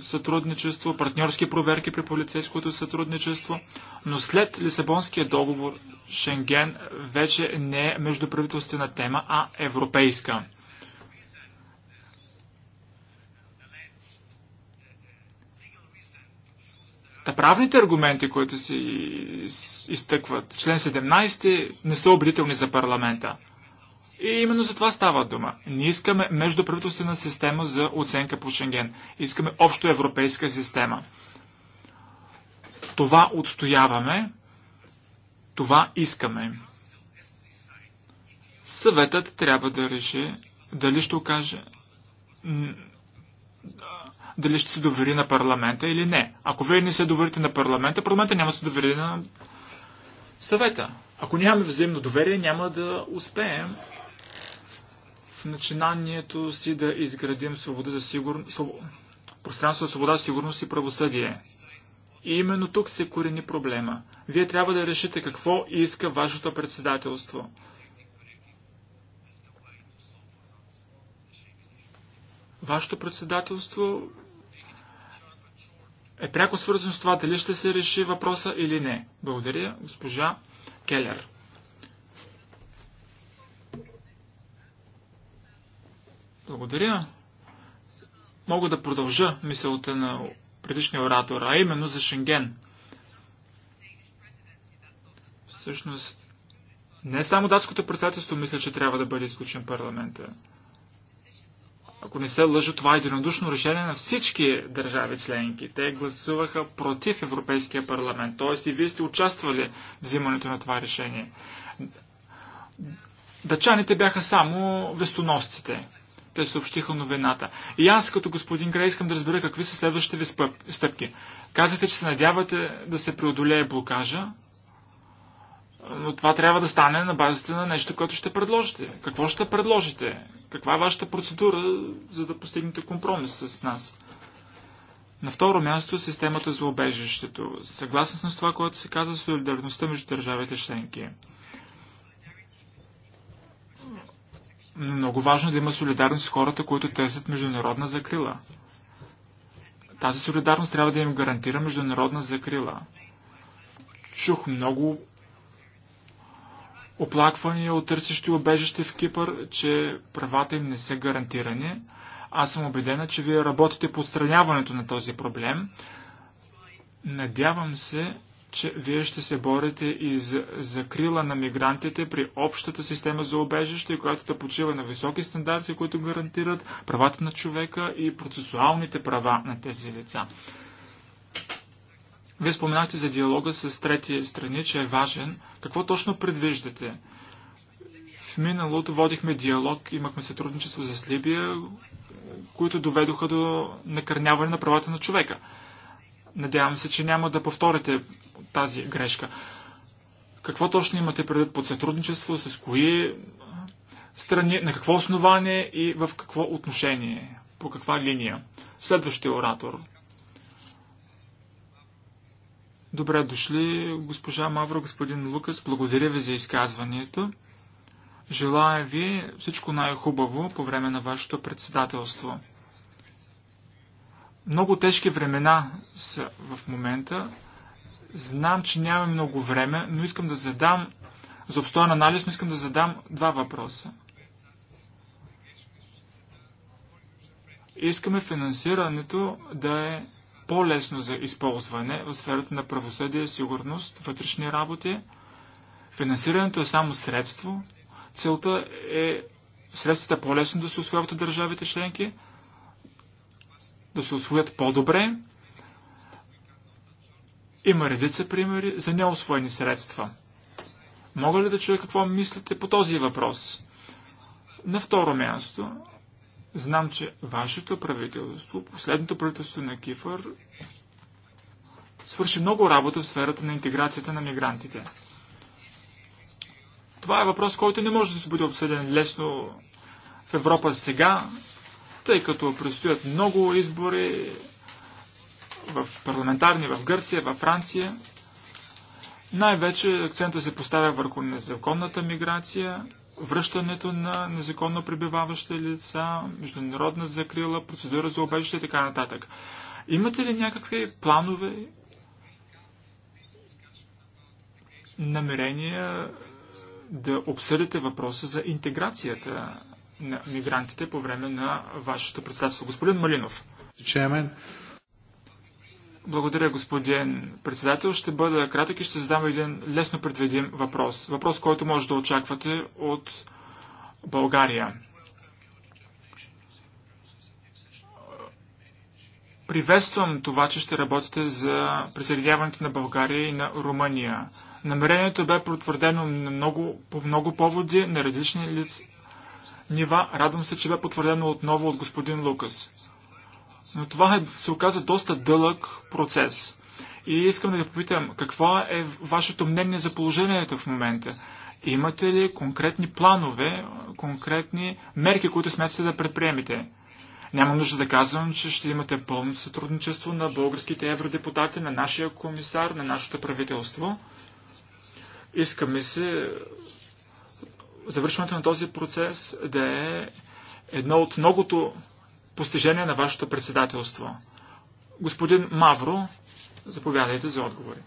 сътрудничество, партньорски проверки при полицейското сътрудничество, но след Лисабонския договор Шенген вече не е междуправителствена тема, а европейска. Та правните аргументи, които си изтъкват, член 17, не са убедителни за парламента. И именно за това става дума. Ние искаме междуправителствена система за оценка по Шенген. Искаме общо европейска система. Това отстояваме, това искаме. Съветът трябва да реши дали ще окаже дали ще се довери на парламента или не. Ако вие не се доверите на парламента, парламента няма да се довери на съвета. Ако нямаме взаимно доверие, няма да успеем в начинанието си да изградим свобода за сигур... Своб... пространство за свобода, сигурност и правосъдие. И именно тук се корени проблема. Вие трябва да решите какво иска вашето председателство. Вашето председателство е пряко свързано с това дали ще се реши въпроса или не. Благодаря, госпожа Келер. Благодаря. Мога да продължа мисълта на предишния оратор, а именно за Шенген. Всъщност, не само датското председателство мисля, че трябва да бъде изключен парламента. Ако не се лъжа, това е единодушно решение на всички държави членки. Те гласуваха против Европейския парламент. Тоест и вие сте участвали в взимането на това решение. Дачаните бяха само вестоносците. Те съобщиха новината. И аз като господин Грей искам да разбера какви са следващите ви стъпки. Казахте, че се надявате да се преодолее блокажа но това трябва да стане на базата на нещо, което ще предложите. Какво ще предложите? Каква е вашата процедура, за да постигнете компромис с нас? На второ място системата за обежището. Съгласен съм с това, което се каза солидарността между държавите членки. Много важно е да има солидарност с хората, които търсят международна закрила. Тази солидарност трябва да им гарантира международна закрила. Чух много оплаквания от търсещи обежище в Кипър, че правата им не са гарантирани. Аз съм убедена, че вие работите по отстраняването на този проблем. Надявам се, че вие ще се борите и за закрила на мигрантите при общата система за обежище, която да почива на високи стандарти, които гарантират правата на човека и процесуалните права на тези лица. Вие споменахте за диалога с третия страни, че е важен. Какво точно предвиждате? В миналото водихме диалог, имахме сътрудничество с Либия, които доведоха до накърняване на правата на човека. Надявам се, че няма да повторите тази грешка. Какво точно имате предвид под сътрудничество, с кои страни, на какво основание и в какво отношение, по каква линия? Следващия оратор – Добре дошли, госпожа Мавро, господин Лукас. Благодаря ви за изказването. Желая ви всичко най-хубаво по време на вашето председателство. Много тежки времена са в момента. Знам, че нямаме много време, но искам да задам, за обстоен анализ, но искам да задам два въпроса. Искаме финансирането да е по-лесно за използване в сферата на правосъдие, сигурност, вътрешни работи. Финансирането е само средство. Целта е средствата по-лесно да се освоят от държавите членки, да се освоят по-добре. Има редица примери за неосвоени средства. Мога ли да чуя какво мислите по този въпрос? На второ място, Знам, че вашето правителство, последното правителство на Кифър, свърши много работа в сферата на интеграцията на мигрантите. Това е въпрос, който не може да се бъде обсъден лесно в Европа сега, тъй като предстоят много избори в парламентарни в Гърция, във Франция. Най-вече акцента се поставя върху незаконната миграция връщането на незаконно пребиваващи лица, международна закрила, процедура за обежище и така нататък. Имате ли някакви планове, намерения е, да обсъдите въпроса за интеграцията на мигрантите по време на вашето председателство? Господин Малинов. Благодаря, господин председател. Ще бъда кратък и ще задам един лесно предвидим въпрос. Въпрос, който може да очаквате от България. Приветствам това, че ще работите за присъединяването на България и на Румъния. Намерението бе потвърдено на много, по много поводи на различни лица. Нива радвам се, че бе потвърдено отново от господин Лукас. Но това е, се оказа доста дълъг процес. И искам да ви попитам, какво е вашето мнение за положението в момента? Имате ли конкретни планове, конкретни мерки, които смятате да предприемете? Няма нужда да казвам, че ще имате пълно сътрудничество на българските евродепутати, на нашия комисар, на нашето правителство. Искаме се завършването на този процес да е едно от многото постижение на вашето председателство. Господин Мавро, заповядайте за отговори.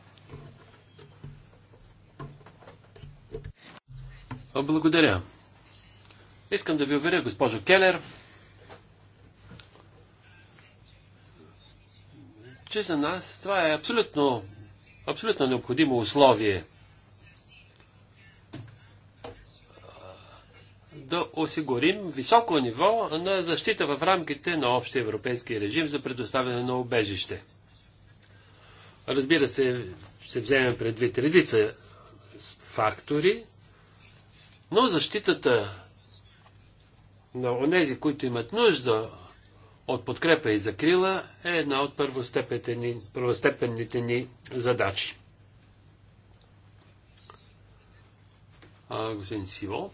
Благодаря. Искам да ви уверя, госпожо Келер, че за нас това е абсолютно, абсолютно необходимо условие – да осигурим високо ниво на защита в рамките на общия европейски режим за предоставяне на обежище. Разбира се, ще вземем предвид редица фактори, но защитата на онези, които имат нужда от подкрепа и закрила, е една от първостепенните ни, първостепенните ни задачи. А, господин Сиво.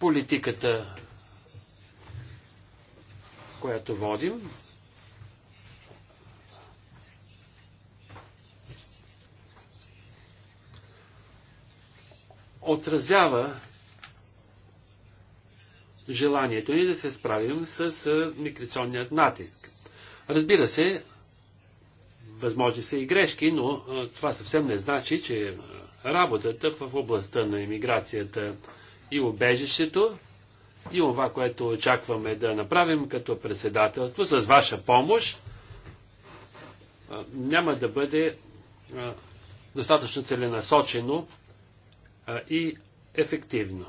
политиката, която водим. отразява желанието ни да се справим с миграционният натиск. Разбира се, възможни са и грешки, но това съвсем не значи, че работата в областта на иммиграцията и обежището и това, което очакваме да направим като председателство с ваша помощ, няма да бъде достатъчно целенасочено и ефективно.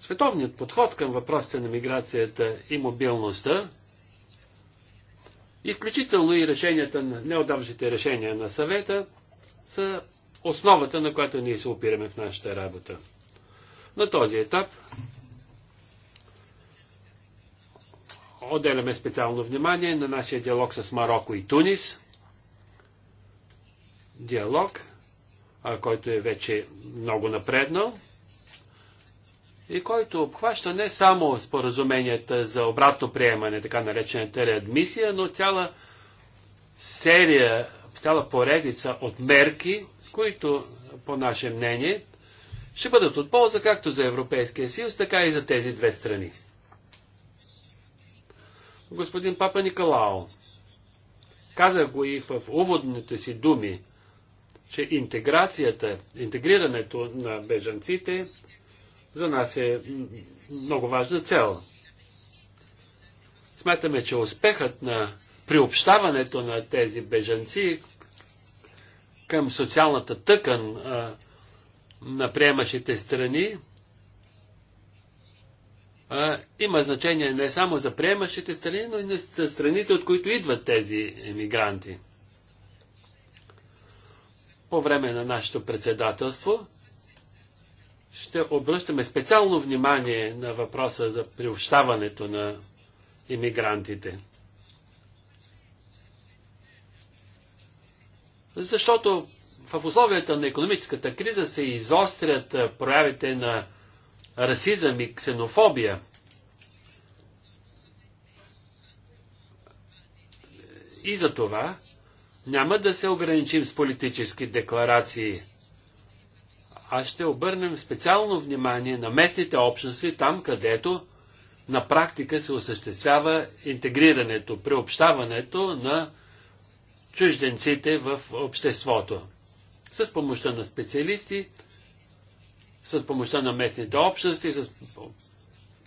Световният подход към въпросите на миграцията и мобилността и включително и решенията на решения на съвета са основата, на която ние се опираме в нашата работа. На този етап отделяме специално внимание на нашия диалог с Марокко и Тунис. Диалог, който е вече много напреднал и който обхваща не само споразуменията за обратно приемане, така наречената реадмисия, но цяла серия цяла поредица от мерки, които, по наше мнение, ще бъдат от полза както за Европейския съюз, така и за тези две страни. Господин Папа Николао, казах го и в уводните си думи, че интеграцията, интегрирането на бежанците за нас е много важна цел. Смятаме, че успехът на приобщаването на тези бежанци към социалната тъкан а, на приемащите страни а, има значение не само за приемащите страни, но и за страните, от които идват тези емигранти. По време на нашето председателство ще обръщаме специално внимание на въпроса за приобщаването на иммигрантите. Защото в условията на економическата криза се изострят проявите на расизъм и ксенофобия. И за това няма да се ограничим с политически декларации, а ще обърнем специално внимание на местните общности там, където на практика се осъществява интегрирането, приобщаването на чужденците в обществото. С помощта на специалисти, с помощта на местните общности, с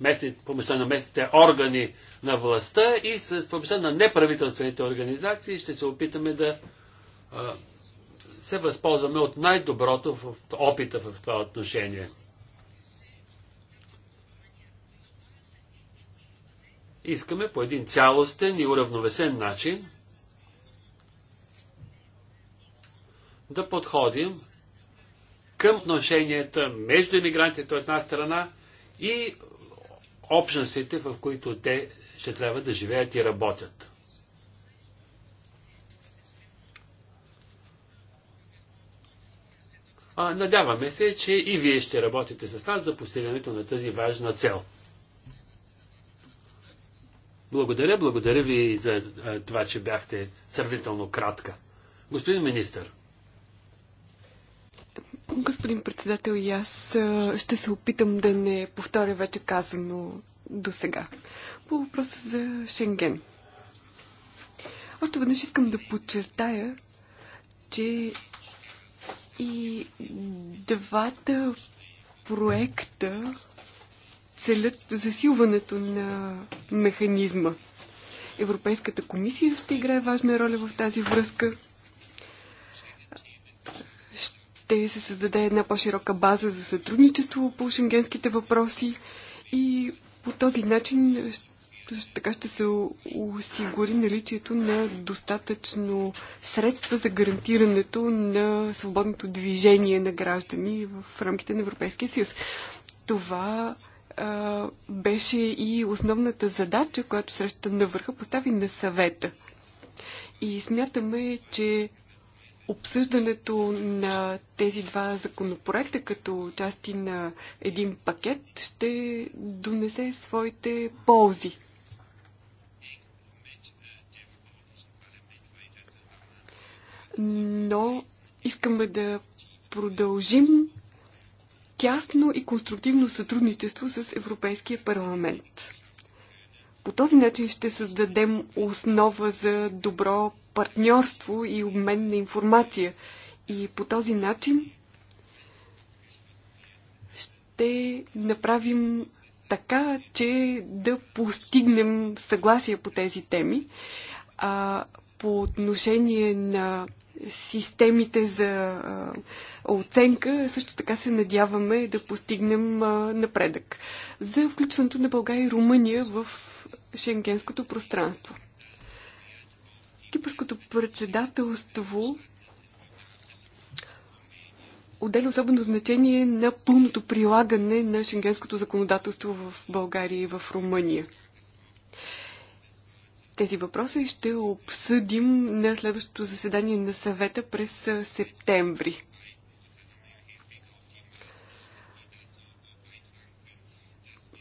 местни, помощта на местните органи на властта и с помощта на неправителствените организации ще се опитаме да а, се възползваме от най-доброто в, опита в това отношение. Искаме по един цялостен и уравновесен начин да подходим към отношенията между иммигрантите от една страна и общностите, в които те ще трябва да живеят и работят. А, надяваме се, че и вие ще работите с нас за постигането на тази важна цел. Благодаря, благодаря ви за това, че бяхте сравнително кратка. Господин министър, Господин председател, и аз ще се опитам да не повторя вече казано до сега. По въпроса за Шенген. Още веднъж искам да подчертая, че и двата проекта целят засилването на механизма. Европейската комисия ще играе важна роля в тази връзка. Ще се създаде една по-широка база за сътрудничество по шенгенските въпроси и по този начин така ще се осигури наличието на достатъчно средства за гарантирането на свободното движение на граждани в рамките на Европейския съюз. Това а, беше и основната задача, която среща на върха постави на съвета. И смятаме, че обсъждането на тези два законопроекта като части на един пакет ще донесе своите ползи. Но искаме да продължим тясно и конструктивно сътрудничество с Европейския парламент. По този начин ще създадем основа за добро партньорство и обмен на информация. И по този начин ще направим така, че да постигнем съгласие по тези теми. А, по отношение на системите за а, оценка, също така се надяваме да постигнем а, напредък за включването на България и Румъния в шенгенското пространство. Кипърското председателство отделя особено значение на пълното прилагане на шенгенското законодателство в България и в Румъния. Тези въпроси ще обсъдим на следващото заседание на съвета през септември.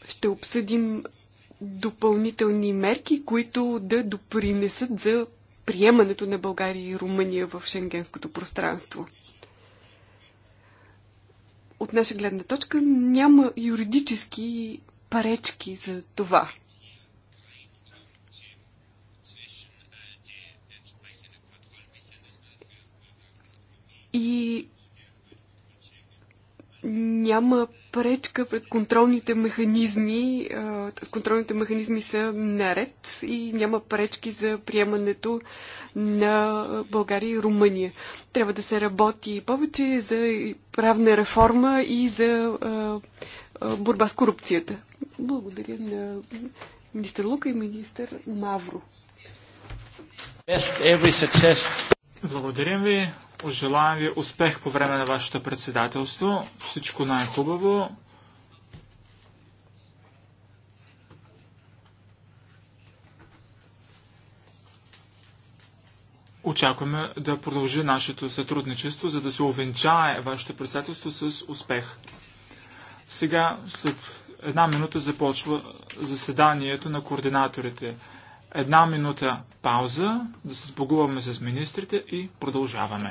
Ще обсъдим допълнителни мерки, които да допринесат за приемането на България и Румъния в шенгенското пространство. От наша гледна точка няма юридически паречки за това. И няма пречка пред контролните механизми. Контролните механизми са наред и няма пречки за приемането на България и Румъния. Трябва да се работи повече за правна реформа и за борба с корупцията. Благодаря на министър Лука и министър Мавро. Благодарим ви. Пожелавам ви успех по време на вашето председателство. Всичко най-хубаво. Очакваме да продължи нашето сътрудничество, за да се увенчае вашето председателство с успех. Сега, след една минута, започва заседанието на координаторите. Една минута пауза, да се сбогуваме с министрите и продължаваме.